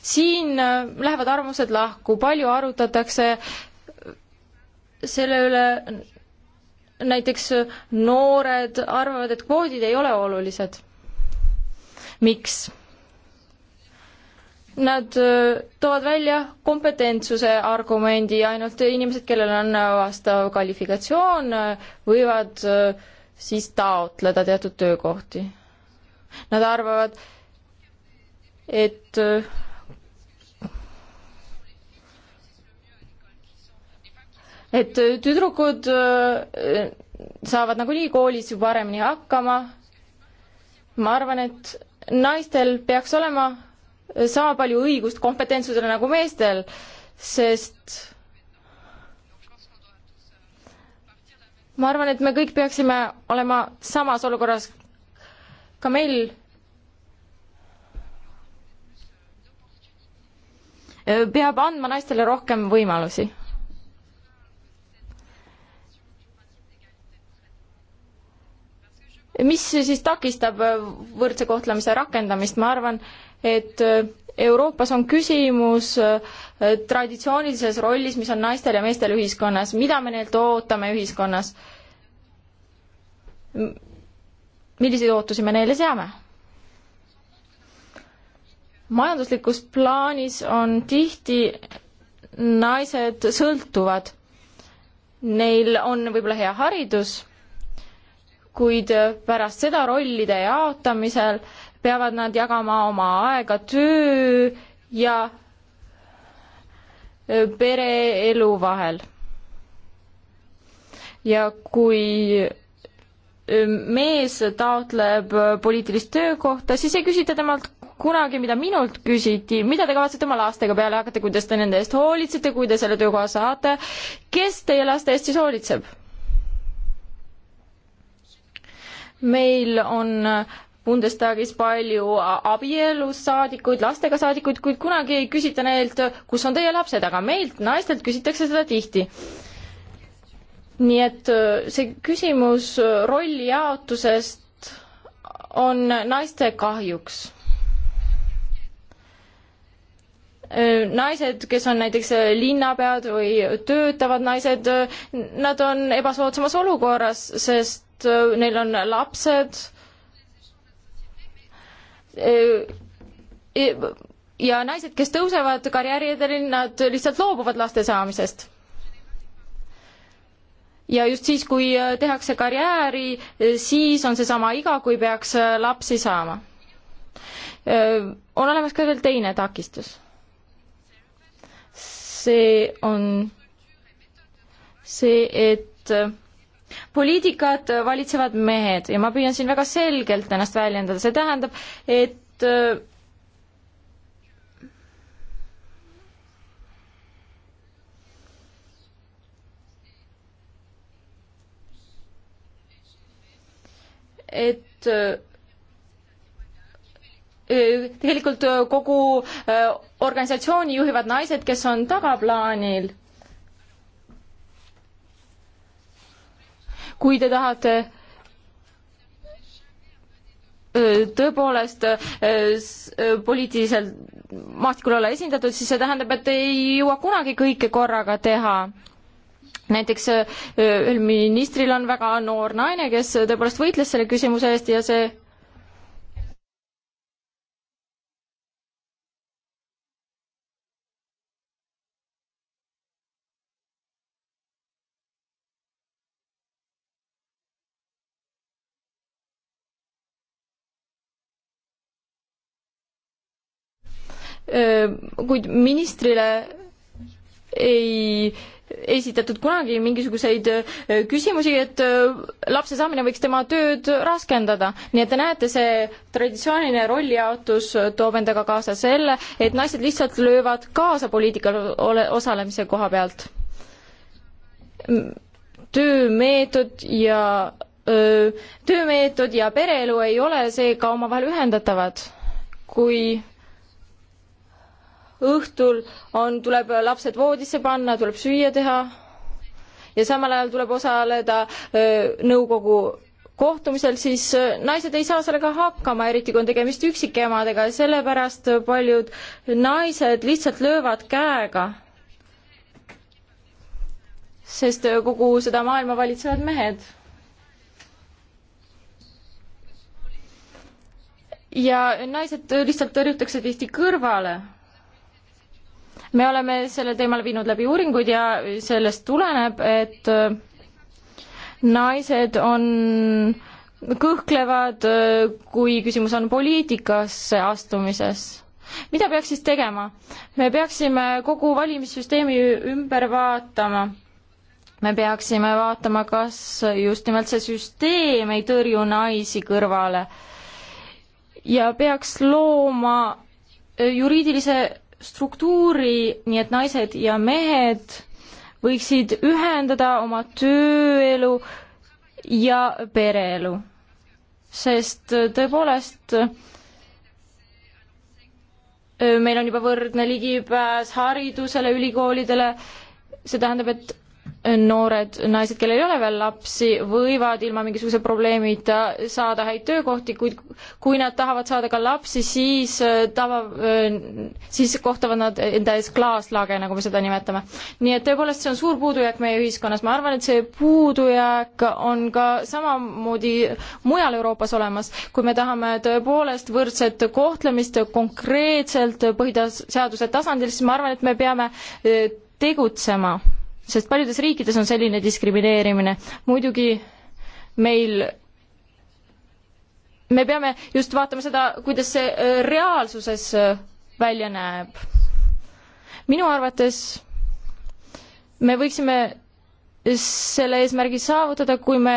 siin äh, lähevad arvamused lahku, palju arutatakse selle üle, näiteks äh, noored arvavad, et kvoodid ei ole olulised. miks? Nad äh, toovad välja kompetentsuse argumendi, ainult inimesed, kellel on vastav kvalifikatsioon, võivad äh, siis taotleda teatud töökohti. Nad arvavad, et et tüdrukud äh, saavad nagunii koolis ju paremini hakkama. ma arvan, et naistel peaks olema äh, sama palju õigust kompetentsusele nagu meestel, sest ma arvan, et me kõik peaksime olema samas olukorras. ka meil peab andma naistele rohkem võimalusi. mis siis takistab võrdse kohtlemise rakendamist, ma arvan, et Euroopas on küsimus äh, traditsioonilises rollis, mis on naistel ja meestel ühiskonnas, mida me neilt ootame ühiskonnas? milliseid ootusi me neile seame? majanduslikus plaanis on tihti naised sõltuvad. Neil on võib-olla hea haridus, kuid pärast seda rollide jaotamisel peavad nad jagama oma aega töö ja e, pereelu vahel. ja kui e, mees taotleb poliitilist töökohta, siis ei küsita temalt kunagi, mida minult küsiti, mida te kavatsete oma lastega peale hakata, kuidas te nende eest hoolitsete, kui te selle töökoha saate, kes teie laste eest siis hoolitseb? meil on Bundestagis palju abielus saadikuid, lastega saadikuid, kuid kunagi ei küsita neilt, kus on teie lapsed, aga meilt, naistelt küsitakse seda tihti. nii et äh, see küsimus äh, rollijaotusest on naiste kahjuks äh, naised, kes on näiteks linnapead või töötavad naised, nad on ebasoodsamas olukorras, sest neil on lapsed Äh, äh, ja naised, kes tõusevad karjääriedeli, nad lihtsalt loobuvad laste saamisest. ja just siis, kui äh, tehakse karjääri, siis on seesama iga, kui peaks lapsi saama. on olemas ka veel teine takistus. see on see, et poliitikat valitsevad mehed ja ma püüan siin väga selgelt ennast väljendada, see tähendab, et et tegelikult kogu eh, organisatsiooni juhivad naised, kes on tagaplaanil kui te tahate tõepoolest poliitilisel maastikul olla esindatud, siis see tähendab, et ei jõua kunagi kõike korraga teha. näiteks ühel ministril on väga noor naine, kes tõepoolest võitles selle küsimuse eest ja see kuid ministrile ei esitatud kunagi mingisuguseid küsimusi, et lapse saamine võiks tema tööd raskendada. nii et te näete, see traditsiooniline rollijaotus toob endaga kaasa selle, et naised lihtsalt löövad kaasa poliitikal osalemise koha pealt. töömeetod ja, töömeetod ja pereelu ei ole seega omavahel ühendatavad. kui õhtul on, tuleb lapsed voodisse panna, tuleb süüa teha ja samal ajal tuleb osaleda nõukogu kohtumisel, siis naised ei saa sellega hakkama, eriti kui on tegemist üksikemadega ja sellepärast paljud naised lihtsalt löövad käega. sest kogu seda maailma valitsevad mehed. ja naised lihtsalt tõrjutakse tihti kõrvale me oleme sellel teemal viinud läbi uuringuid ja sellest tuleneb, et äh, naised on kõhklevad, äh, kui küsimus on poliitikasse astumises. mida peaks siis tegema? me peaksime kogu valimissüsteemi ümber vaatama. me peaksime vaatama, kas just nimelt see süsteem ei tõrju naisi kõrvale ja peaks looma äh, juriidilise struktuuri, nii et naised ja mehed võiksid ühendada oma tööelu ja pereelu. sest äh, tõepoolest äh, meil on juba võrdne ligipääs haridusele, ülikoolidele, see tähendab, et noored naised, kellel ei ole veel lapsi, võivad ilma mingisuguse probleemita saada häid töökohti, kuid kui nad tahavad saada ka lapsi, siis äh, tava, äh, siis kohtavad nad enda ees klaaslage, nagu me seda nimetame. nii et tõepoolest, see on suur puudujääk meie ühiskonnas, ma arvan, et see puudujääk on ka samamoodi mujal Euroopas olemas. kui me tahame tõepoolest võrdset kohtlemist konkreetselt põhiseaduse tasandil, siis ma arvan, et me peame äh, tegutsema sest paljudes riikides on selline diskrimineerimine. muidugi meil me peame just vaatama seda, kuidas see äh, reaalsuses äh, välja näeb. minu arvates me võiksime selle eesmärgi saavutada, kui me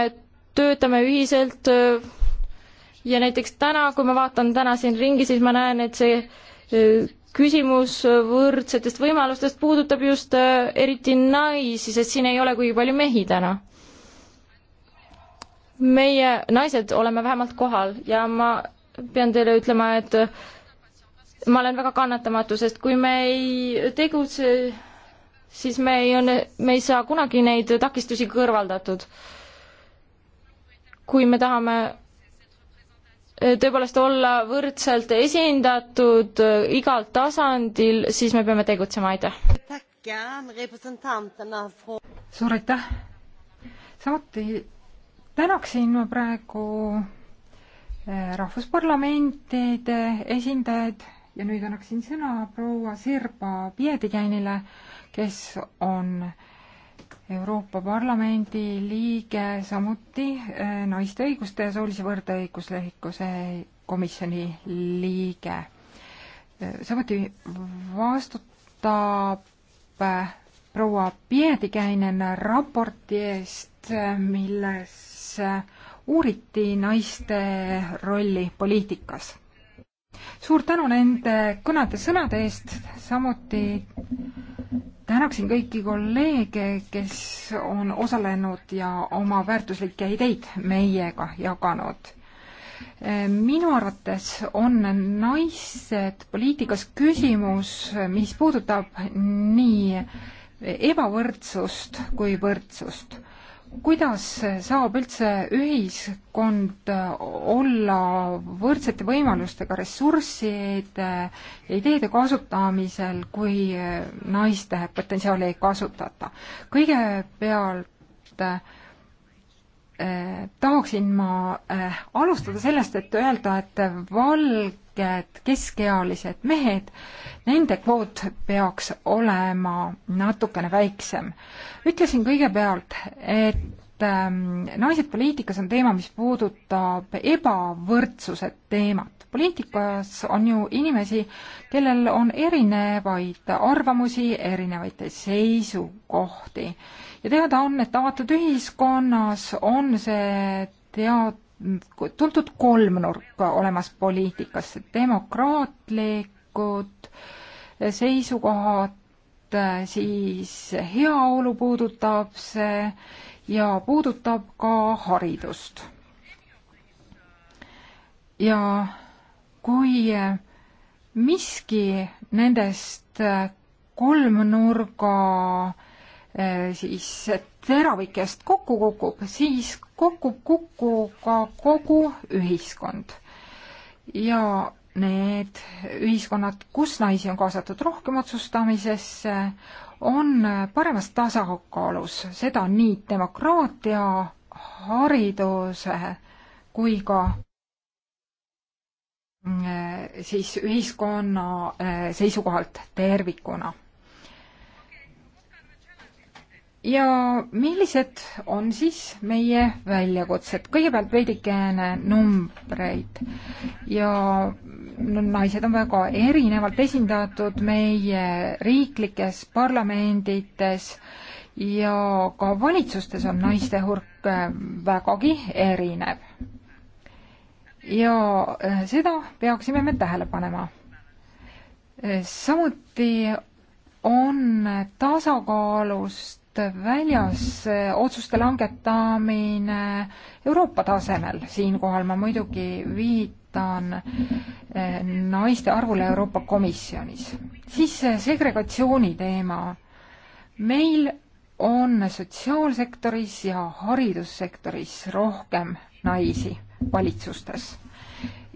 töötame ühiselt äh, ja näiteks täna, kui ma vaatan täna siin ringi, siis ma näen, et see küsimus võrdsetest võimalustest puudutab just äh, eriti naisi, sest siin ei ole kuigi palju mehi täna. meie naised oleme vähemalt kohal ja ma pean teile ütlema, et äh, ma olen väga kannatamatu, sest kui me ei tegutse, siis me ei õnne, me ei saa kunagi neid takistusi kõrvaldatud. kui me tahame tõepoolest olla võrdselt esindatud äh, igal tasandil, siis me peame tegutsema, aitäh! suur aitäh! samuti tänaksin ma praegu äh, rahvusparlamentide esindajaid ja nüüd annaksin sõna proua Sirba Piedikäinile, kes on Euroopa Parlamendi liige, samuti äh, naiste õiguste ja soolise võrdõiguslikkuse komisjoni liige. Äh, samuti vastutab äh, proua Piedikäinen raporti eest, milles uuriti naiste rolli poliitikas. suur tänu nende kõnade sõnade eest, samuti tänaksin kõiki kolleege, kes on osalenud ja oma väärtuslikke ideid meiega jaganud. minu arvates on naised poliitikas küsimus, mis puudutab nii ebavõrdsust kui võrdsust kuidas saab üldse ühiskond olla võrdsete võimalustega ressursside ja ideede kasutamisel, kui naiste potentsiaali ei kasutata? kõigepealt Äh, tahaksin ma äh, alustada sellest, et öelda, et valged keskealised mehed, nende kvoot peaks olema natukene väiksem. ütlesin kõigepealt, et ähm, naised poliitikas on teema, mis puudutab ebavõrdsuse teemat poliitikas on ju inimesi, kellel on erinevaid arvamusi, erinevaid seisukohti ja teada on, et avatud ühiskonnas on see tead-, tuntud kolmnurk olemas poliitikas, demokraatlikud seisukohad, siis heaolu puudutab see ja puudutab ka haridust. ja kui miski nendest äh, kolmnurga äh, siis teravikest kokku kukub, siis kukub kokku ka kogu ühiskond. ja need ühiskonnad, kus naisi on kaasatud rohkem otsustamisesse, on paremas tasakaalus, seda nii demokraatia, hariduse kui ka Äh, siis ühiskonna äh, seisukohalt tervikuna. ja millised on siis meie väljakutsed? kõigepealt veidikene numbreid ja no naised on väga erinevalt esindatud meie riiklikes parlamendites ja ka valitsustes on naiste hulk äh, vägagi erinev ja eh, seda peaksime me tähele panema. Eh, samuti on tasakaalust väljas eh, otsuste langetamine Euroopa tasemel, siinkohal ma muidugi viitan naiste arvule Euroopa Komisjonis. siis segregatsiooni teema. meil on sotsiaalsektoris ja haridussektoris rohkem naisi valitsustes.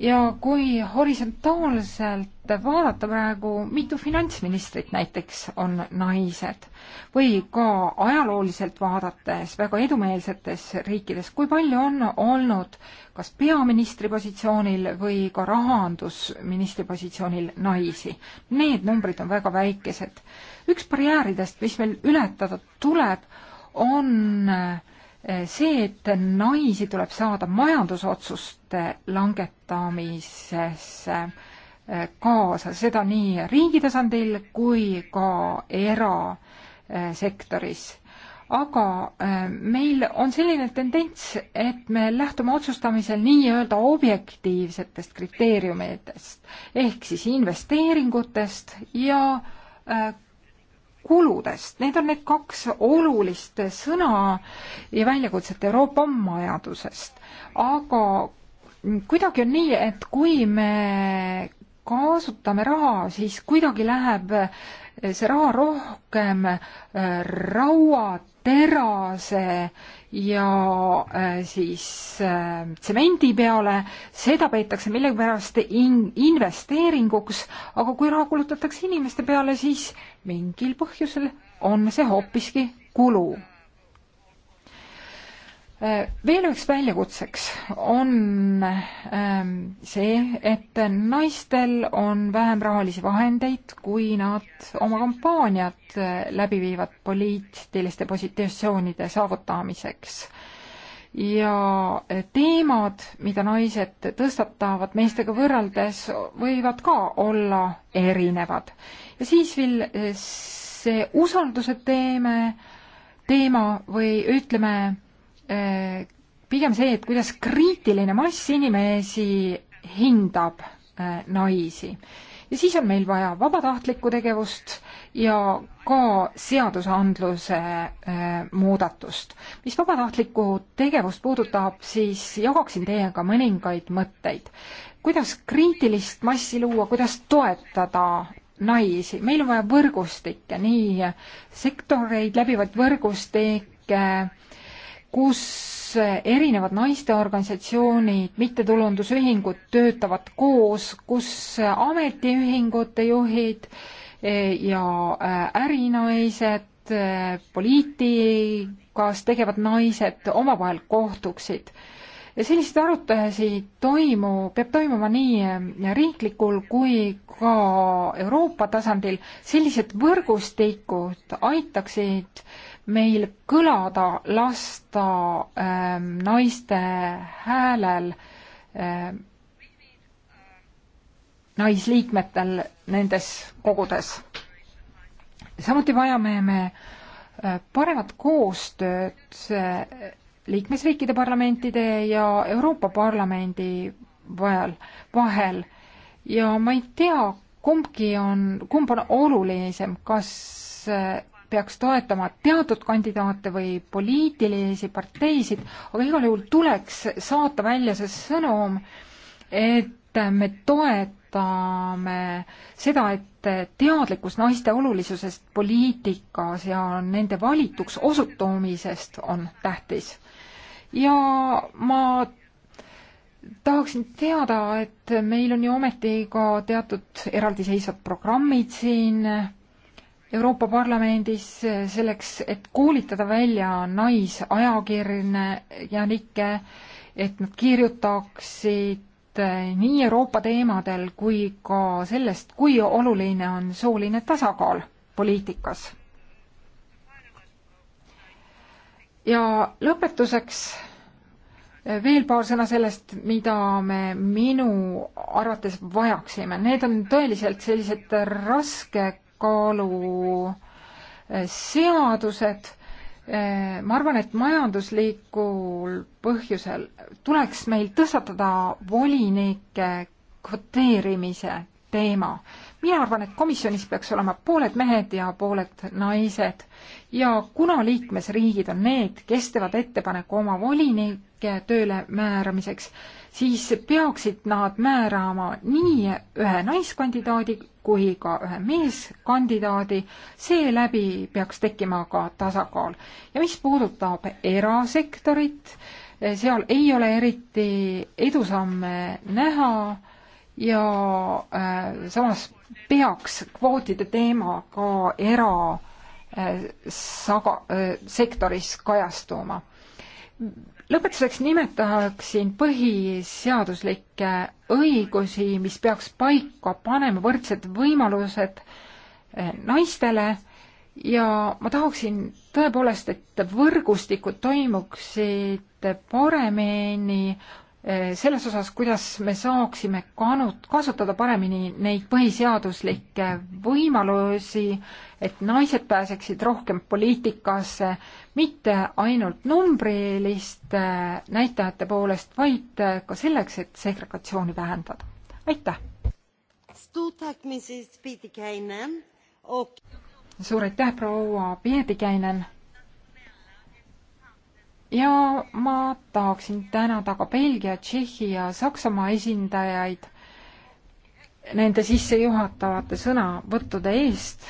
ja kui horisontaalselt vaadata praegu, mitu finantsministrit näiteks on naised või ka ajalooliselt vaadates väga edumeelsetes riikides, kui palju on olnud kas peaministri positsioonil või ka rahandusministri positsioonil naisi. Need numbrid on väga väikesed. üks barjääridest, mis meil ületada tuleb, on äh, see, et naisi tuleb saada majandusotsuste langetamisesse eh, kaasa, seda nii riigi tasandil kui ka erasektoris. aga eh, meil on selline tendents, et me lähtume otsustamisel nii-öelda objektiivsetest kriteeriumidest ehk siis investeeringutest ja eh, kuludest. Need on need kaks olulist sõna ja väljakutset Euroopa majandusest. aga kuidagi on nii, et kui me kasutame raha, siis kuidagi läheb see raha rohkem äh, raua, terase ja äh, siis äh, tsemendi peale, seda peetakse millegipärast in-, investeeringuks, aga kui raha kulutatakse inimeste peale, siis mingil põhjusel on see hoopiski kulu veel üheks väljakutseks on ähm, see, et naistel on vähem rahalisi vahendeid, kui nad oma kampaaniad äh, läbi viivad poliitiliste positsioonide saavutamiseks. ja teemad, mida naised tõstatavad meestega võrreldes, võivad ka olla erinevad. ja siis veel äh, see usalduse teeme, teema või ütleme, Äh, pigem see, et kuidas kriitiline mass inimesi hindab äh, naisi. ja siis on meil vaja vabatahtlikku tegevust ja ka seadusandluse äh, muudatust. mis vabatahtlikku tegevust puudutab, siis jagaksin teiega mõningaid mõtteid. kuidas kriitilist massi luua, kuidas toetada naisi, meil on vaja võrgustikke, nii sektoreid läbivaid võrgustikke, kus erinevad naisteorganisatsioonid, mittetulundusühingud töötavad koos, kus ametiühingute juhid eh, ja eh, ärinaised, eh, poliitikas tegevad naised omavahel kohtuksid ja selliseid arutelusi toimu, peab toimuma nii riiklikul kui ka Euroopa tasandil. sellised võrgustikud aitaksid meil kõlada, lasta ähm, naiste häälel ähm, naisliikmetel nendes kogudes. samuti vajame me äh, paremat koostööd äh, liikmesriikide parlamentide ja Euroopa Parlamendi vahel, vahel ja ma ei tea, kumbki on, kumb on olulisem, kas äh, peaks toetama teatud kandidaate või poliitilisi parteisid, aga igal juhul tuleks saata välja see sõnum, et me toetame seda, et teadlikkus naiste olulisusest poliitikas ja nende valituks osutumisest on tähtis. ja ma tahaksin teada, et meil on ju ometi ka teatud eraldiseisvad programmid siin Euroopa Parlamendis selleks, et koolitada välja naisajakirjanikke, et nad kirjutaksid eh, nii Euroopa teemadel kui ka sellest, kui oluline on sooline tasakaal poliitikas. ja lõpetuseks eh, veel paar sõna sellest, mida me minu arvates vajaksime. Need on tõeliselt sellised raske tasakaalu seadused. ma arvan, et majanduslikul põhjusel tuleks meil tõstatada volinike kvoteerimise teema. mina arvan, et komisjonis peaks olema pooled mehed ja pooled naised ja kuna liikmesriigid on need, kes teevad ettepaneku oma volinike tööle määramiseks, siis peaksid nad määrama nii ühe naiskandidaadi kui ka ühe meeskandidaadi, seeläbi peaks tekkima ka tasakaal. ja mis puudutab erasektorit, seal ei ole eriti edusamme näha ja äh, samas peaks kvootide teema ka era äh, saga, äh, sektoris kajastuma lõpetuseks nimetaksin põhiseaduslikke õigusi, mis peaks paika panema võrdsed võimalused eh, naistele ja ma tahaksin tõepoolest, et võrgustikud toimuksid paremini Eh, selles osas, kuidas me saaksime kanud, kasutada paremini neid põhiseaduslikke võimalusi, et naised pääseksid rohkem poliitikasse, mitte ainult numbriliste näitajate poolest, vaid eh, ka selleks, et segregatsiooni vähendada. aitäh! suur aitäh, proua Pietikäinen! ja ma tahaksin tänada ka Belgia, Tšehhi ja Saksamaa esindajaid nende sissejuhatavate sõnavõttude eest.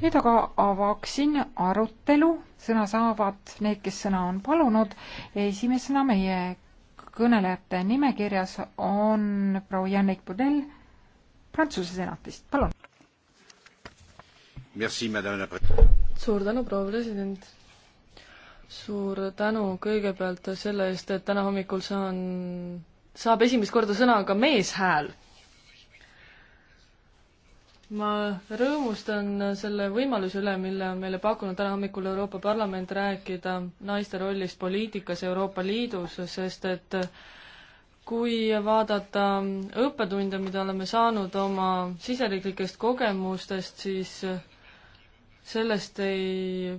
nüüd aga avaksin arutelu, sõna saavad need, kes sõna on palunud. esimesena meie kõnelejate nimekirjas on proua Jannik Budel Prantsuse senatist, palun. suur tänu, proua president suur tänu kõigepealt selle eest, et täna hommikul saan, saab esimest korda sõna ka meeshääl. ma rõõmustan selle võimaluse üle, mille on meile pakkunud täna hommikul Euroopa Parlament rääkida naiste rollist poliitikas Euroopa Liidus, sest et kui vaadata õppetunde, mida oleme saanud oma siseriiklikest kogemustest, siis sellest ei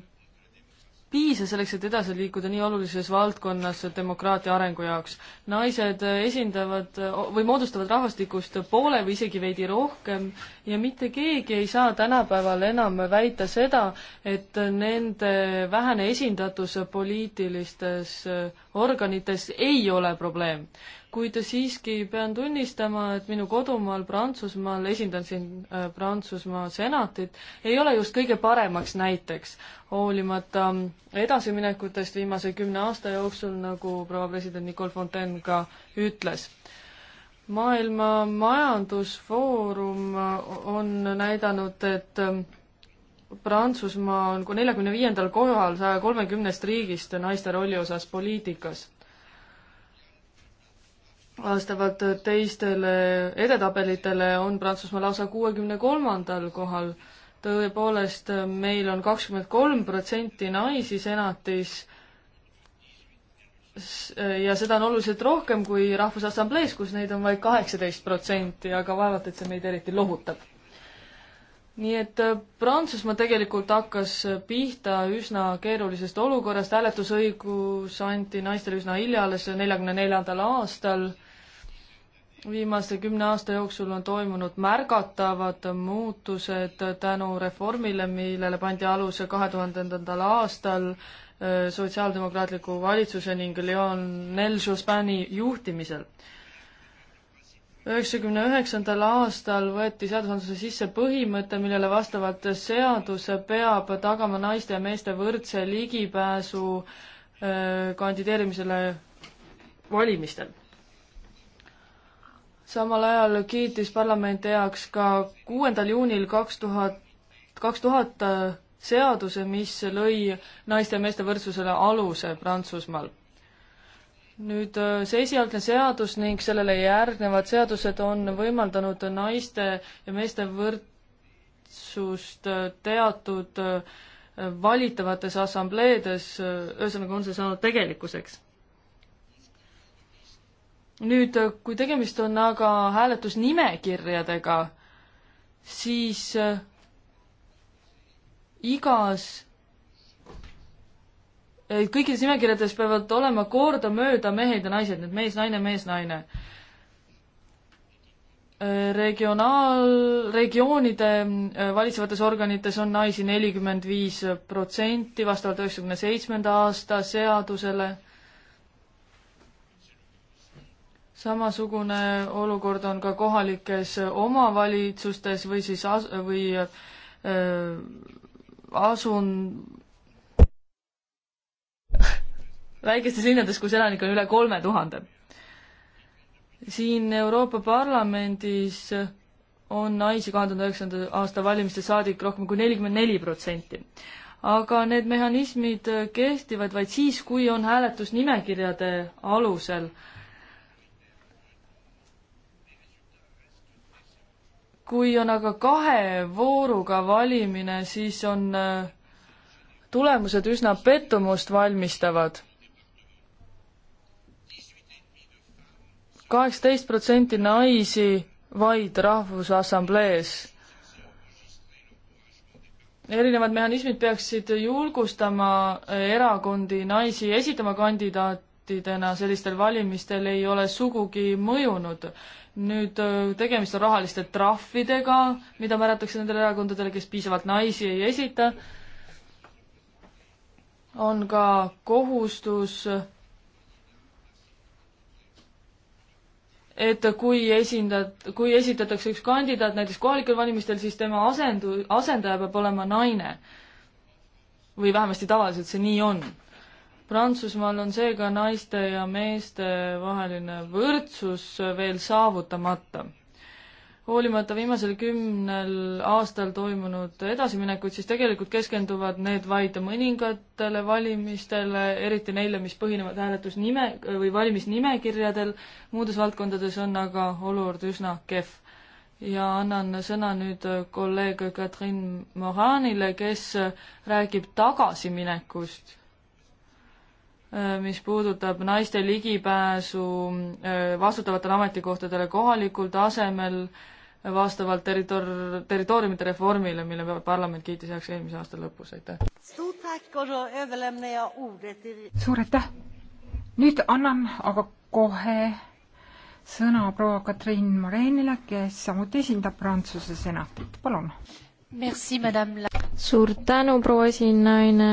piisa selleks, et edasi liikuda nii olulises valdkonnas demokraatia arengu jaoks. naised esindavad või moodustavad rahvastikust poole või isegi veidi rohkem ja mitte keegi ei saa tänapäeval enam väita seda, et nende vähene esindatus poliitilistes äh, organites ei ole probleem. kuid siiski pean tunnistama, et minu kodumaal Prantsusmaal, esindan siin äh, Prantsusmaa senatit, ei ole just kõige paremaks näiteks, hoolimata edasiminekutest viimase kümne aasta jooksul, nagu proua president Nicole Fontaine ka ütles maailma Majandusfoorum on näidanud, et ähm, Prantsusmaa on kui neljakümne viiendal kohal saja kolmekümnest riigist naiste rolli osas poliitikas. vastavalt teistele edetabelitele on Prantsusmaa lausa kuuekümne kolmandal kohal. tõepoolest, meil on kakskümmend kolm protsenti naisi senatis ja seda on oluliselt rohkem kui Rahvusassamblees, kus neid on vaid kaheksateist protsenti, aga vaevalt, et see meid eriti lohutab. nii et äh, Prantsusmaa tegelikult hakkas äh, pihta üsna keerulisest olukorrast, hääletusõigus anti naistele üsna hilja, alles neljakümne neljandal aastal. viimase kümne aasta jooksul on toimunud märgatavad muutused tänu reformile, millele pandi aluse kahe tuhandendal aastal Äh, sotsiaaldemokraatliku valitsuse ning Lionel Jospani juhtimisel. üheksakümne üheksandal aastal võeti seadusandluse sisse põhimõte, millele vastavalt seadus peab tagama naiste ja meeste võrdse ligipääsu äh, kandideerimisele valimistel. samal ajal kiitis parlament heaks ka kuuendal juunil kaks tuhat, kaks tuhat äh, seaduse, mis lõi naiste ja meeste võrdsusele aluse Prantsusmaal. nüüd äh, see esialgne seadus ning sellele järgnevad seadused on võimaldanud naiste ja meeste võrdsust äh, teatud äh, valitavates assambleedes, ühesõnaga on see saanud tegelikkuseks nüüd, kui tegemist on aga hääletusnimekirjadega, siis igas kõikides nimekirjades peavad olema kordamööda mehed ja naised, nüüd mees, naine, mees, naine. Regionaal, regioonide äh, valitsevates organites on naisi nelikümmend viis protsenti vastavalt üheksakümne seitsmenda aasta seadusele. samasugune olukord on ka kohalikes omavalitsustes või siis as-, või öö, äh, asun väikestes linnades, kus elanikke on üle kolme tuhande. siin Euroopa Parlamendis on naisi kahe tuhande üheksanda aasta valimiste saadik rohkem kui nelikümmend neli protsenti. aga need mehhanismid kehtivad vaid siis, kui on hääletusnimekirjade alusel äh, kui on aga kahe vooruga valimine, siis on äh, tulemused üsna pettumust valmistavad. kaheksateist protsenti naisi vaid Rahvusassamblees. erinevad mehhanismid peaksid julgustama äh, erakondi naisi esitama kandidaatidena sellistel valimistel ei ole sugugi mõjunud nüüd äh, tegemist on rahaliste trahvidega, mida määratakse nendele erakondadele, kes piisavalt naisi ei esita. on ka kohustus, et kui esindad, kui esitatakse üks kandidaat näiteks kohalikel valimistel, siis tema asendu-, asendaja peab olema naine. või vähemasti tavaliselt see nii on Prantsusmaal on seega naiste ja meeste vaheline võrdsus veel saavutamata. hoolimata viimasel kümnel aastal toimunud edasiminekuid, siis tegelikult keskenduvad need vaid mõningatele valimistele, eriti neile, mis põhinevad hääletusnime või valimisnimekirjadel, muudes valdkondades on aga olukord üsna kehv. ja annan sõna nüüd kolleeg Katrin Moranile, kes räägib tagasiminekust Äh, mis puudutab naiste ligipääsu äh, vastutavatele ametikohtadele kohalikul tasemel äh, vastavalt territor-, territooriumite reformile, mille parlament kiitis heaks eelmise aasta lõpus, aitäh! suur aitäh! nüüd annan aga kohe sõna proua Katrin Morenile, kes samuti esindab Prantsuse senatit, palun! suur tänu, proua esinaine!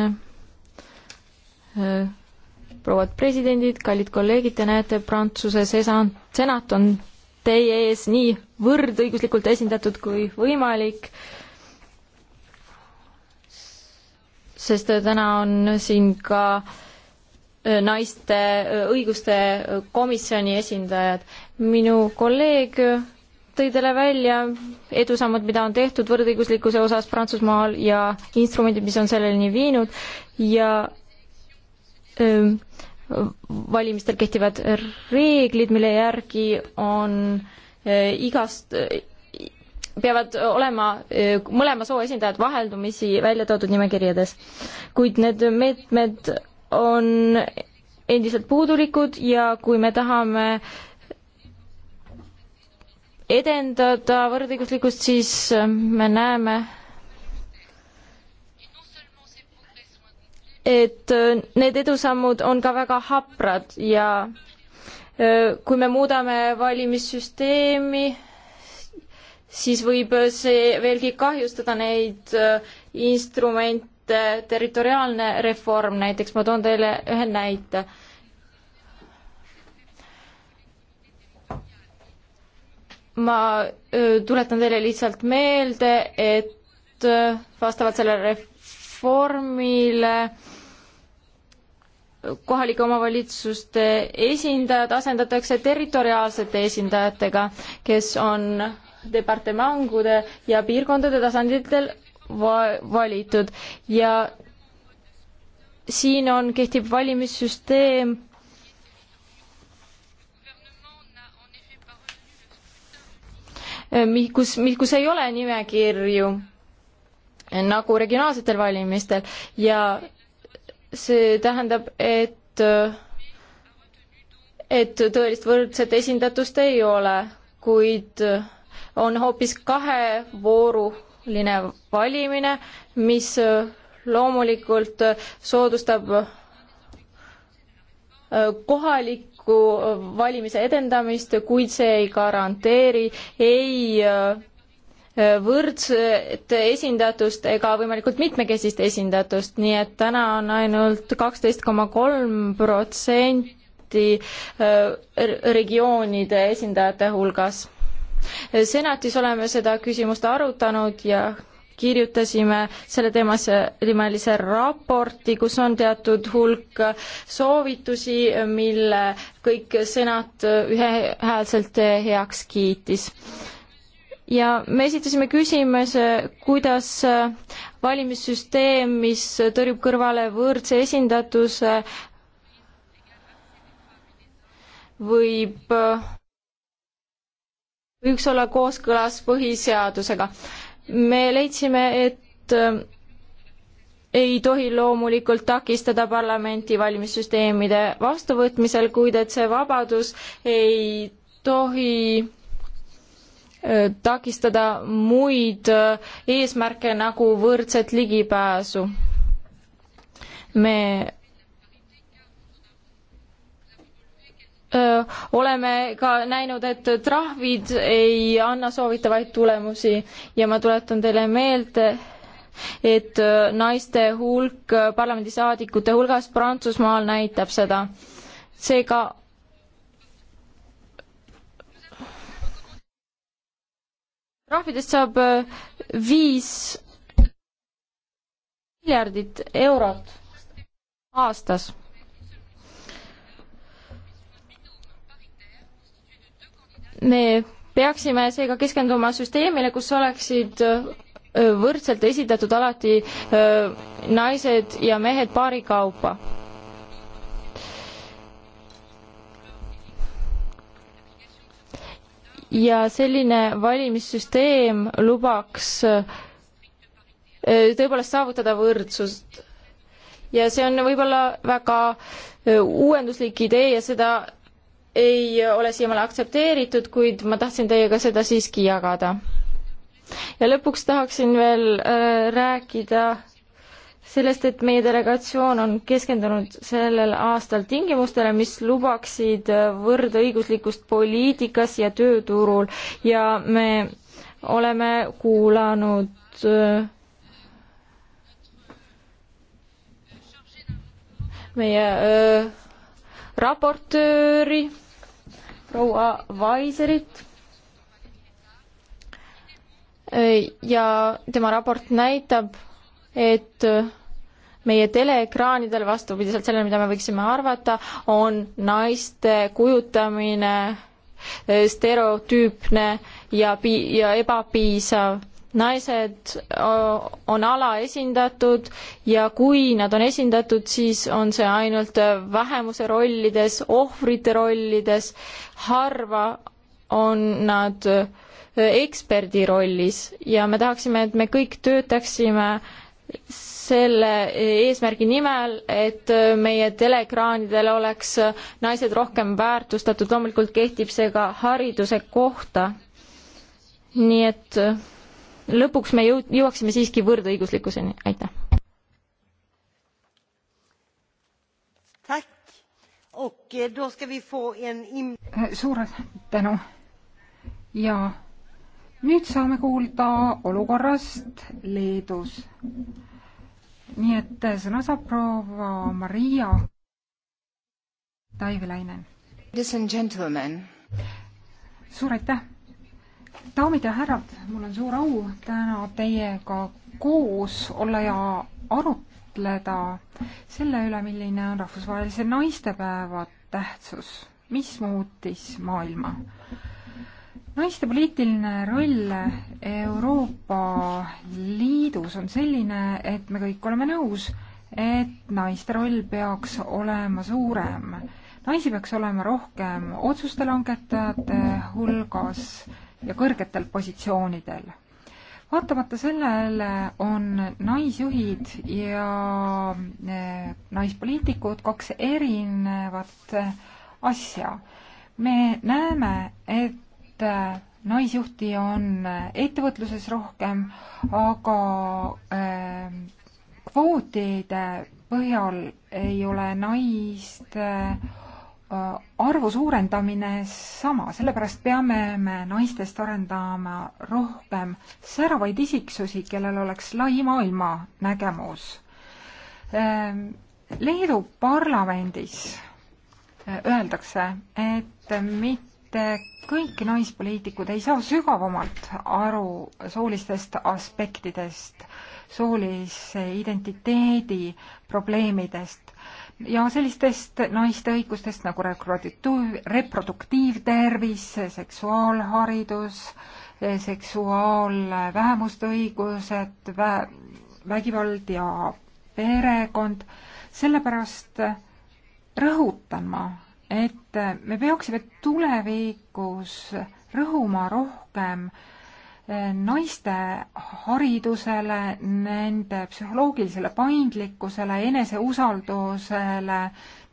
prouad presidendid, kallid kolleegid, te näete, Prantsuse senat on teie ees nii võrdõiguslikult esindatud kui võimalik, sest täna on siin ka äh, naiste äh, õiguste äh, komisjoni esindajad. minu kolleeg tõi teile välja edusammud, mida on tehtud võrdõiguslikkuse osas Prantsusmaal ja instrumendid, mis on selleni viinud ja öö, ähm, valimistel kehtivad reeglid, mille järgi on e, igast, e, peavad olema e, mõlema soo esindajad vaheldumisi välja toodud nimekirjades. kuid need meetmed on endiselt puudulikud ja kui me tahame edendada võrdõiguslikkust, siis me näeme, et äh, need edusammud on ka väga haprad ja äh, kui me muudame valimissüsteemi, siis võib see veelgi kahjustada neid äh, instrumente, territoriaalne reform näiteks, ma toon teile ühe näite. ma tuletan teile lihtsalt meelde, et vastavalt sellele reformile äh, kohalike omavalitsuste esindajad asendatakse territoriaalsete esindajatega, kes on departemangude ja piirkondade tasanditel va-, valitud ja siin on, kehtib valimissüsteem mi-, kus, mi-, kus ei ole nimekirju nagu regionaalsetel valimistel ja see tähendab, et, et tõelist võrdset esindatust ei ole, kuid on hoopis kahevooruline valimine, mis loomulikult soodustab kohaliku valimise edendamist, kuid see ei garanteeri ei võrdset esindatust ega võimalikult mitmekesist esindatust, nii et täna on ainult kaksteist koma kolm protsenti äh, regioonide esindajate hulgas. senatis oleme seda küsimust arutanud ja kirjutasime selle teemasse nimelise raporti, kus on teatud hulk soovitusi, mille kõik senat ühehäälselt heaks kiitis ja me esitasime küsimuse, kuidas äh, valimissüsteem, mis tõrjub kõrvale võrdse esindatuse, võib, äh, võiks olla kooskõlas põhiseadusega. me leidsime, et äh, ei tohi loomulikult takistada parlamenti valimissüsteemide vastuvõtmisel, kuid et see vabadus ei tohi Äh, takistada muid äh, eesmärke nagu võrdset ligipääsu. me äh, oleme ka näinud, et trahvid ei anna soovitavaid tulemusi ja ma tuletan teile meelde, et naiste hulk parlamendisaadikute hulgas Prantsusmaal näitab seda. seega trahvidest saab äh, viis miljardit eurot aastas. me peaksime seega keskenduma süsteemile, kus oleksid äh, võrdselt esitatud alati äh, naised ja mehed paari kaupa ja selline valimissüsteem lubaks äh, tõepoolest saavutada võrdsust. ja see on võib-olla väga äh, uuenduslik idee ja seda ei ole siiamaani aktsepteeritud, kuid ma tahtsin teiega seda siiski jagada. ja lõpuks tahaksin veel äh, rääkida sellest, et meie delegatsioon on keskendunud sellel aastal tingimustele, mis lubaksid võrdõiguslikkust poliitikas ja tööturul ja me oleme kuulanud äh, meie öö, äh, raportööri proua Vaiserit äh, ja tema raport näitab, et meie teleekraanidel, vastupidiselt sellele, mida me võiksime arvata, on naiste kujutamine eh, stereotüüpne ja pi-, ja ebapiisav. naised eh, on alaesindatud ja kui nad on esindatud, siis on see ainult eh, vähemuse rollides, ohvrite rollides, harva on nad eksperdi rollis ja me tahaksime, et me kõik töötaksime äh, selle eesmärgi nimel, et meie teleekraanidel oleks naised rohkem väärtustatud, loomulikult kehtib see ka hariduse kohta. nii et lõpuks me jõu-, jõuaksime siiski võrdõiguslikkuseni, aitäh. Eh, suur tänu ja nüüd saame kuulda olukorrast Leedus. nii et sõna saab proua Maria Taivilainen. suur aitäh! daamid ja härrad, mul on suur au täna teiega koos olla ja arutleda selle üle, milline on rahvusvahelise naistepäeva tähtsus, mis muutis maailma naiste poliitiline roll Euroopa Liidus on selline, et me kõik oleme nõus, et naiste roll peaks olema suurem. naisi peaks olema rohkem otsuste langetajate hulgas ja kõrgetel positsioonidel. vaatamata sellele on naisjuhid ja eh, naispoliitikud kaks erinevat asja. me näeme, et et äh, naisjuhti on äh, ettevõtluses rohkem, aga äh, kvootide põhjal ei ole naiste arvu suurendamine sama, sellepärast peame me naistest arendama rohkem säravaid isiksusi, kellel oleks lai maailmanägemus. Ähm, Leedu parlamendis öeldakse, et mitte et kõik naispoliitikud ei saa sügavamalt aru soolistest aspektidest, soolise identiteedi probleemidest ja sellistest naiste õigustest nagu reproduktiivtervis, seksuaalharidus, seksuaalvähemuste õigused, vägivald ja perekond, sellepärast rõhutan ma et me peaksime tulevikus rõhuma rohkem eh, naiste haridusele, nende psühholoogilisele paindlikkusele, eneseusaldusele,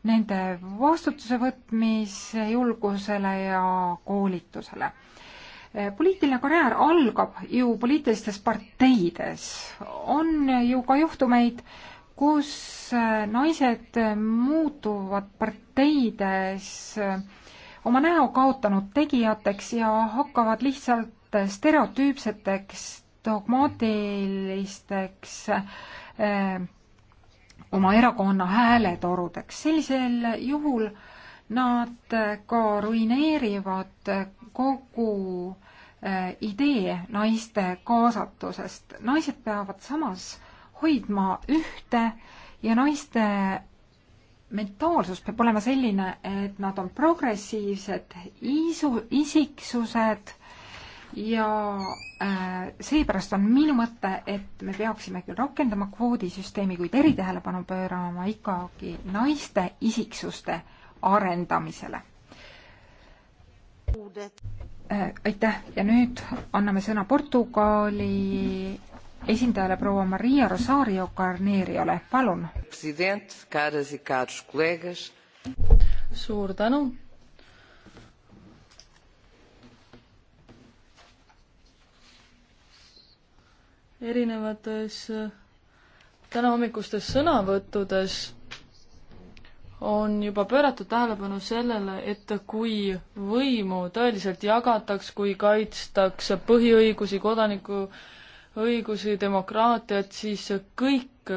nende vastutuse võtmise julgusele ja koolitusele. Eh, poliitiline karjäär algab ju poliitilistes parteides. on ju ka juhtumeid, kus äh, naised muutuvad parteides äh, oma näo kaotanud tegijateks ja hakkavad lihtsalt stereotüüpseteks, dogmaatilisteks äh, oma erakonna hääletorudeks. sellisel juhul nad ka ruineerivad kogu idee naiste kaasatusest. naised peavad samas hoidma ühte ja naiste mentaalsus peab olema selline, et nad on progressiivsed isu, isiksused ja äh, seepärast on minu mõte, et me peaksime küll rakendama kvoodisüsteemi, kuid eritähelepanu pöörama ikkagi naiste isiksuste arendamisele äh,. aitäh ja nüüd anname sõna Portugali esindajale proua Maria Rosario Carneriole, palun. E suur tänu. erinevates äh, tänahommikustes sõnavõttudes on juba pööratud tähelepanu sellele, et kui võimu tõeliselt jagataks, kui kaitstakse põhiõigusi, kodaniku õigusi, demokraatiat, siis kõik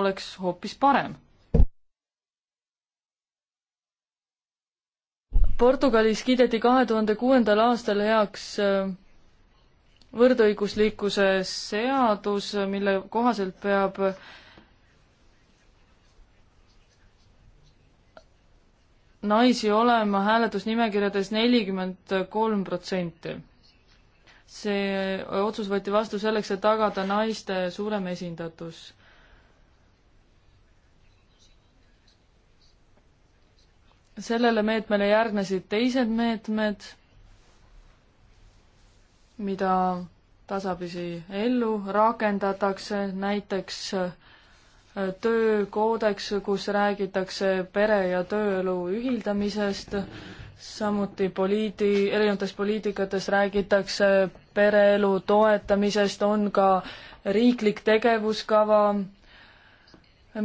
oleks hoopis parem. Portugalis kiideti kahe tuhande kuuendal aastal heaks äh, võrdõiguslikkuse seadus, mille kohaselt peab naisi olema hääletusnimekirjades nelikümmend kolm protsenti see otsus võeti vastu selleks, et tagada naiste suurem esindatus. sellele meetmele järgnesid teised meetmed, mida tasapisi ellu rakendatakse, näiteks äh, töökoodeks, kus räägitakse pere ja tööelu ühildamisest samuti poliiti, erinevates poliitikates räägitakse pereelu toetamisest, on ka riiklik tegevuskava,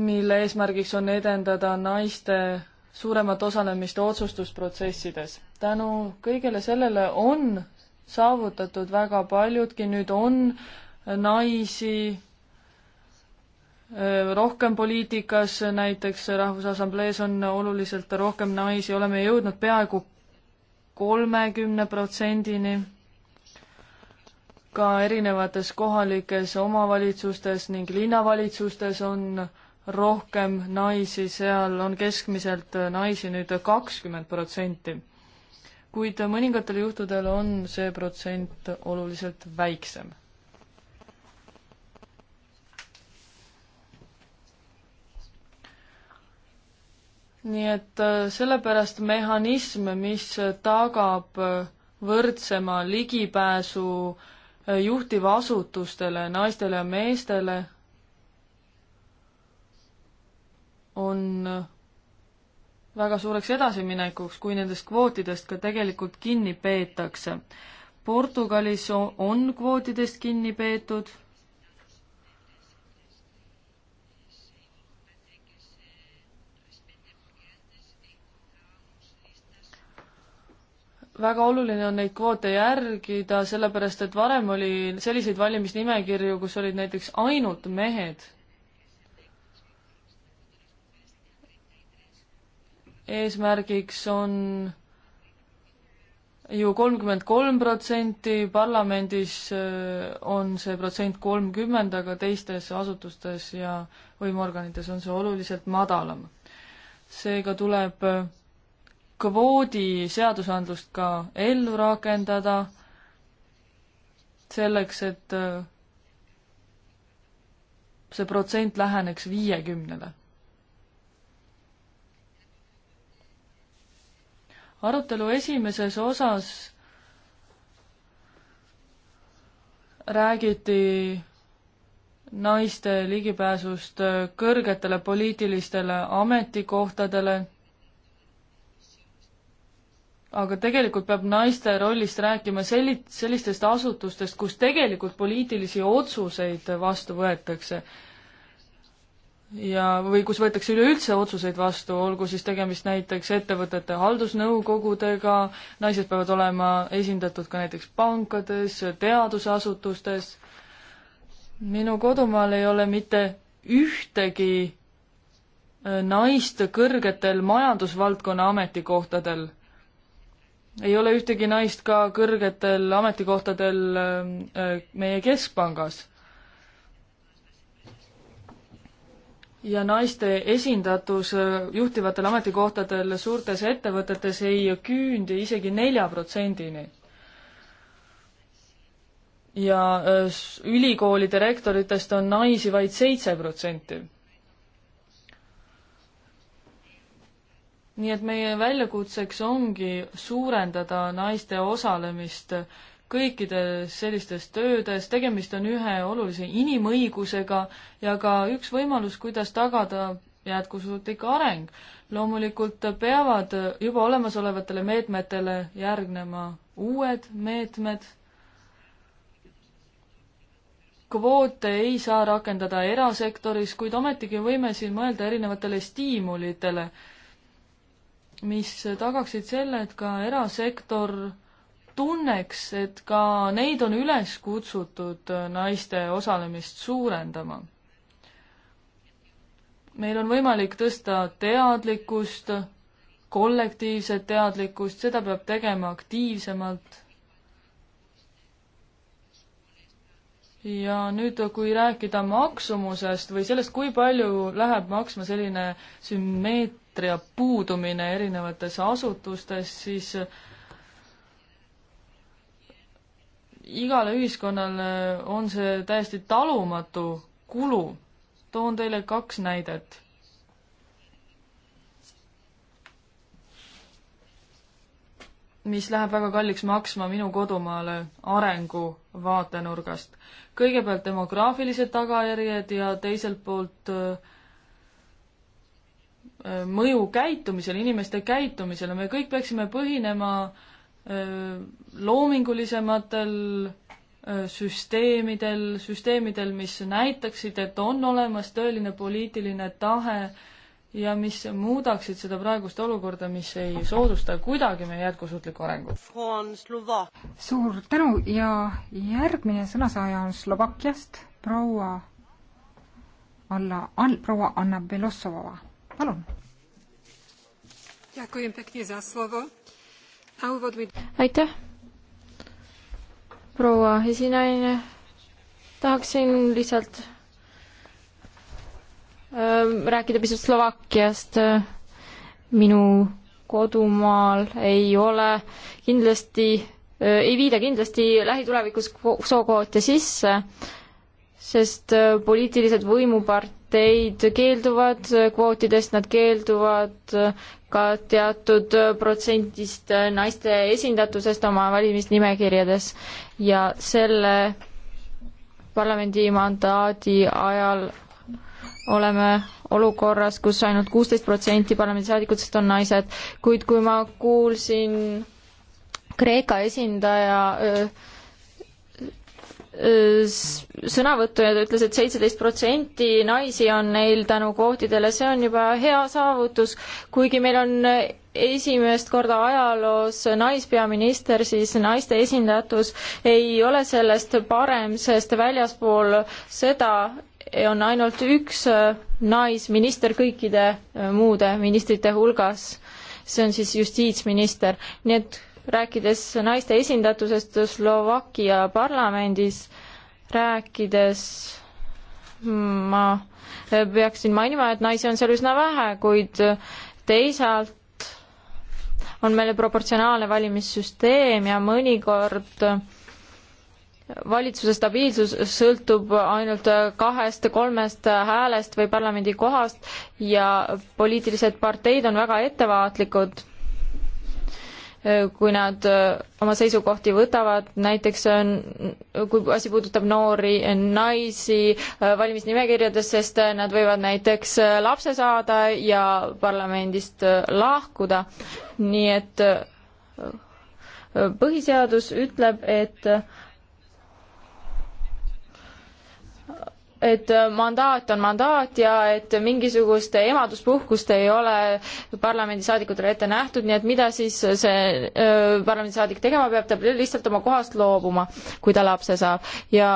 mille eesmärgiks on edendada naiste suuremat osalemist otsustusprotsessides. tänu kõigele sellele on saavutatud väga paljudki, nüüd on naisi Äh, rohkem poliitikas, näiteks Rahvusassamblees on oluliselt rohkem naisi, oleme jõudnud peaaegu kolmekümne protsendini ka erinevates kohalikes omavalitsustes ning linnavalitsustes on rohkem naisi, seal on keskmiselt naisi nüüd kakskümmend protsenti. kuid mõningatel juhtudel on see protsent oluliselt väiksem nii et äh, sellepärast mehhanism, mis tagab äh, võrdsema ligipääsu äh, juhtivasutustele, naistele ja meestele, on väga suureks edasiminekuks, kui nendest kvootidest ka tegelikult kinni peetakse. Portugalis on kvootidest kinni peetud väga oluline on neid kvoote järgida, sellepärast et varem oli selliseid valimisnimekirju, kus olid näiteks ainult mehed. eesmärgiks on ju kolmkümmend kolm protsenti, parlamendis äh, on see protsent kolmkümmend, aga teistes asutustes ja võimuorganites on see oluliselt madalam. seega tuleb äh, kvoodi seadusandlust ka ellu rakendada, selleks, et äh, see protsent läheneks viiekümnele. arutelu esimeses osas räägiti naiste ligipääsust kõrgetele poliitilistele ametikohtadele aga tegelikult peab naiste rollist rääkima selli-, sellistest asutustest, kus tegelikult poliitilisi otsuseid vastu võetakse. ja, või kus võetakse üleüldse otsuseid vastu, olgu siis tegemist näiteks ettevõtete haldusnõukogudega, naised peavad olema esindatud ka näiteks pankades, teadusasutustes, minu kodumaal ei ole mitte ühtegi äh, naist kõrgetel majandusvaldkonna ametikohtadel ei ole ühtegi naist ka kõrgetel ametikohtadel äh, äh, meie keskpangas. ja naiste esindatus äh, juhtivatel ametikohtadel suurtes ettevõtetes ei küündi isegi nelja protsendini. ja ülikoolide rektoritest on naisi vaid seitse protsenti nii et meie väljakutseks ongi suurendada naiste osalemist kõikides sellistes töödes, tegemist on ühe olulise inimõigusega ja ka üks võimalus, kuidas tagada jätkusuutlik areng. loomulikult peavad juba olemasolevatele meetmetele järgnema uued meetmed. kvoote ei saa rakendada erasektoris, kuid ometigi võime siin mõelda erinevatele stiimulitele mis tagaksid selle, et ka erasektor tunneks, et ka neid on üles kutsutud naiste osalemist suurendama. meil on võimalik tõsta teadlikkust, kollektiivset teadlikkust, seda peab tegema aktiivsemalt. ja nüüd, kui rääkida maksumusest või sellest, kui palju läheb maksma selline sümmeet-, sümmeetria puudumine erinevates asutustes, siis igale ühiskonnale on see täiesti talumatu kulu. toon teile kaks näidet. mis läheb väga kalliks maksma minu kodumaale arengu vaatenurgast. kõigepealt demograafilised tagajärjed ja teiselt poolt äh, mõju käitumisele, inimeste käitumisele, me kõik peaksime põhinema loomingulisematel süsteemidel, süsteemidel, mis näitaksid, et on olemas tõeline poliitiline tahe ja mis muudaksid seda praegust olukorda, mis ei soodusta kuidagi meie jätkusuutlikku arengut. suur tänu ja järgmine sõnasaaja on Slovakkiast proua alla, proua Anna Belossova palun. aitäh, proua esinaine. tahaksin lihtsalt ähm, rääkida pisut Slovakkiast. minu kodumaal ei ole kindlasti, äh, ei viida kindlasti lähitulevikus sookvoote sisse, sest äh, poliitilised võimupart-, parteid keelduvad kvootidest, nad keelduvad ka teatud protsendist naiste esindatusest oma valimisnimekirjades ja selle parlamendi mandaadi ajal oleme olukorras, kus ainult kuusteist protsenti parlamendisaadikutest on naised, kuid kui ma kuulsin Kreeka esindaja öö, sõnavõttu ja ta ütles et, et seitseteist protsenti naisi on neil tänu kvootidele, see on juba hea saavutus, kuigi meil on esimest korda ajaloos naispeaminister, siis naiste esindatus ei ole sellest parem, sest väljaspool seda on ainult üks naisminister kõikide muude ministrite hulgas. see on siis justiitsminister, nii et rääkides naiste esindatusest Slovakkia parlamendis, rääkides ma peaksin mainima, et naisi on seal üsna vähe, kuid teisalt on meil proportsionaalne valimissüsteem ja mõnikord valitsuse stabiilsus sõltub ainult kahest-kolmest häälest või parlamendikohast ja poliitilised parteid on väga ettevaatlikud kui nad äh, oma seisukohti võtavad, näiteks on, kui asi puudutab noori naisi äh, valimisnimekirjades, sest äh, nad võivad näiteks lapse saada ja parlamendist lahkuda. nii et põhiseadus ütleb, et et mandaat on mandaat ja et mingisugust emaduspuhkust ei ole parlamendisaadikutele ette nähtud, nii et mida siis see parlamendisaadik tegema peab, ta peab lihtsalt oma kohast loobuma, kui ta lapse saab. ja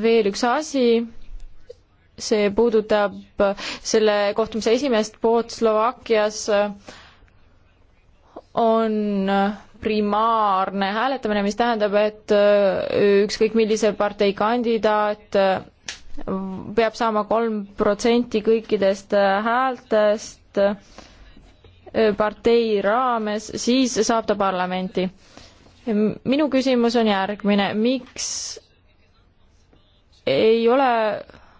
veel üks asi, see puudutab selle kohtumise esimest poolt Slovakkias, on primaarne hääletamine, mis tähendab, et ükskõik millise partei kandidaat peab saama kolm protsenti kõikidest äh, häältest äh, partei raames, siis saab ta parlamenti. minu küsimus on järgmine, miks ei ole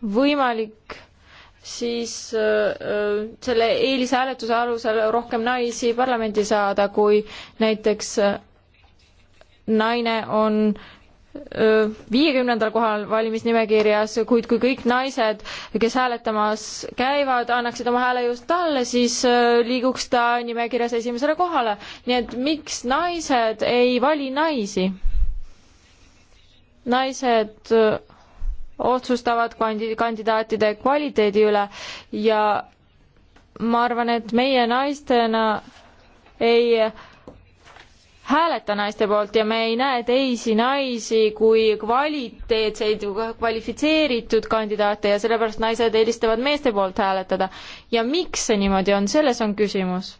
võimalik siis äh, selle eelishääletuse alusel rohkem naisi parlamendi saada, kui näiteks naine on äh, viiekümnendal kohal valimisnimekirjas, kuid kui kõik naised, kes hääletamas käivad, annaksid oma hääle just talle, siis liiguks ta nimekirjas esimesele kohale. nii et miks naised ei vali naisi? naised otsustavad kandi-, kandidaatide kvaliteedi üle ja ma arvan, et meie naistena ei äh, hääleta naiste poolt ja me ei näe teisi naisi kui kvaliteetseid, kvalifitseeritud kandidaate ja sellepärast naised eelistavad meeste poolt hääletada. ja miks see niimoodi on, selles on küsimus.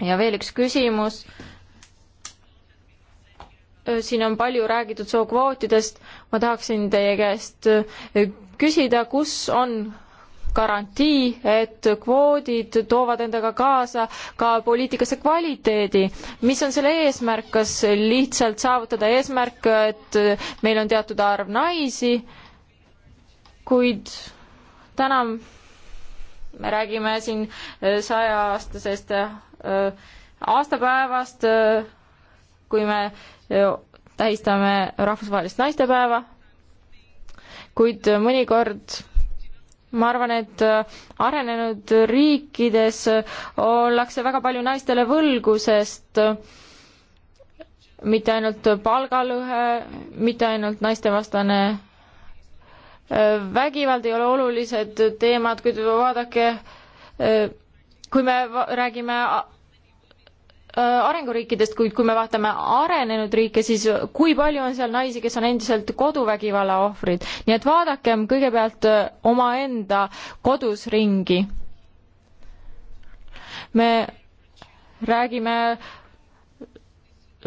ja veel üks küsimus. siin on palju räägitud sookvootidest, ma tahaksin teie käest küsida, kus on garantii, et kvoodid toovad endaga kaasa ka poliitikasse kvaliteedi. mis on selle eesmärk, kas lihtsalt saavutada eesmärk, et meil on teatud arv naisi, kuid täna me räägime siin sajaaastasest äh, aastapäevast, äh, kui me äh, tähistame rahvusvahelist naistepäeva, kuid mõnikord ma arvan, et äh, arenenud riikides äh, ollakse väga palju naistele võlgu, sest äh, mitte ainult palgalõhe, mitte ainult naistevastane vägivald ei ole olulised teemad, kuid vaadake, kui me räägime Äh, arenguriikidest, kuid kui me vaatame arenenud riike, siis kui palju on seal naisi, kes on endiselt koduvägivalla ohvrid, nii et vaadakem kõigepealt äh, omaenda kodus ringi. me räägime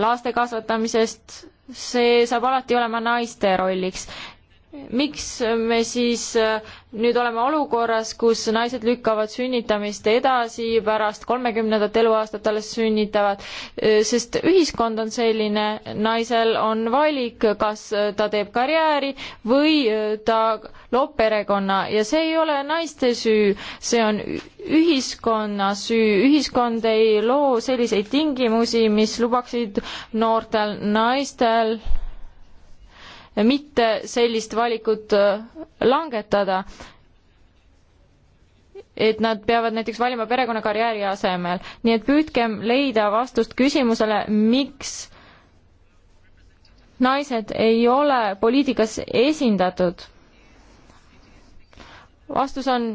laste kasvatamisest, see saab alati olema naiste rolliks miks me siis äh, nüüd oleme olukorras, kus naised lükkavad sünnitamist edasi, pärast kolmekümnendat eluaastat alles sünnitavad, äh, sest ühiskond on selline, naisel on valik, kas äh, ta teeb karjääri või ta loob perekonna ja see ei ole naiste süü, see on ühiskonna süü, ühiskond ei loo selliseid tingimusi, mis lubaksid noortel naistel mitte sellist valikut äh, langetada. et nad peavad näiteks valima perekonnakarjääri asemel, nii et püüdkem leida vastust küsimusele, miks naised ei ole poliitikas esindatud. vastus on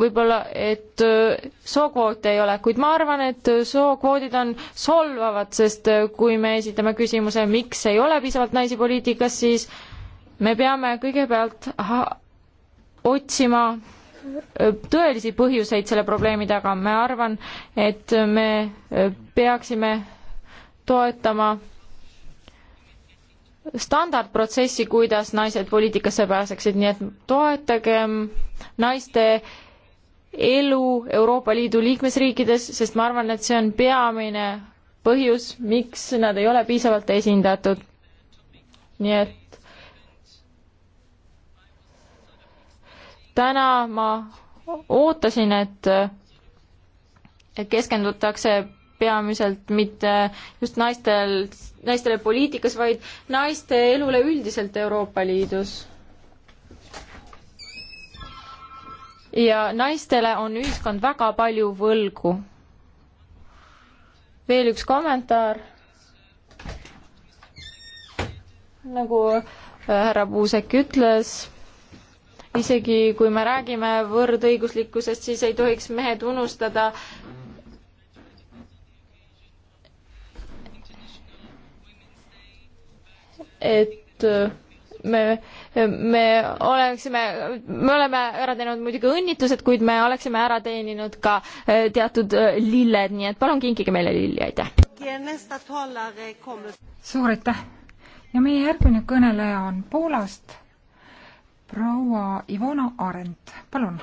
võib-olla, et äh, sookvoote ei ole, kuid ma arvan, et äh, sookvoodid on solvavad, sest äh, kui me esitame küsimuse, miks ei ole piisavalt naisi poliitikas, siis me peame kõigepealt aha, otsima tõelisi põhjuseid selle probleemi taga, ma arvan, et me peaksime toetama standardprotsessi, kuidas naised poliitikasse pääseksid, nii et toetagem naiste elu Euroopa Liidu liikmesriikides, sest ma arvan, et see on peamine põhjus, miks nad ei ole piisavalt esindatud. nii et täna ma ootasin, et keskendutakse peamiselt mitte just naistel, naistele poliitikas, vaid naiste elule üldiselt Euroopa Liidus ja naistele on ühiskond väga palju võlgu. veel üks kommentaar. nagu härra Puusek ütles, isegi kui me räägime võrdõiguslikkusest, siis ei tohiks mehed unustada, et me, me oleksime, me oleme ära teinud muidugi õnnitlused, kuid me oleksime ära teeninud ka eh, teatud eh, lilled, nii et palun kinkige meile lilli, aitäh. suur aitäh ja meie järgmine kõneleja on Poolast, proua Ivona Arendt, palun.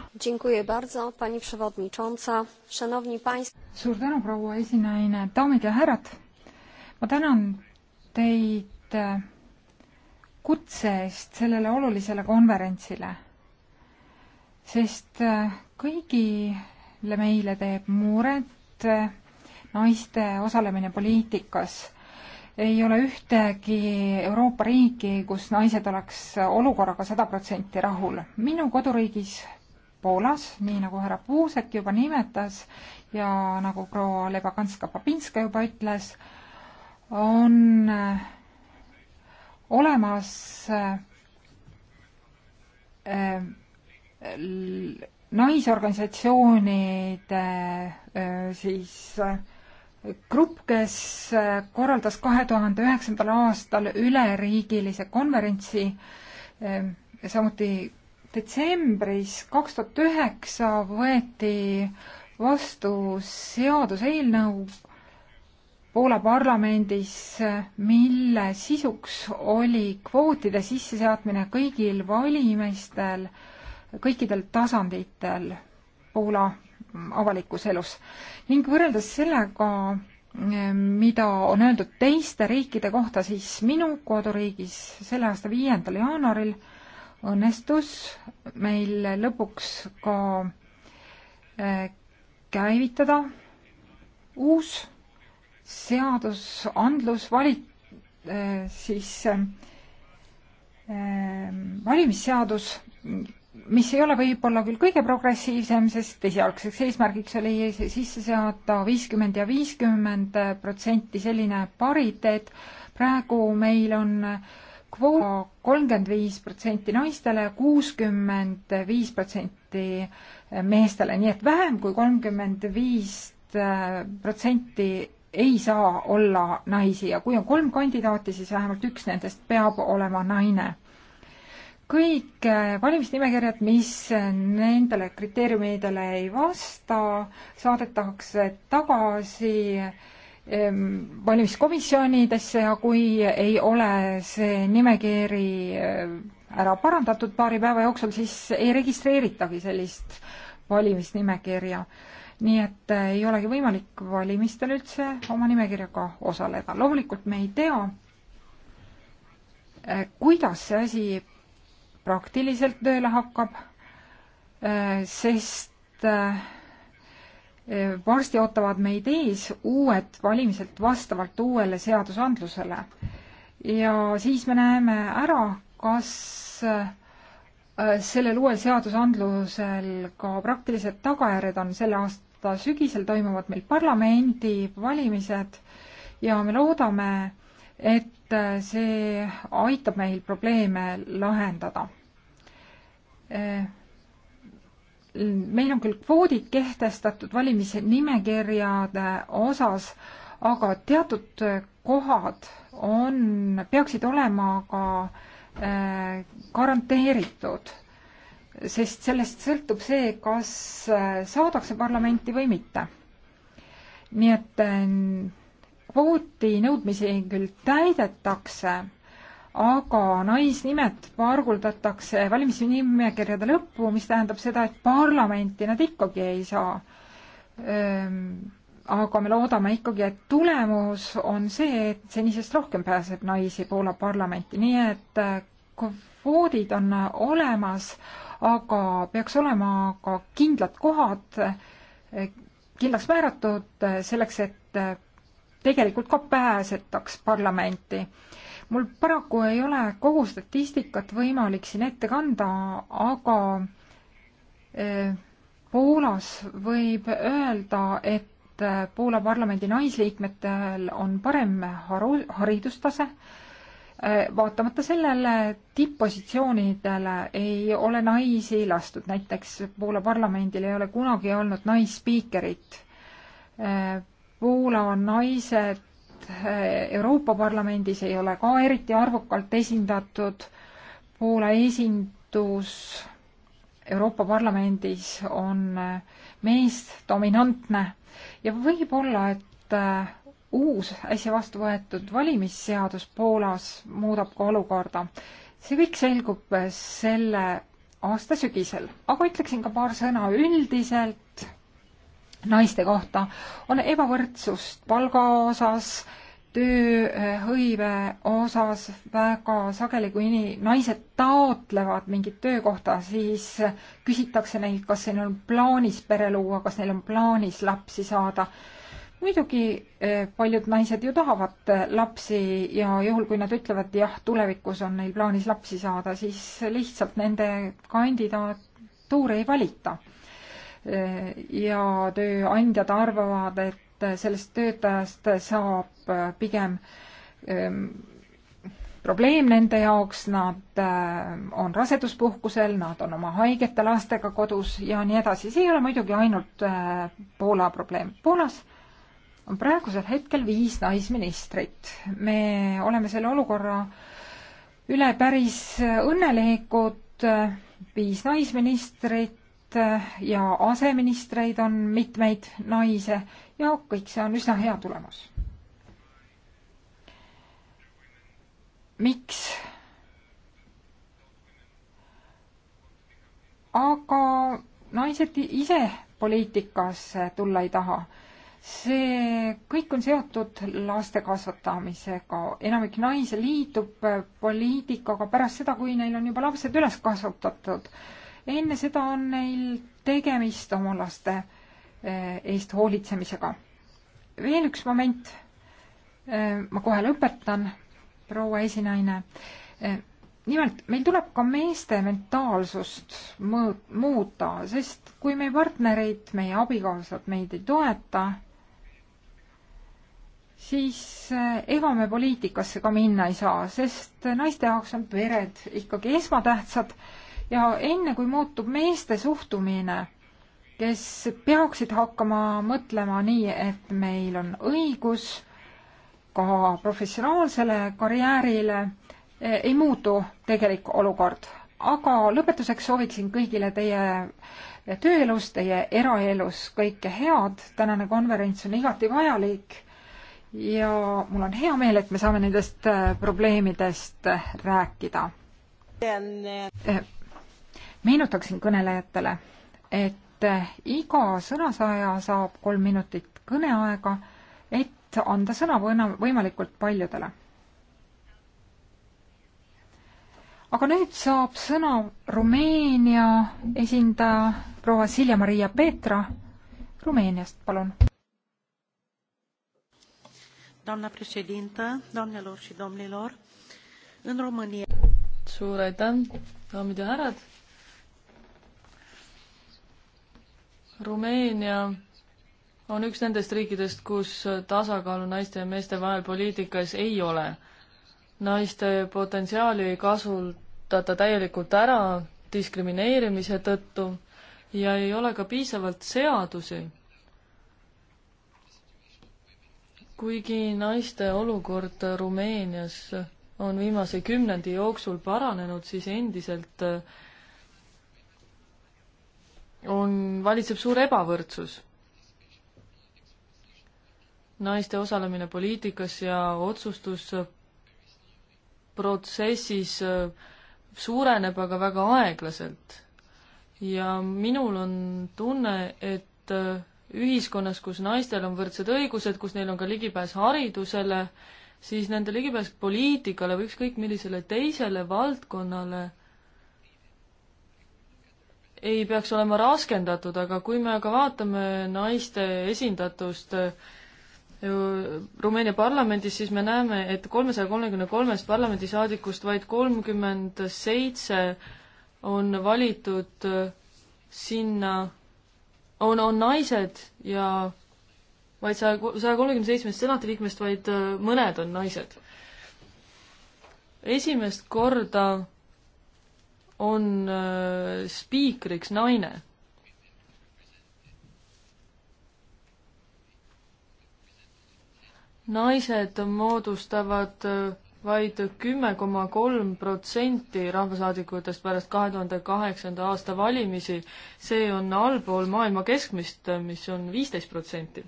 suur tänu, proua esinaine, daamid ja härrad, ma tänan teid eh, kutse eest sellele olulisele konverentsile, sest äh, kõigile meile teeb muret äh, naiste osalemine poliitikas. ei ole ühtegi Euroopa riiki, kus naised oleks olukorraga sada protsenti rahul. minu koduriigis Poolas, nii nagu härra Puusek juba nimetas ja nagu proua Lebakanska-Papinska juba ütles, on äh, olemas äh, äh, naisorganisatsioonide äh, siis grupp, kes korraldas kahe tuhande üheksandal aastal üleriigilise konverentsi, samuti detsembris kaks tuhat üheksa võeti vastu seaduseelnõu, Poola parlamendis, mille sisuks oli kvootide sisseseadmine kõigil valimistel, kõikidel tasanditel Poola avalikus elus. ning võrreldes sellega, mida on öeldud teiste riikide kohta, siis minu koduriigis selle aasta viiendal jaanuaril õnnestus meil lõpuks ka eh, käivitada uus seadusandlus vali-, äh, siis äh, äh, valimisseadus, mis ei ole võib-olla küll kõige progressiivsem, sest esialgseks eesmärgiks oli sisse seada viiskümmend ja viiskümmend protsenti selline pariteet, praegu meil on kvoot kolmkümmend viis protsenti naistele ja kuuskümmend viis protsenti meestele, nii et vähem kui kolmkümmend viis protsenti ei saa olla naisi ja kui on kolm kandidaati, siis vähemalt üks nendest peab olema naine. kõik äh, valimisnimekirjad, mis nendele kriteeriumidele ei vasta, saadetakse tagasi ähm, valimiskomisjonidesse ja kui ei ole see nimekiri äh, ära parandatud paari päeva jooksul, siis ei registreeritagi sellist valimisnimekirja nii et äh, ei olegi võimalik valimistel üldse oma nimekirjaga osaleda. loomulikult me ei tea, äh, kuidas see asi praktiliselt tööle hakkab, äh, sest varsti ootavad meid ees uued valimised vastavalt uuele seadusandlusele. ja siis me näeme ära, kas sellel uuel seadusandlusel ka praktilised tagajärjed on selle aasta aasta sügisel toimuvad meil parlamendivalimised ja me loodame, et see aitab meil probleeme lahendada. meil on küll kvoodid kehtestatud valimisnimekirjade osas, aga teatud kohad on, peaksid olema ka äh, garanteeritud sest sellest sõltub see, kas äh, saadakse parlamenti või mitte. nii et äh, kvooti nõudmisi küll täidetakse, aga naisnimed parguldatakse valimisnimekirjade lõppu, mis tähendab seda, et parlamenti nad ikkagi ei saa. Ehm, aga me loodame ikkagi, et tulemus on see, et senisest rohkem pääseb naisi Poola parlamenti, nii et äh, kvoodid on olemas aga peaks olema ka kindlad kohad kindlaks määratud selleks, et tegelikult ka pääsetaks parlamenti. mul paraku ei ole kogu statistikat võimalik siin ette kanda, aga eh, Poolas võib öelda, et eh, Poola parlamendi naisliikmetel on parem haru, haridustase, Äh, vaatamata sellele tipp-positsioonidele ei ole naisi lastud, näiteks Poola parlamendil ei ole kunagi olnud naisspiikerit. Äh, Poola naised äh, Euroopa Parlamendis ei ole ka eriti arvukalt esindatud, Poola esindus Euroopa Parlamendis on meesdominantne ja võib-olla, et uus äsja vastu võetud valimisseadus Poolas muudab ka olukorda. see kõik selgub selle aasta sügisel, aga ütleksin ka paar sõna üldiselt naiste kohta. on ebavõrdsust palga osas, tööhõive osas väga sageli, kui nii, naised taotlevad mingit töökohta, siis küsitakse neilt, kas neil on plaanis pere luua, kas neil on plaanis lapsi saada muidugi eh, paljud naised ju tahavad eh, lapsi ja juhul, kui nad ütlevad jah, tulevikus on neil plaanis lapsi saada, siis lihtsalt nende kandidaatuure ei valita. Eh, ja tööandjad arvavad, et sellest töötajast saab pigem ehm, probleem nende jaoks, nad on raseduspuhkusel, nad on oma haigete lastega kodus ja nii edasi, see ei ole muidugi ainult Poola probleem. Poolas on praegusel hetkel viis naisministrit. me oleme selle olukorra üle päris õnnelikud, viis naisministrit ja aseministreid on mitmeid naise ja kõik see on üsna hea tulemus. miks? aga naised ise poliitikasse tulla ei taha see kõik on seotud laste kasvatamisega. enamik naisi liitub äh, poliitikaga pärast seda, kui neil on juba lapsed üles kasvatatud. enne seda on neil tegemist oma laste äh, eest hoolitsemisega. veel üks moment. Äh, ma kohe lõpetan, proua esinaine. nimelt, meil tuleb ka meeste mentaalsust mõõt-, muuta, sest kui meie partnereid, meie abikaasad meid ei toeta, siis evame eh, poliitikasse ka minna ei saa, sest naiste jaoks on pered ikkagi esmatähtsad ja enne, kui muutub meeste suhtumine, kes peaksid hakkama mõtlema nii, et meil on õigus ka professionaalsele karjäärile, eh, ei muutu tegelik olukord. aga lõpetuseks sooviksin kõigile teie tööelus, teie eraelus kõike head, tänane konverents on igati vajalik ja mul on hea meel, et me saame nendest äh, probleemidest äh, rääkida. Äh, meenutaksin kõnelejatele, et iga sõnasaaja saab kolm minutit kõneaega, et anda sõna võimalikult paljudele. aga nüüd saab sõna Rumeenia esindaja proua Silja-Maria Peetra Rumeeniast, palun doamna președintă, doamnelor și domnilor, în România... Suur aitäh, daamid ja härrad! Rumeenia on üks nendest riikidest, kus tasakaalu naiste ja meeste vahel poliitikas ei ole. naiste potentsiaali ei kasutata täielikult ära diskrimineerimise tõttu ja ei ole ka piisavalt seadusi kuigi naiste olukord Rumeenias on viimase kümnendi jooksul paranenud, siis endiselt eh, on, valitseb suur ebavõrdsus. naiste osalemine poliitikas ja otsustusprotsessis eh, suureneb aga väga aeglaselt. ja minul on tunne, et eh, ühiskonnas, kus naistel on võrdsed õigused, kus neil on ka ligipääs haridusele, siis nende ligipääs poliitikale või ükskõik millisele teisele valdkonnale ei peaks olema raskendatud, aga kui me aga vaatame naiste esindatust äh, Rumeenia parlamendis, siis me näeme, et kolmesaja kolmekümne kolmest parlamendisaadikust vaid kolmkümmend seitse on valitud äh, sinna on, on naised ja vaid saja, saja kolmekümne seitsmest senati liikmest vaid äh, mõned on naised. esimest korda on äh, spiikriks naine. naised moodustavad äh, vaid kümme koma kolm protsenti rahvasaadikutest pärast kahe tuhande kaheksanda aasta valimisi. see on allpool maailma keskmist, mis on viisteist protsenti.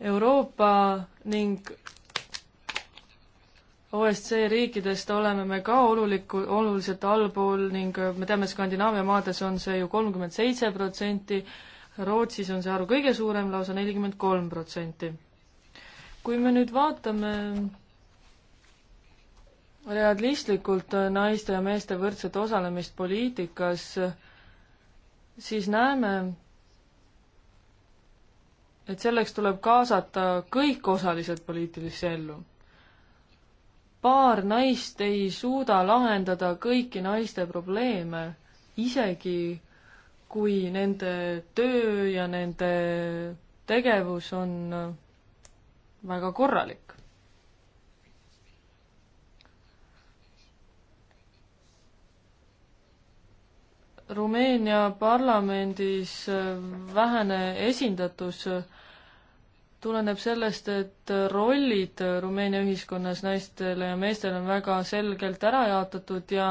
Euroopa ning OSCE riikidest oleme me ka oluliku, oluliselt allpool ning me teame, Skandinaavia maades on see ju kolmkümmend seitse protsenti, Rootsis on see arv kõige suurem, lausa nelikümmend kolm protsenti kui me nüüd vaatame realistlikult naiste ja meeste võrdset osalemist poliitikas, siis näeme, et selleks tuleb kaasata kõik osalised poliitilisse ellu. paar naist ei suuda lahendada kõiki naiste probleeme, isegi kui nende töö ja nende tegevus on väga korralik. Rumeenia parlamendis vähene esindatus tuleneb sellest, et rollid Rumeenia ühiskonnas naistele ja meestele on väga selgelt ära jaotatud ja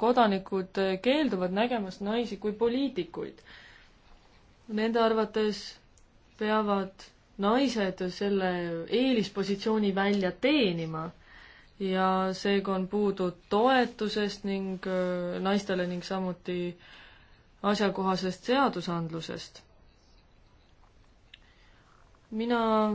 kodanikud keelduvad nägemast naisi kui poliitikuid. Nende arvates peavad naised selle eelispositsiooni välja teenima ja seega on puudu toetusest ning äh, naistele ning samuti asjakohasest seadusandlusest. mina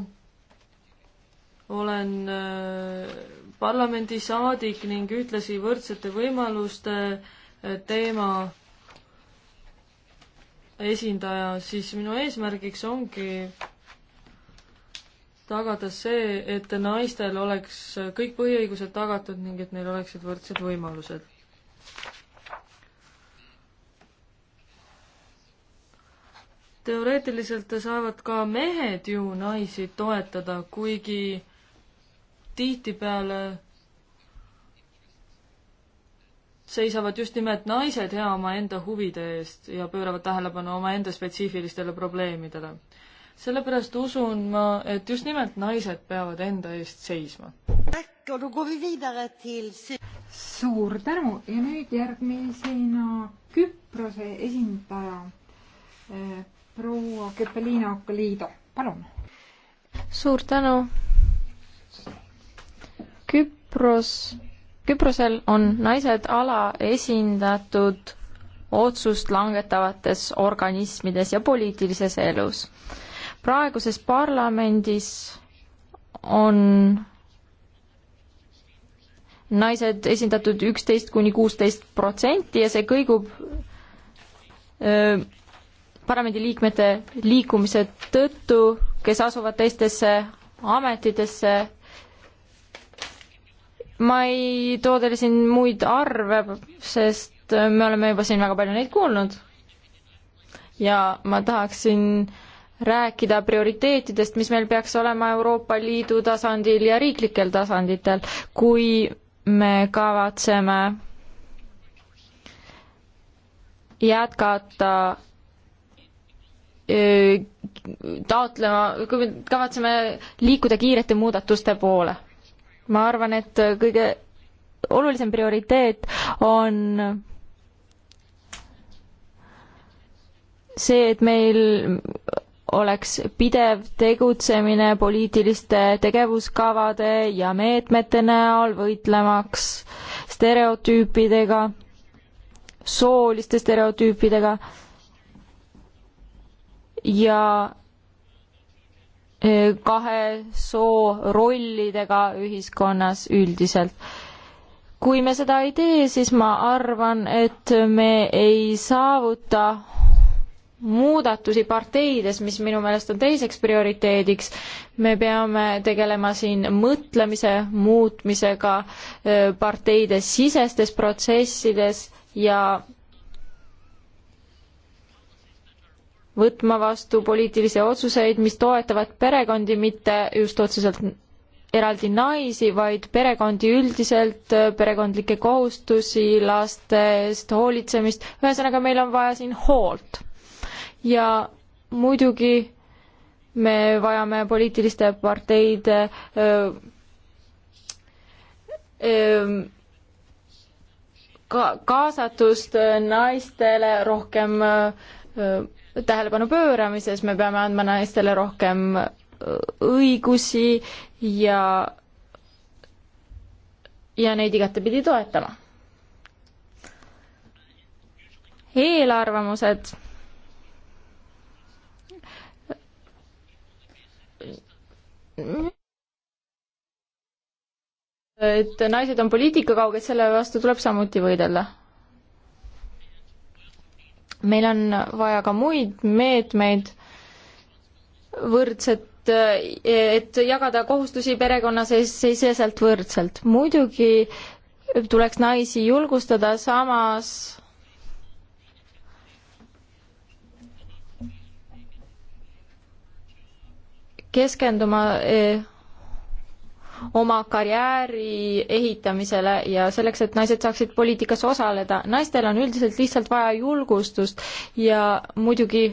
olen äh, parlamendisaadik ning ühtlasi võrdsete võimaluste äh, teema esindaja, siis minu eesmärgiks ongi tagada see, et naistel oleks kõik põhiõigused tagatud ning et neil oleksid võrdsed võimalused. teoreetiliselt saavad ka mehed ju naisi toetada, kuigi tihtipeale seisavad just nimelt naised hea omaenda huvide eest ja pööravad tähelepanu omaenda spetsiifilistele probleemidele sellepärast usun ma, et just nimelt naised peavad enda eest seisma. suur tänu ja nüüd järgmisena Küprose esindaja eh, proua Keppelina Liido, palun. suur tänu. Küpros, Küprosel on naised alaesindatud otsust langetavates organismides ja poliitilises elus praeguses parlamendis on naised esindatud üksteist kuni kuusteist protsenti ja see kõigub parlamendiliikmete liikumise tõttu, kes asuvad teistesse ametitesse. ma ei too teile siin muid arve, sest me oleme juba siin väga palju neid kuulnud. ja ma tahaksin äh, rääkida prioriteetidest, mis meil peaks olema Euroopa Liidu tasandil ja riiklikel tasanditel, kui me kavatseme jätkata taotlema, kui me kavatseme liikuda kiirete muudatuste poole. ma arvan, et kõige olulisem prioriteet on see, et meil oleks pidev tegutsemine poliitiliste tegevuskavade ja meetmete näol, võitlemaks stereotüüpidega, sooliste stereotüüpidega ja e, kahe soo rollidega ühiskonnas üldiselt. kui me seda ei tee, siis ma arvan, et me ei saavuta muudatusi parteides, mis minu meelest on teiseks prioriteediks. me peame tegelema siin mõtlemise muutmisega parteide sisestes protsessides ja võtma vastu poliitilisi otsuseid, mis toetavad perekondi, mitte just otseselt eraldi naisi, vaid perekondi üldiselt, perekondlikke kohustusi, lastest hoolitsemist, ühesõnaga meil on vaja siin hoolt ja muidugi me vajame poliitiliste parteide öö, öö, ka-, kaasatust naistele rohkem tähelepanu pööramises, me peame andma naistele rohkem õigusi ja, ja neid igatepidi toetama. eelarvamused et naised on poliitikakauged, selle vastu tuleb samuti võidelda. meil on vaja ka muid meetmeid, võrdset, et jagada kohustusi perekonna sees, siseselt võrdselt. muidugi tuleks naisi julgustada, samas keskenduma eh, oma karjääri ehitamisele ja selleks, et naised saaksid poliitikas osaleda. naistel on üldiselt lihtsalt vaja julgustust ja muidugi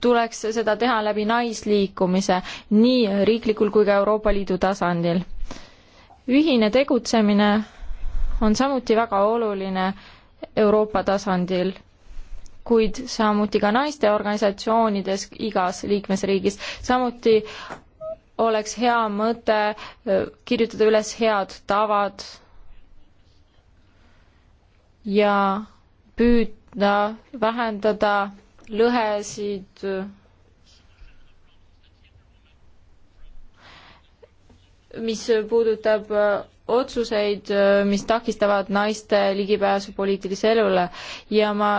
tuleks seda teha läbi naisliikumise nii riiklikul kui ka Euroopa Liidu tasandil. ühine tegutsemine on samuti väga oluline Euroopa tasandil kuid samuti ka naisteorganisatsioonides igas liikmesriigis. samuti oleks hea mõte äh, kirjutada üles head tavad ja püüda vähendada lõhesid mis puudutab äh, otsuseid, äh, mis takistavad naiste ligipääsu poliitilisele elule ja ma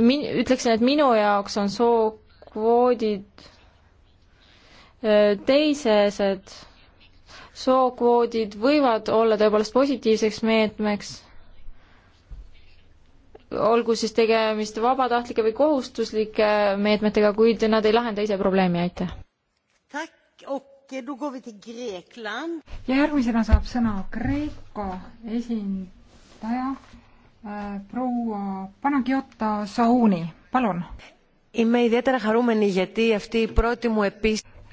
min-, ütleksin, et minu jaoks on sookvoodid teisesed, sookvoodid võivad olla tõepoolest positiivseks meetmeks, olgu siis tegemist vabatahtlike või kohustuslike meetmetega, kuid nad ei lahenda ise probleemi, aitäh. ja järgmisena saab sõna Kreeka esindaja Äh, proua Panagiota Sauni, palun.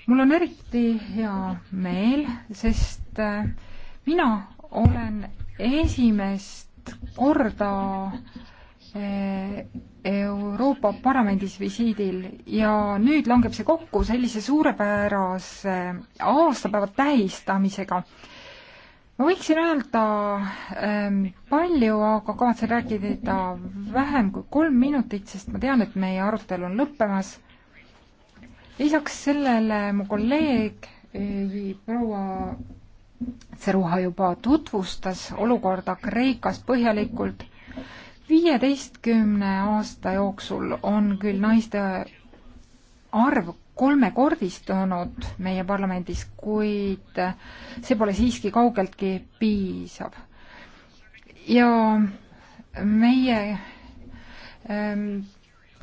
mul on eriti hea meel, sest äh, mina olen esimest korda äh, Euroopa Parlamendis visiidil ja nüüd langeb see kokku sellise suurepärase aastapäeva tähistamisega ma võiksin öelda ähm, palju, aga kavatsen rääkida vähem kui kolm minutit, sest ma tean, et meie arutelu on lõppemas. lisaks sellele mu kolleeg äh, proua Tseruha juba tutvustas olukorda Kreekas põhjalikult. viieteistkümne aasta jooksul on küll naiste arv kolmekordistunud meie parlamendis, kuid see pole siiski kaugeltki piisav. ja meie ähm,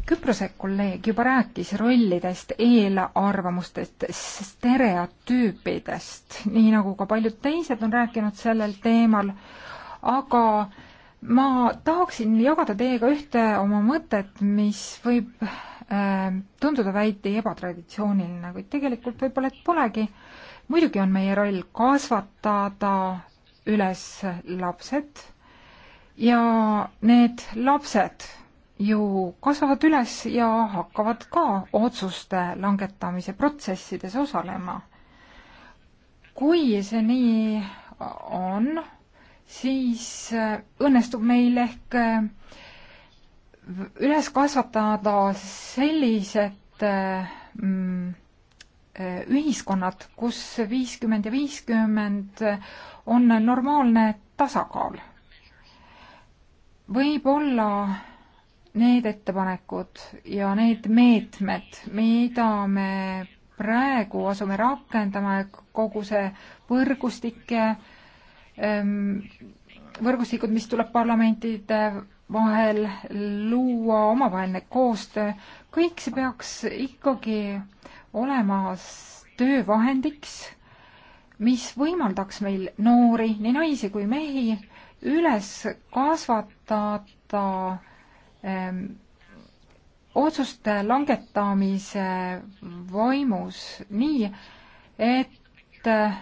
Küprose kolleeg juba rääkis rollidest, eelarvamustest, stereotüüpidest, nii nagu ka paljud teised on rääkinud sellel teemal, aga ma tahaksin jagada teiega ühte oma mõtet, mis võib Äh, tunduda väiti ebatraditsiooniline, kuid tegelikult võib-olla, et polegi. muidugi on meie roll kasvatada üles lapsed ja need lapsed ju kasvavad üles ja hakkavad ka otsuste langetamise protsessides osalema. kui see nii on, siis õnnestub meil ehk äh, üles kasvatada sellised mm, eh, ühiskonnad, kus viiskümmend ja viiskümmend on normaalne tasakaal. võib-olla need ettepanekud ja need meetmed, mida me praegu asume rakendama, kogu see võrgustike, ehm, võrgustikud, mis tuleb parlamentide vahel luua omavaheline koostöö, kõik see peaks ikkagi olema töövahendiks, mis võimaldaks meil noori, nii naisi kui mehi, üles kasvatada ähm, otsuste langetamise vaimus nii, et ähm,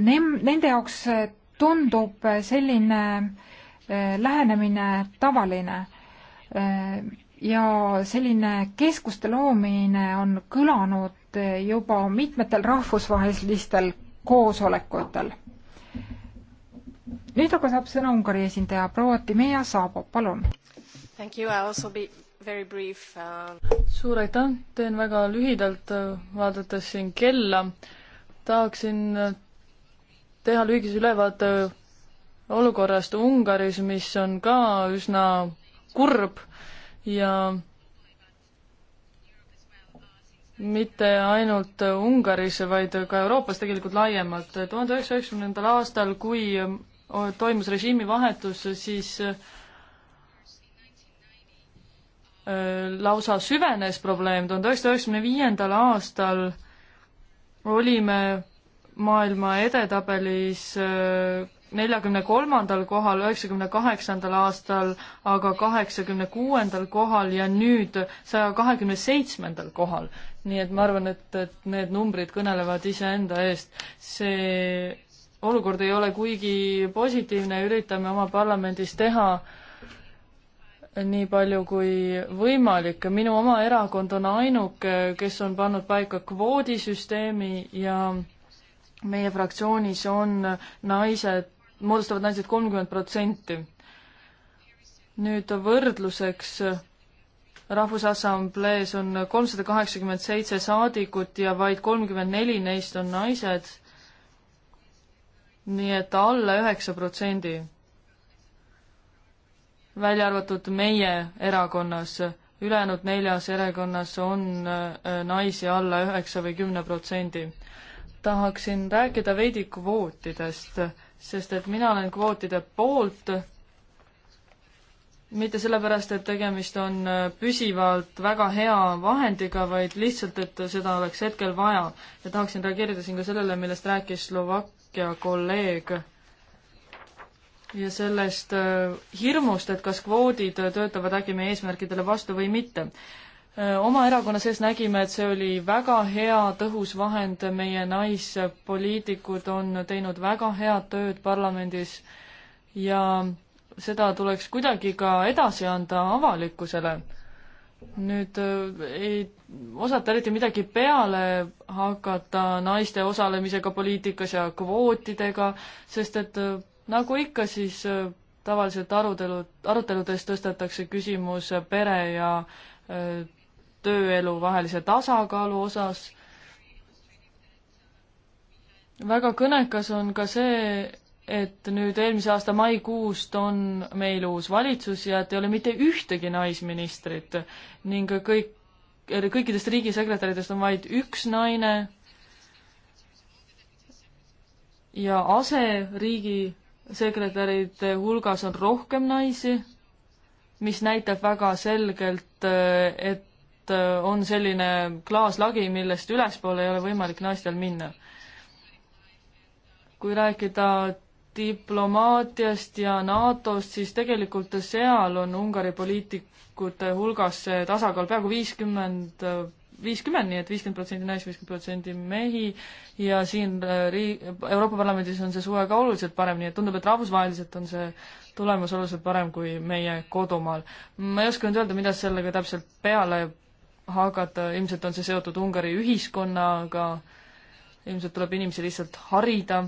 Nem-, nende jaoks eh, tundub eh, selline eh, lähenemine tavaline ja selline keskuste loomine on kõlanud juba mitmetel rahvusvahelistel koosolekutel. nüüd aga saab sõna Ungari esindaja proua Timea Saabo, palun. Uh, suur aitäh, teen väga lühidalt, vaadates siin kella, tahaksin teha lühikese ülevaate olukorrast Ungaris, mis on ka üsna kurb ja mitte ainult Ungaris, vaid ka Euroopas tegelikult laiemalt. tuhande üheksasaja üheksakümnendal aastal, kui toimus režiimi vahetus, siis äh, lausa süvenes probleem. tuhande üheksasaja üheksakümne viiendal aastal olime maailma edetabelis äh, neljakümne kolmandal kohal, üheksakümne kaheksandal aastal aga kaheksakümne kuuendal kohal ja nüüd saja kahekümne seitsmendal kohal. nii et ma arvan, et, et need numbrid kõnelevad iseenda eest. see olukord ei ole kuigi positiivne, üritame oma parlamendis teha nii palju kui võimalik. minu oma erakond on ainuke, kes on pannud paika kvoodisüsteemi ja meie fraktsioonis on naised, moodustavad naised kolmkümmend protsenti. nüüd võrdluseks, Rahvusassamblees on kolmsada kaheksakümmend seitse saadikut ja vaid kolmkümmend neli neist on naised, nii et alla üheksa protsendi. välja arvatud meie erakonnas, ülejäänud neljas erakonnas on äh, naisi alla üheksa või kümne protsendi tahaksin rääkida veidi kvootidest, sest et mina olen kvootide poolt, mitte sellepärast, et tegemist on äh, püsivalt väga hea vahendiga, vaid lihtsalt, et seda oleks hetkel vaja. ja tahaksin reageerida siin ka sellele, millest rääkis Slovakkia kolleeg ja sellest äh, hirmust, et kas kvoodid töötavad äkki meie eesmärkidele vastu või mitte oma erakonna sees nägime, et see oli väga hea tõhus vahend, meie naispoliitikud on teinud väga head tööd parlamendis ja seda tuleks kuidagi ka edasi anda avalikkusele. nüüd ei osata eriti midagi peale hakata naiste osalemisega poliitikas ja kvootidega, sest et nagu ikka, siis tavaliselt arutelud, aruteludes tõstetakse küsimus pere ja öö, tööelu vahelise tasakaalu osas. väga kõnekas on ka see, et nüüd eelmise aasta maikuust on meil uus valitsus ja et ei ole mitte ühtegi naisministrit ning kõik, kõikidest riigisekretäridest on vaid üks naine ja aseriigisekretäride hulgas on rohkem naisi, mis näitab väga selgelt, et olukord äh, on selline klaaslagi, millest ülespoole ei ole võimalik naistel minna. kui rääkida diplomaatiast ja NATO-st, siis tegelikult seal on Ungari poliitikute hulgas see tasakaal peaaegu viiskümmend, viiskümmend, nii et viiskümmend protsenti naisi, viiskümmend protsenti mehi ja siin äh, riik, Euroopa Parlamendis on see suhe ka oluliselt parem, nii et tundub, et rahvusvaheliselt on see tulemus oluliselt parem kui meie kodumaal. ma ei oska nüüd öelda, mida sellega täpselt peale hakata, ilmselt on see seotud Ungari ühiskonnaga, ilmselt tuleb inimesi lihtsalt harida.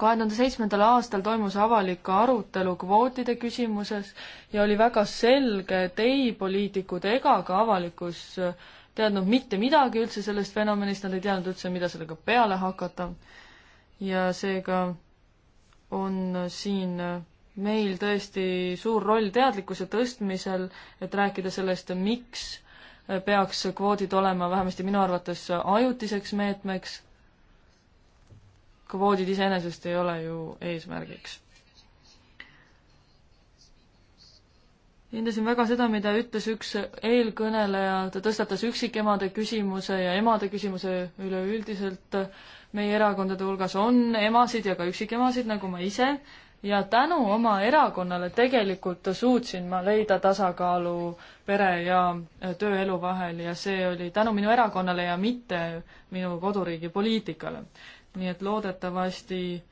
kahe tuhande seitsmendal aastal toimus avalik arutelu kvootide küsimuses ja oli väga selge, et ei poliitikud ega ka avalikkus teadnud mitte midagi üldse sellest fenomenist, nad ei teadnud üldse, mida sellega peale hakata. ja seega on siin meil tõesti suur roll teadlikkuse tõstmisel, et rääkida sellest, miks peaks kvoodid olema vähemasti minu arvates ajutiseks meetmeks. kvoodid iseenesest ei ole ju eesmärgiks. hindasin väga seda, mida ütles üks eelkõneleja, ta tõstatas üksikemade küsimuse ja emade küsimuse üleüldiselt. meie erakondade hulgas on emasid ja ka üksikemasid, nagu ma ise ja tänu oma erakonnale tegelikult suutsin ma leida tasakaalu pere ja äh, tööelu vahel ja see oli tänu minu erakonnale ja mitte minu koduriigi poliitikale. nii et loodetavasti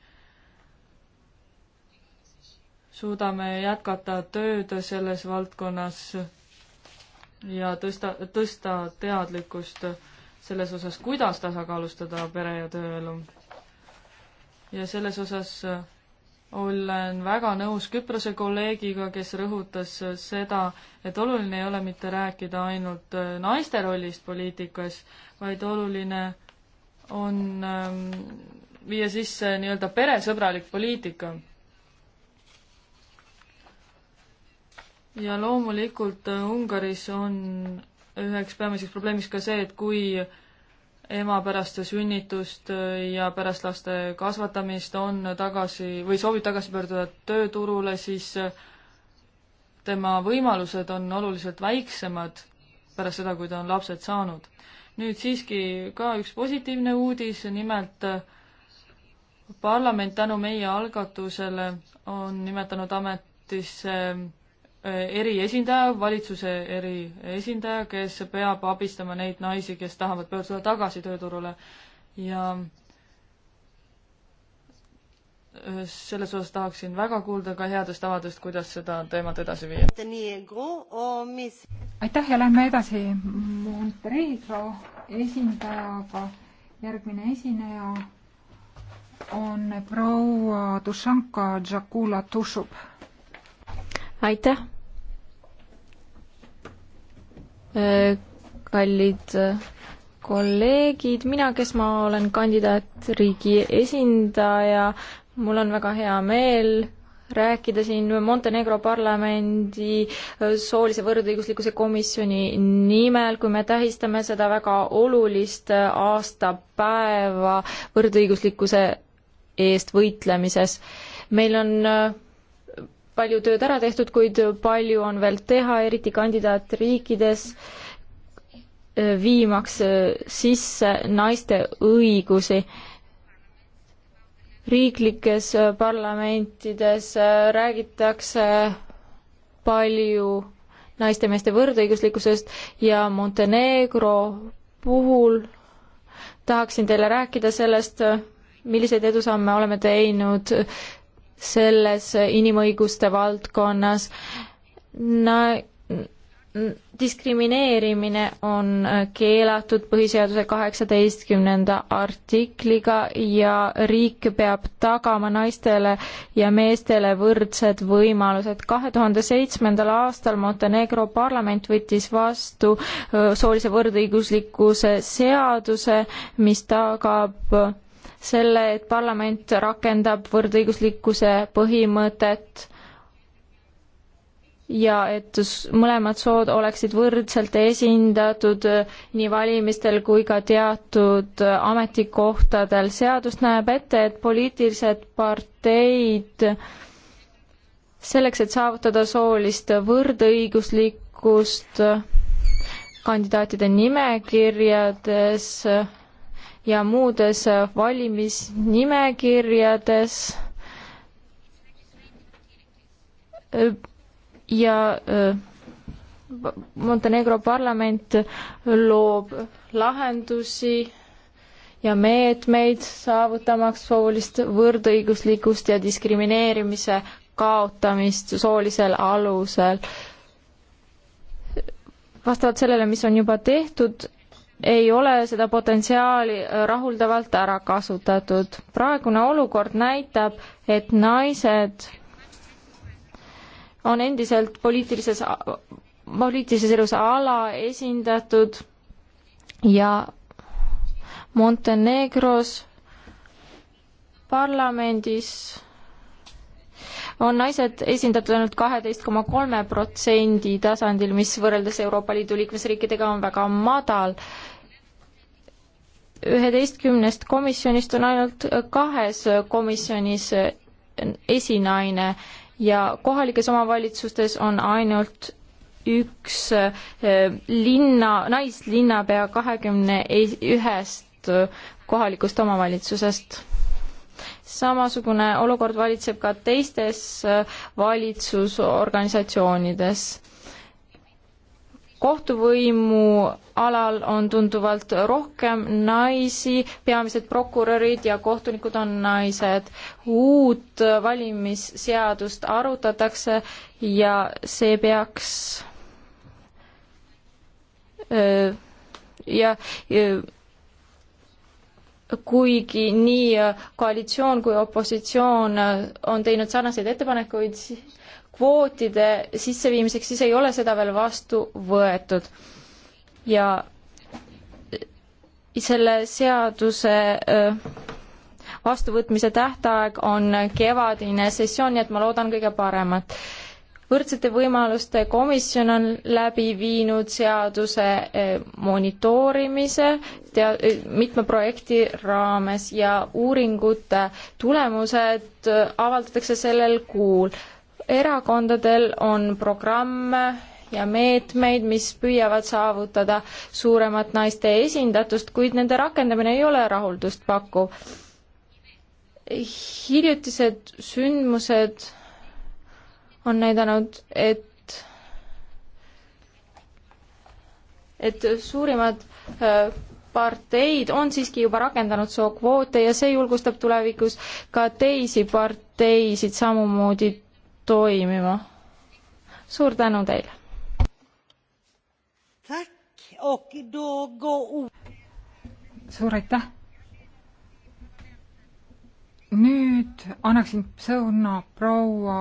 suudame jätkata tööd selles valdkonnas ja tõsta, tõsta teadlikkust selles osas, kuidas tasakaalustada pere ja tööelu. ja selles osas äh, olen väga nõus Küprose kolleegiga, kes rõhutas seda, et oluline ei ole mitte rääkida ainult äh, naiste rollist poliitikas, vaid oluline on ähm, viia sisse nii-öelda peresõbralik poliitika. ja loomulikult äh, Ungaris on üheks peamiseks probleemiks ka see, et kui ema pärast sünnitust äh, ja pärast laste kasvatamist on tagasi või soovib tagasi pöörduda tööturule, siis äh, tema võimalused on oluliselt väiksemad pärast seda, kui ta on lapsed saanud. nüüd siiski ka üks positiivne uudis, nimelt äh, parlament tänu meie algatusele on nimetanud ametisse Eh, eriesindaja, valitsuse eriesindaja, kes peab abistama neid naisi, kes tahavad pöörduda tagasi tööturule ja eh, selles osas tahaksin väga kuulda ka headest tavadest, kuidas seda teemat edasi viia. aitäh ja lähme edasi Montenegro esindajaga. järgmine esineja on proua Dušanka Džakula Tušup aitäh. Äh, kallid äh, kolleegid, mina, kes ma olen kandidaatriigi esindaja, mul on väga hea meel rääkida siin Montenegro parlamendi äh, soolise võrdõiguslikkuse komisjoni nimel, kui me tähistame seda väga olulist aastapäeva võrdõiguslikkuse eest võitlemises. meil on palju tööd ära tehtud, kuid palju on veel teha, eriti kandidaatriikides, eh, viimaks eh, sisse naiste õigusi. riiklikes eh, parlamentides räägitakse palju naiste-meeste võrdõiguslikkusest ja Montenegro puhul tahaksin teile rääkida sellest, milliseid edusamme oleme teinud selles inimõiguste valdkonnas no,. diskrimineerimine on keelatud põhiseaduse kaheksateistkümnenda artikliga ja riik peab tagama naistele ja meestele võrdsed võimalused. kahe tuhande seitsmendal aastal Montenegro parlament võttis vastu soolise võrdõiguslikkuse seaduse, mis tagab selle, et parlament rakendab võrdõiguslikkuse põhimõtet ja et mõlemad sood oleksid võrdselt esindatud nii valimistel kui ka teatud ametikohtadel. seadus näeb ette, et poliitilised parteid selleks, et saavutada soolist võrdõiguslikkust kandidaatide nimekirjades ja muudes valimisnimekirjades ja äh, Montenegro parlament loob lahendusi ja meetmeid saavutamaks soolist võrdõiguslikkust ja diskrimineerimise kaotamist soolisel alusel. vastavalt sellele, mis on juba tehtud, ei ole seda potentsiaali äh, rahuldavalt ära kasutatud. praegune olukord näitab, et naised on endiselt poliitilises, poliitilises elus alaesindatud ja Montenegros parlamendis on naised esindatud ainult kaheteist koma kolme protsendi tasandil, mis võrreldes Euroopa Liidu liikmesriikidega on väga madal üheteistkümnest komisjonist on ainult kahes komisjonis esinaine ja kohalikes omavalitsustes on ainult üks eh, linna, naislinnapea kahekümne ühest kohalikust omavalitsusest. samasugune olukord valitseb ka teistes eh, valitsusorganisatsioonides kohtuvõimu alal on tunduvalt rohkem naisi, peamised prokurörid ja kohtunikud on naised. uut valimisseadust arutatakse ja see peaks ja kuigi nii koalitsioon kui opositsioon on teinud sarnaseid ettepanekuid, kvootide sisseviimiseks, siis ei ole seda veel vastu võetud. ja selle seaduse äh, vastuvõtmise tähtaeg on kevadine sessioon, nii et ma loodan kõige paremat. võrdsete võimaluste komisjon on läbi viinud seaduse äh, monitoorimise tea-, äh, mitme projekti raames ja uuringute tulemused avaldatakse sellel kuul erakondadel on programme ja meetmeid, mis püüavad saavutada suuremat naiste esindatust, kuid nende rakendamine ei ole rahuldust pakkuv. hiljutised sündmused on näidanud, et et suurimad äh, parteid on siiski juba rakendanud sookvoote ja see julgustab tulevikus ka teisi parteisid samamoodi toimima. suur tänu teile! suur aitäh! nüüd annaksin sõna proua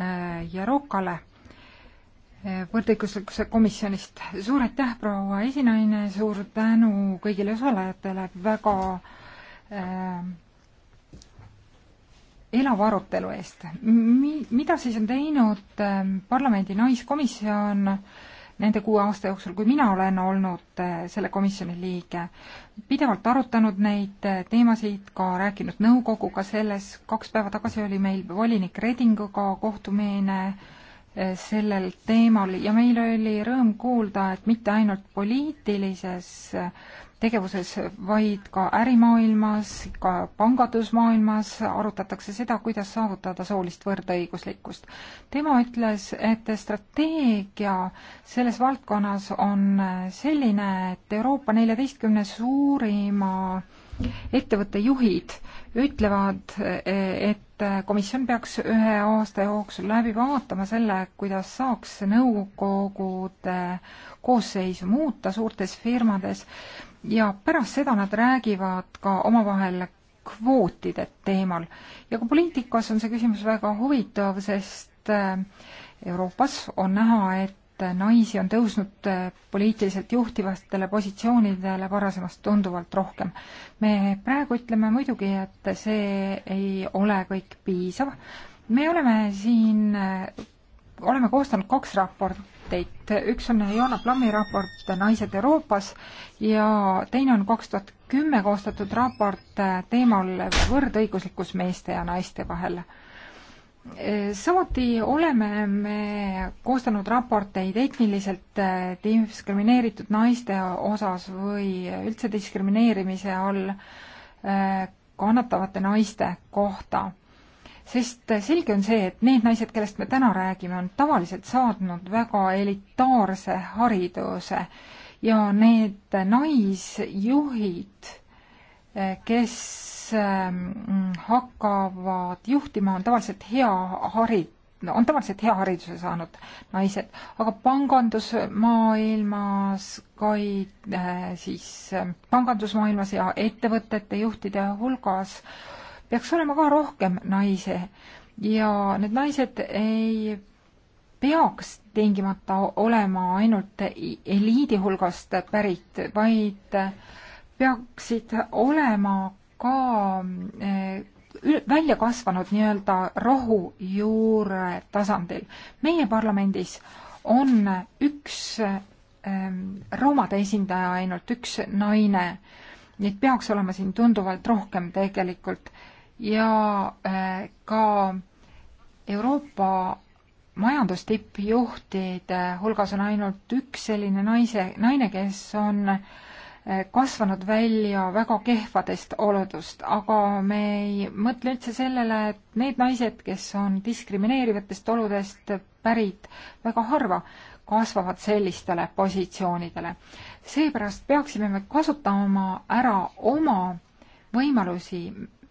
äh, Jarokale äh, võrdõiguslikkuse komisjonist. suur aitäh, proua esinaine, suur tänu kõigile osalejatele väga äh, elava arutelu eest. Mi-, mida siis on teinud ähm, parlamendi naiskomisjon nende kuue aasta jooksul, kui mina olen olnud äh, selle komisjoni liige, pidevalt arutanud neid äh, teemasid, ka rääkinud nõukoguga selles, kaks päeva tagasi oli meil volinik Redinguga kohtumine äh, sellel teemal ja meil oli rõõm kuulda, et mitte ainult poliitilises tegevuses, vaid ka ärimaailmas, ka pangandusmaailmas arutatakse seda, kuidas saavutada soolist võrdõiguslikkust. tema ütles, et strateegia selles valdkonnas on selline, et Euroopa neljateistkümne suurima ettevõtte juhid ütlevad, et komisjon peaks ühe aasta jooksul läbi vaatama selle, kuidas saaks nõukogude koosseisu muuta suurtes firmades ja pärast seda nad räägivad ka omavahel kvootide teemal. ja ka poliitikas on see küsimus väga huvitav, sest äh, Euroopas on näha, et naisi on tõusnud äh, poliitiliselt juhtivatele positsioonidele varasemast tunduvalt rohkem. me praegu ütleme muidugi, et see ei ole kõik piisav. me oleme siin, äh, oleme koostanud kaks raportit, raporteid, üks on Joona Plammi raport Naised Euroopas ja teine on kaks tuhat kümme koostatud raport teemal võrdõiguslikkus meeste ja naiste vahel. samuti oleme me koostanud raporteid etniliselt diskrimineeritud naiste osas või üldse diskrimineerimise all kannatavate naiste kohta sest selge on see, et need naised, kellest me täna räägime, on tavaliselt saanud väga elitaarse hariduse ja need naisjuhid, kes ähm, hakkavad juhtima, on tavaliselt hea harid-, no on tavaliselt hea hariduse saanud naised, aga pangandusmaailmas, ka äh, siis äh, pangandusmaailmas ja ettevõtete juhtide hulgas äh, peaks olema ka rohkem naisi ja need naised ei peaks tingimata olema ainult eliidi hulgast pärit, vaid peaksid olema ka eh, välja kasvanud nii-öelda rohujuure tasandil. meie parlamendis on üks ähm, roomade esindaja ainult, üks naine. Neid peaks olema siin tunduvalt rohkem tegelikult ja äh, ka Euroopa majandustippjuhtide hulgas on ainult üks selline naise, naine, kes on äh, kasvanud välja väga kehvadest oludest, aga me ei mõtle üldse sellele, et need naised, kes on diskrimineerivatest oludest pärit, väga harva kasvavad sellistele positsioonidele. seepärast peaksime me kasutama ära oma võimalusi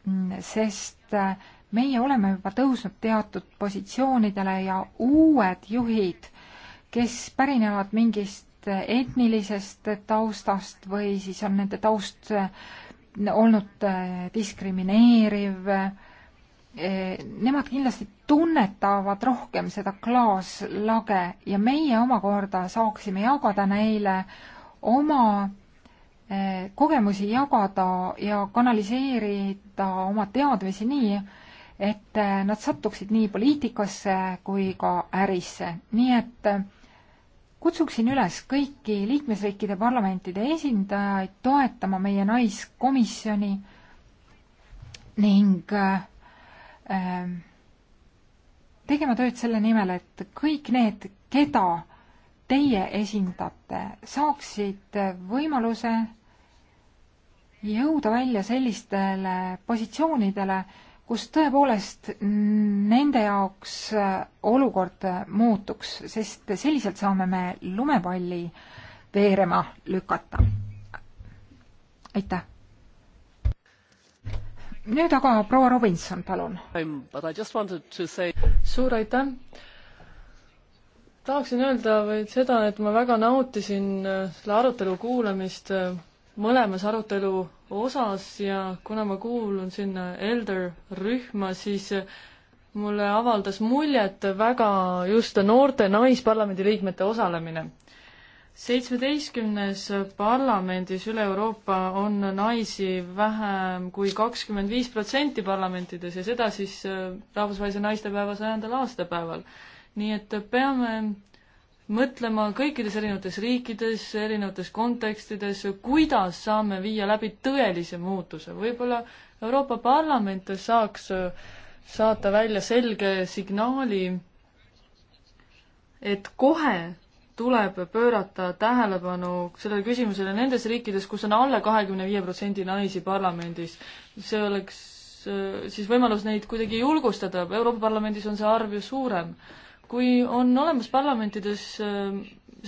Mm. sest äh, meie oleme juba tõusnud teatud positsioonidele ja uued juhid, kes pärinevad mingist äh, etnilisest taustast või siis on nende taust äh, olnud diskrimineeriv, nemad kindlasti tunnetavad rohkem seda klaaslage ja meie omakorda saaksime jagada neile oma kogemusi jagada ja kanaliseerida oma teadmisi nii, et nad satuksid nii poliitikasse kui ka ärisse. nii et äh, kutsuksin üles kõiki liikmesriikide parlamentide esindajaid toetama meie naiskomisjoni ning äh, äh, tegema tööd selle nimel, et kõik need, keda teie esindate, saaksid võimaluse jõuda välja sellistele positsioonidele, kus tõepoolest nende jaoks olukord muutuks, sest selliselt saame me lumepalli veerema lükata. aitäh! nüüd aga proua Robinson, palun. suur aitäh! tahaksin öelda vaid seda, et ma väga nautisin äh, selle arutelu kuulamist äh, mõlemas arutelu osas ja kuna ma kuulun sinna elder rühma, siis mulle avaldas muljet väga just noorte naisparlamendiliikmete osalemine. seitsmeteistkümnes parlamendis üle Euroopa on naisi vähem kui kakskümmend viis protsenti parlamentides ja seda siis äh, rahvusvahelise naistepäeva sajandal aastapäeval. nii et peame mõtlema kõikides erinevates riikides, erinevates kontekstides, kuidas saame viia läbi tõelise muutuse. võib-olla Euroopa Parlament saaks äh, saata välja selge signaali, et kohe tuleb pöörata tähelepanu sellele küsimusele nendes riikides, kus on alla kahekümne viie protsendi naisi parlamendis. see oleks äh, siis võimalus neid kuidagi julgustada, Euroopa Parlamendis on see arv ju suurem kui on olemas parlamentides äh,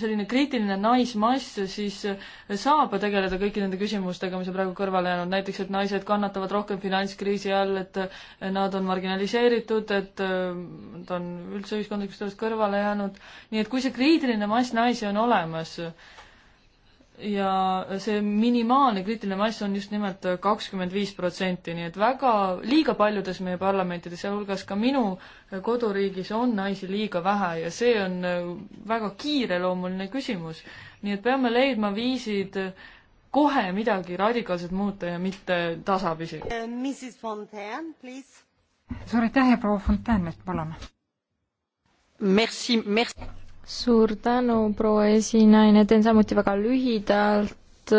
selline kriitiline naismass, siis äh, saab tegeleda kõiki nende küsimustega, mis on praegu kõrvale jäänud, näiteks et naised kannatavad rohkem finantskriisi all, et äh, nad on marginaliseeritud, et nad on üldse ühiskondlikust elust kõrvale jäänud, nii et kui see kriitiline mass naisi on olemas, ja see minimaalne kriitiline mass on just nimelt kakskümmend viis protsenti, nii et väga, liiga paljudes meie parlamentides, sealhulgas ka minu koduriigis, on naisi liiga vähe ja see on äh, väga kiireloomuline küsimus. nii et peame leidma viisid äh, kohe midagi radikaalselt muuta ja mitte tasapisi. Äh, suur aitäh ja proua Fontaine, palun! Merci, merci suur tänu, proua esinaine, teen samuti väga lühidalt.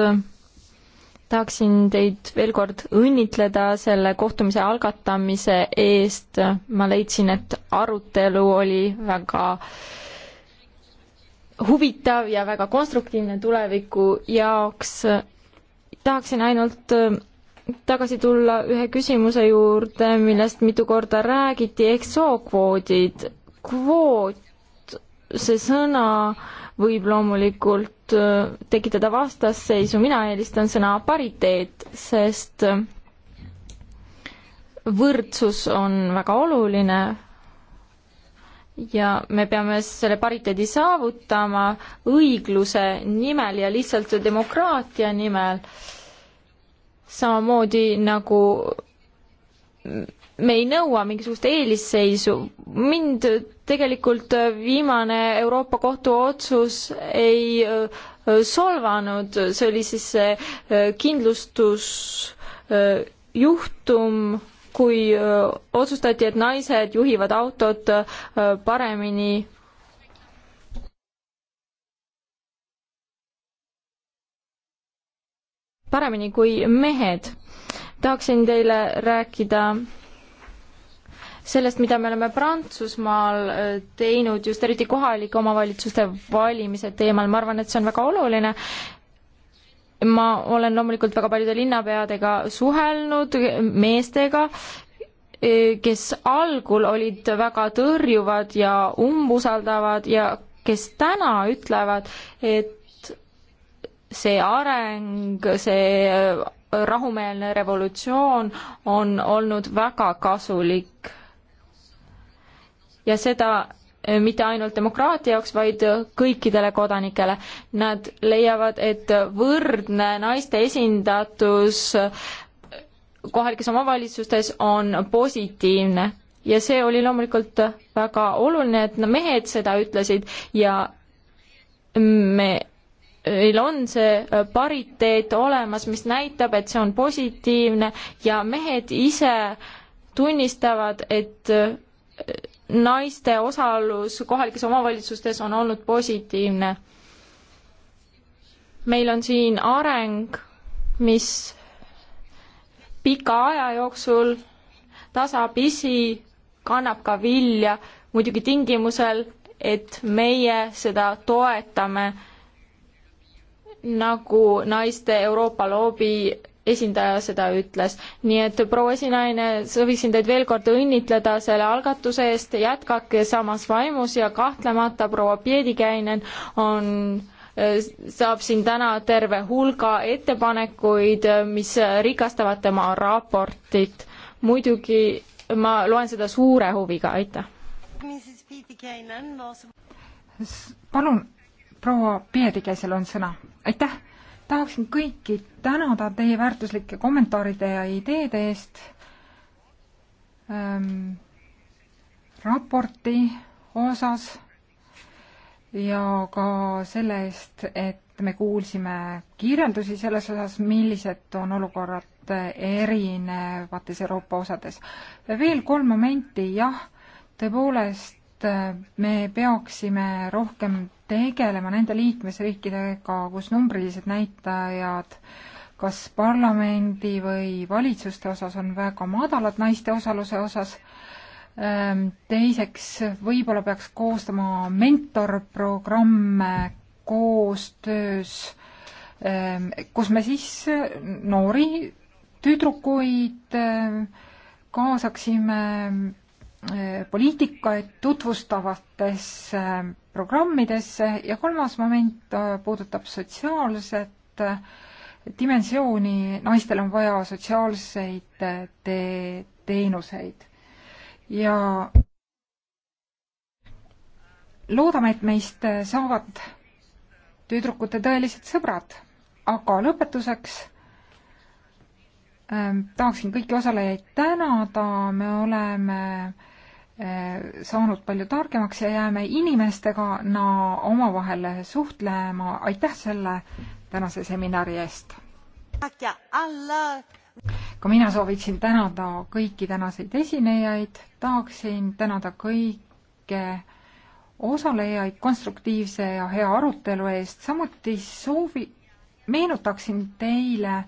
tahaksin teid veel kord õnnitleda selle kohtumise algatamise eest. ma leidsin, et arutelu oli väga huvitav ja väga konstruktiivne tuleviku jaoks. tahaksin ainult tagasi tulla ühe küsimuse juurde, millest mitu korda räägiti, ehk sookvoodid. kvoot see sõna võib loomulikult äh, tekitada vastasseisu, mina eelistan sõna pariteet, sest äh, võrdsus on väga oluline ja me peame selle pariteedi saavutama õigluse nimel ja lihtsalt demokraatia nimel, samamoodi nagu me ei nõua mingisugust eelisseisu, mind tegelikult äh, viimane Euroopa Kohtu otsus ei äh, solvanud, see oli siis see äh, kindlustusjuhtum, kui otsustati, et naised juhivad autot paremini paremini kui mehed. tahaksin teile rääkida sellest, mida me oleme Prantsusmaal äh, teinud just eriti kohalike omavalitsuste valimise teemal, ma arvan, et see on väga oluline. ma olen loomulikult väga paljude linnapeadega suhelnud, meestega, äh, kes algul olid väga tõrjuvad ja umbusaldavad ja kes täna ütlevad, et see areng, see äh, rahumeelne revolutsioon on olnud väga kasulik ja seda eh, mitte ainult demokraatia jaoks, vaid kõikidele kodanikele. Nad leiavad, et võrdne naiste esindatus kohalikes omavalitsustes on positiivne ja see oli loomulikult väga oluline, et mehed seda ütlesid ja me meil on see pariteet olemas, mis näitab, et see on positiivne ja mehed ise tunnistavad, et naiste osalus kohalikes omavalitsustes on olnud positiivne. meil on siin areng, mis pika aja jooksul tasapisi kannab ka vilja, muidugi tingimusel, et meie seda toetame, nagu naiste Euroopa loobi esindaja seda ütles. nii et proua esinaine, sooviksin teid veel kord õnnitleda selle algatuse eest, jätkake samas vaimus ja kahtlemata proua Piedikäinen on eh, saab siin täna terve hulga ettepanekuid, eh, mis rikastavad tema raportit. muidugi ma loen seda suure huviga, aitäh. palun, proua Piedikäisel on sõna, aitäh tahaksin kõiki tänada teie väärtuslike kommentaaride ja ideede eest ähm, raporti osas ja ka selle eest, et me kuulsime kirjeldusi selles osas, millised on olukorrad erinevates Euroopa osades. veel kolm momenti, jah, tõepoolest et äh, me peaksime rohkem tegelema nende liikmesriikidega, kus numbrilised näitajad kas parlamendi või valitsuste osas on väga madalad naiste osaluse osas. Ähm, teiseks, võib-olla peaks koostama mentorprogramme koostöös, ähm, kus me siis noori tüdrukuid äh, kaasaksime Äh, poliitikaid tutvustavatesse äh, programmidesse ja kolmas moment äh, puudutab sotsiaalset dimensiooni, naistel on vaja sotsiaalseid te teenuseid. ja loodame, et meist saavad tüdrukute tõelised sõbrad, aga lõpetuseks ähm, tahaksin kõiki osalejaid tänada, me oleme äh, Eh, saanud palju targemaks ja jääme inimestega na omavahel suhtlema. aitäh selle tänase seminari eest! ka mina sooviksin tänada kõiki tänaseid esinejaid, tahaksin tänada kõike osalejaid konstruktiivse ja hea arutelu eest, samuti soovi, meenutaksin teile äh,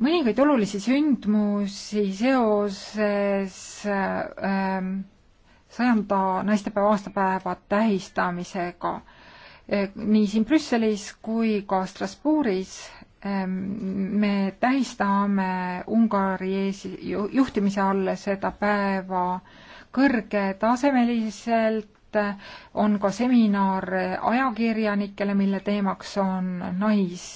mõningaid olulisi sündmusi seoses ähm, sajanda naistepäeva aastapäeva tähistamisega äh, nii siin Brüsselis kui ka Strasbourgis ähm, me tähistame Ungari juhtimise all seda päeva kõrgetasemeliselt, on ka seminar ajakirjanikele, mille teemaks on nais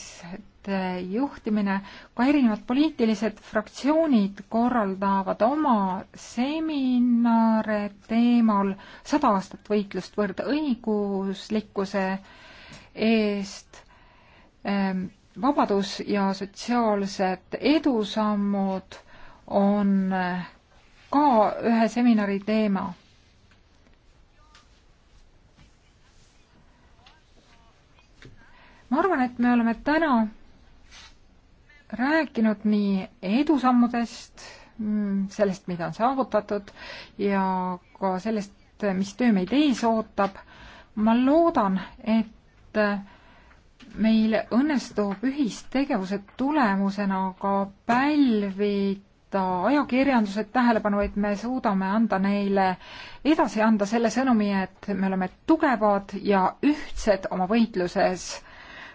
projektide juhtimine, ka erinevad poliitilised fraktsioonid korraldavad oma seminare teemal sada aastat võitlust võrdõiguslikkuse eest, ehm, vabadus ja sotsiaalsed edusammud on eh, ka ühe seminari teema ma arvan, et me oleme täna rääkinud nii edusammudest, mm, sellest, mida on saavutatud ja ka sellest, mis töö meid ees ootab. ma loodan, et meil õnnestub ühistegevuse tulemusena ka pälvida ajakirjanduse tähelepanu, et me suudame anda neile, edasi anda selle sõnumi, et me oleme tugevad ja ühtsed oma võitluses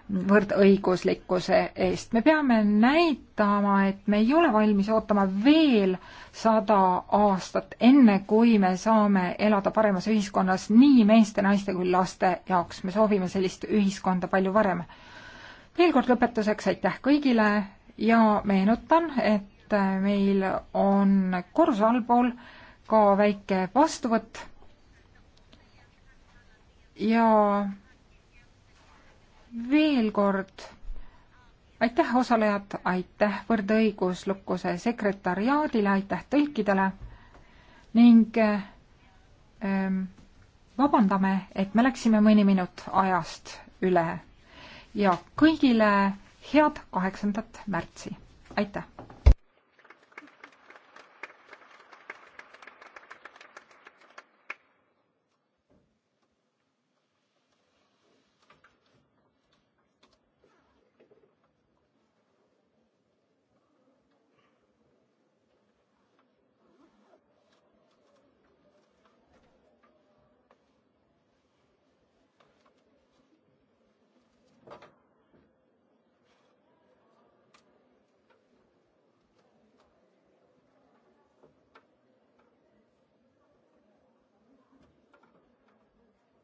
võrdõiguslikkuse eest. me peame näitama, et me ei ole valmis ootama veel sada aastat, enne kui me saame elada paremas ühiskonnas nii meeste, naiste kui laste jaoks. me soovime sellist ühiskonda palju varem. veel kord lõpetuseks aitäh kõigile ja meenutan, et meil on korruse allpool ka väike vastuvõtt ja veel kord aitäh osalejad, aitäh võrdõiguslikkuse sekretariaadile, aitäh tõlkidele ning ähm, vabandame, et me läksime mõni minut ajast üle ja kõigile head kaheksandat märtsi, aitäh!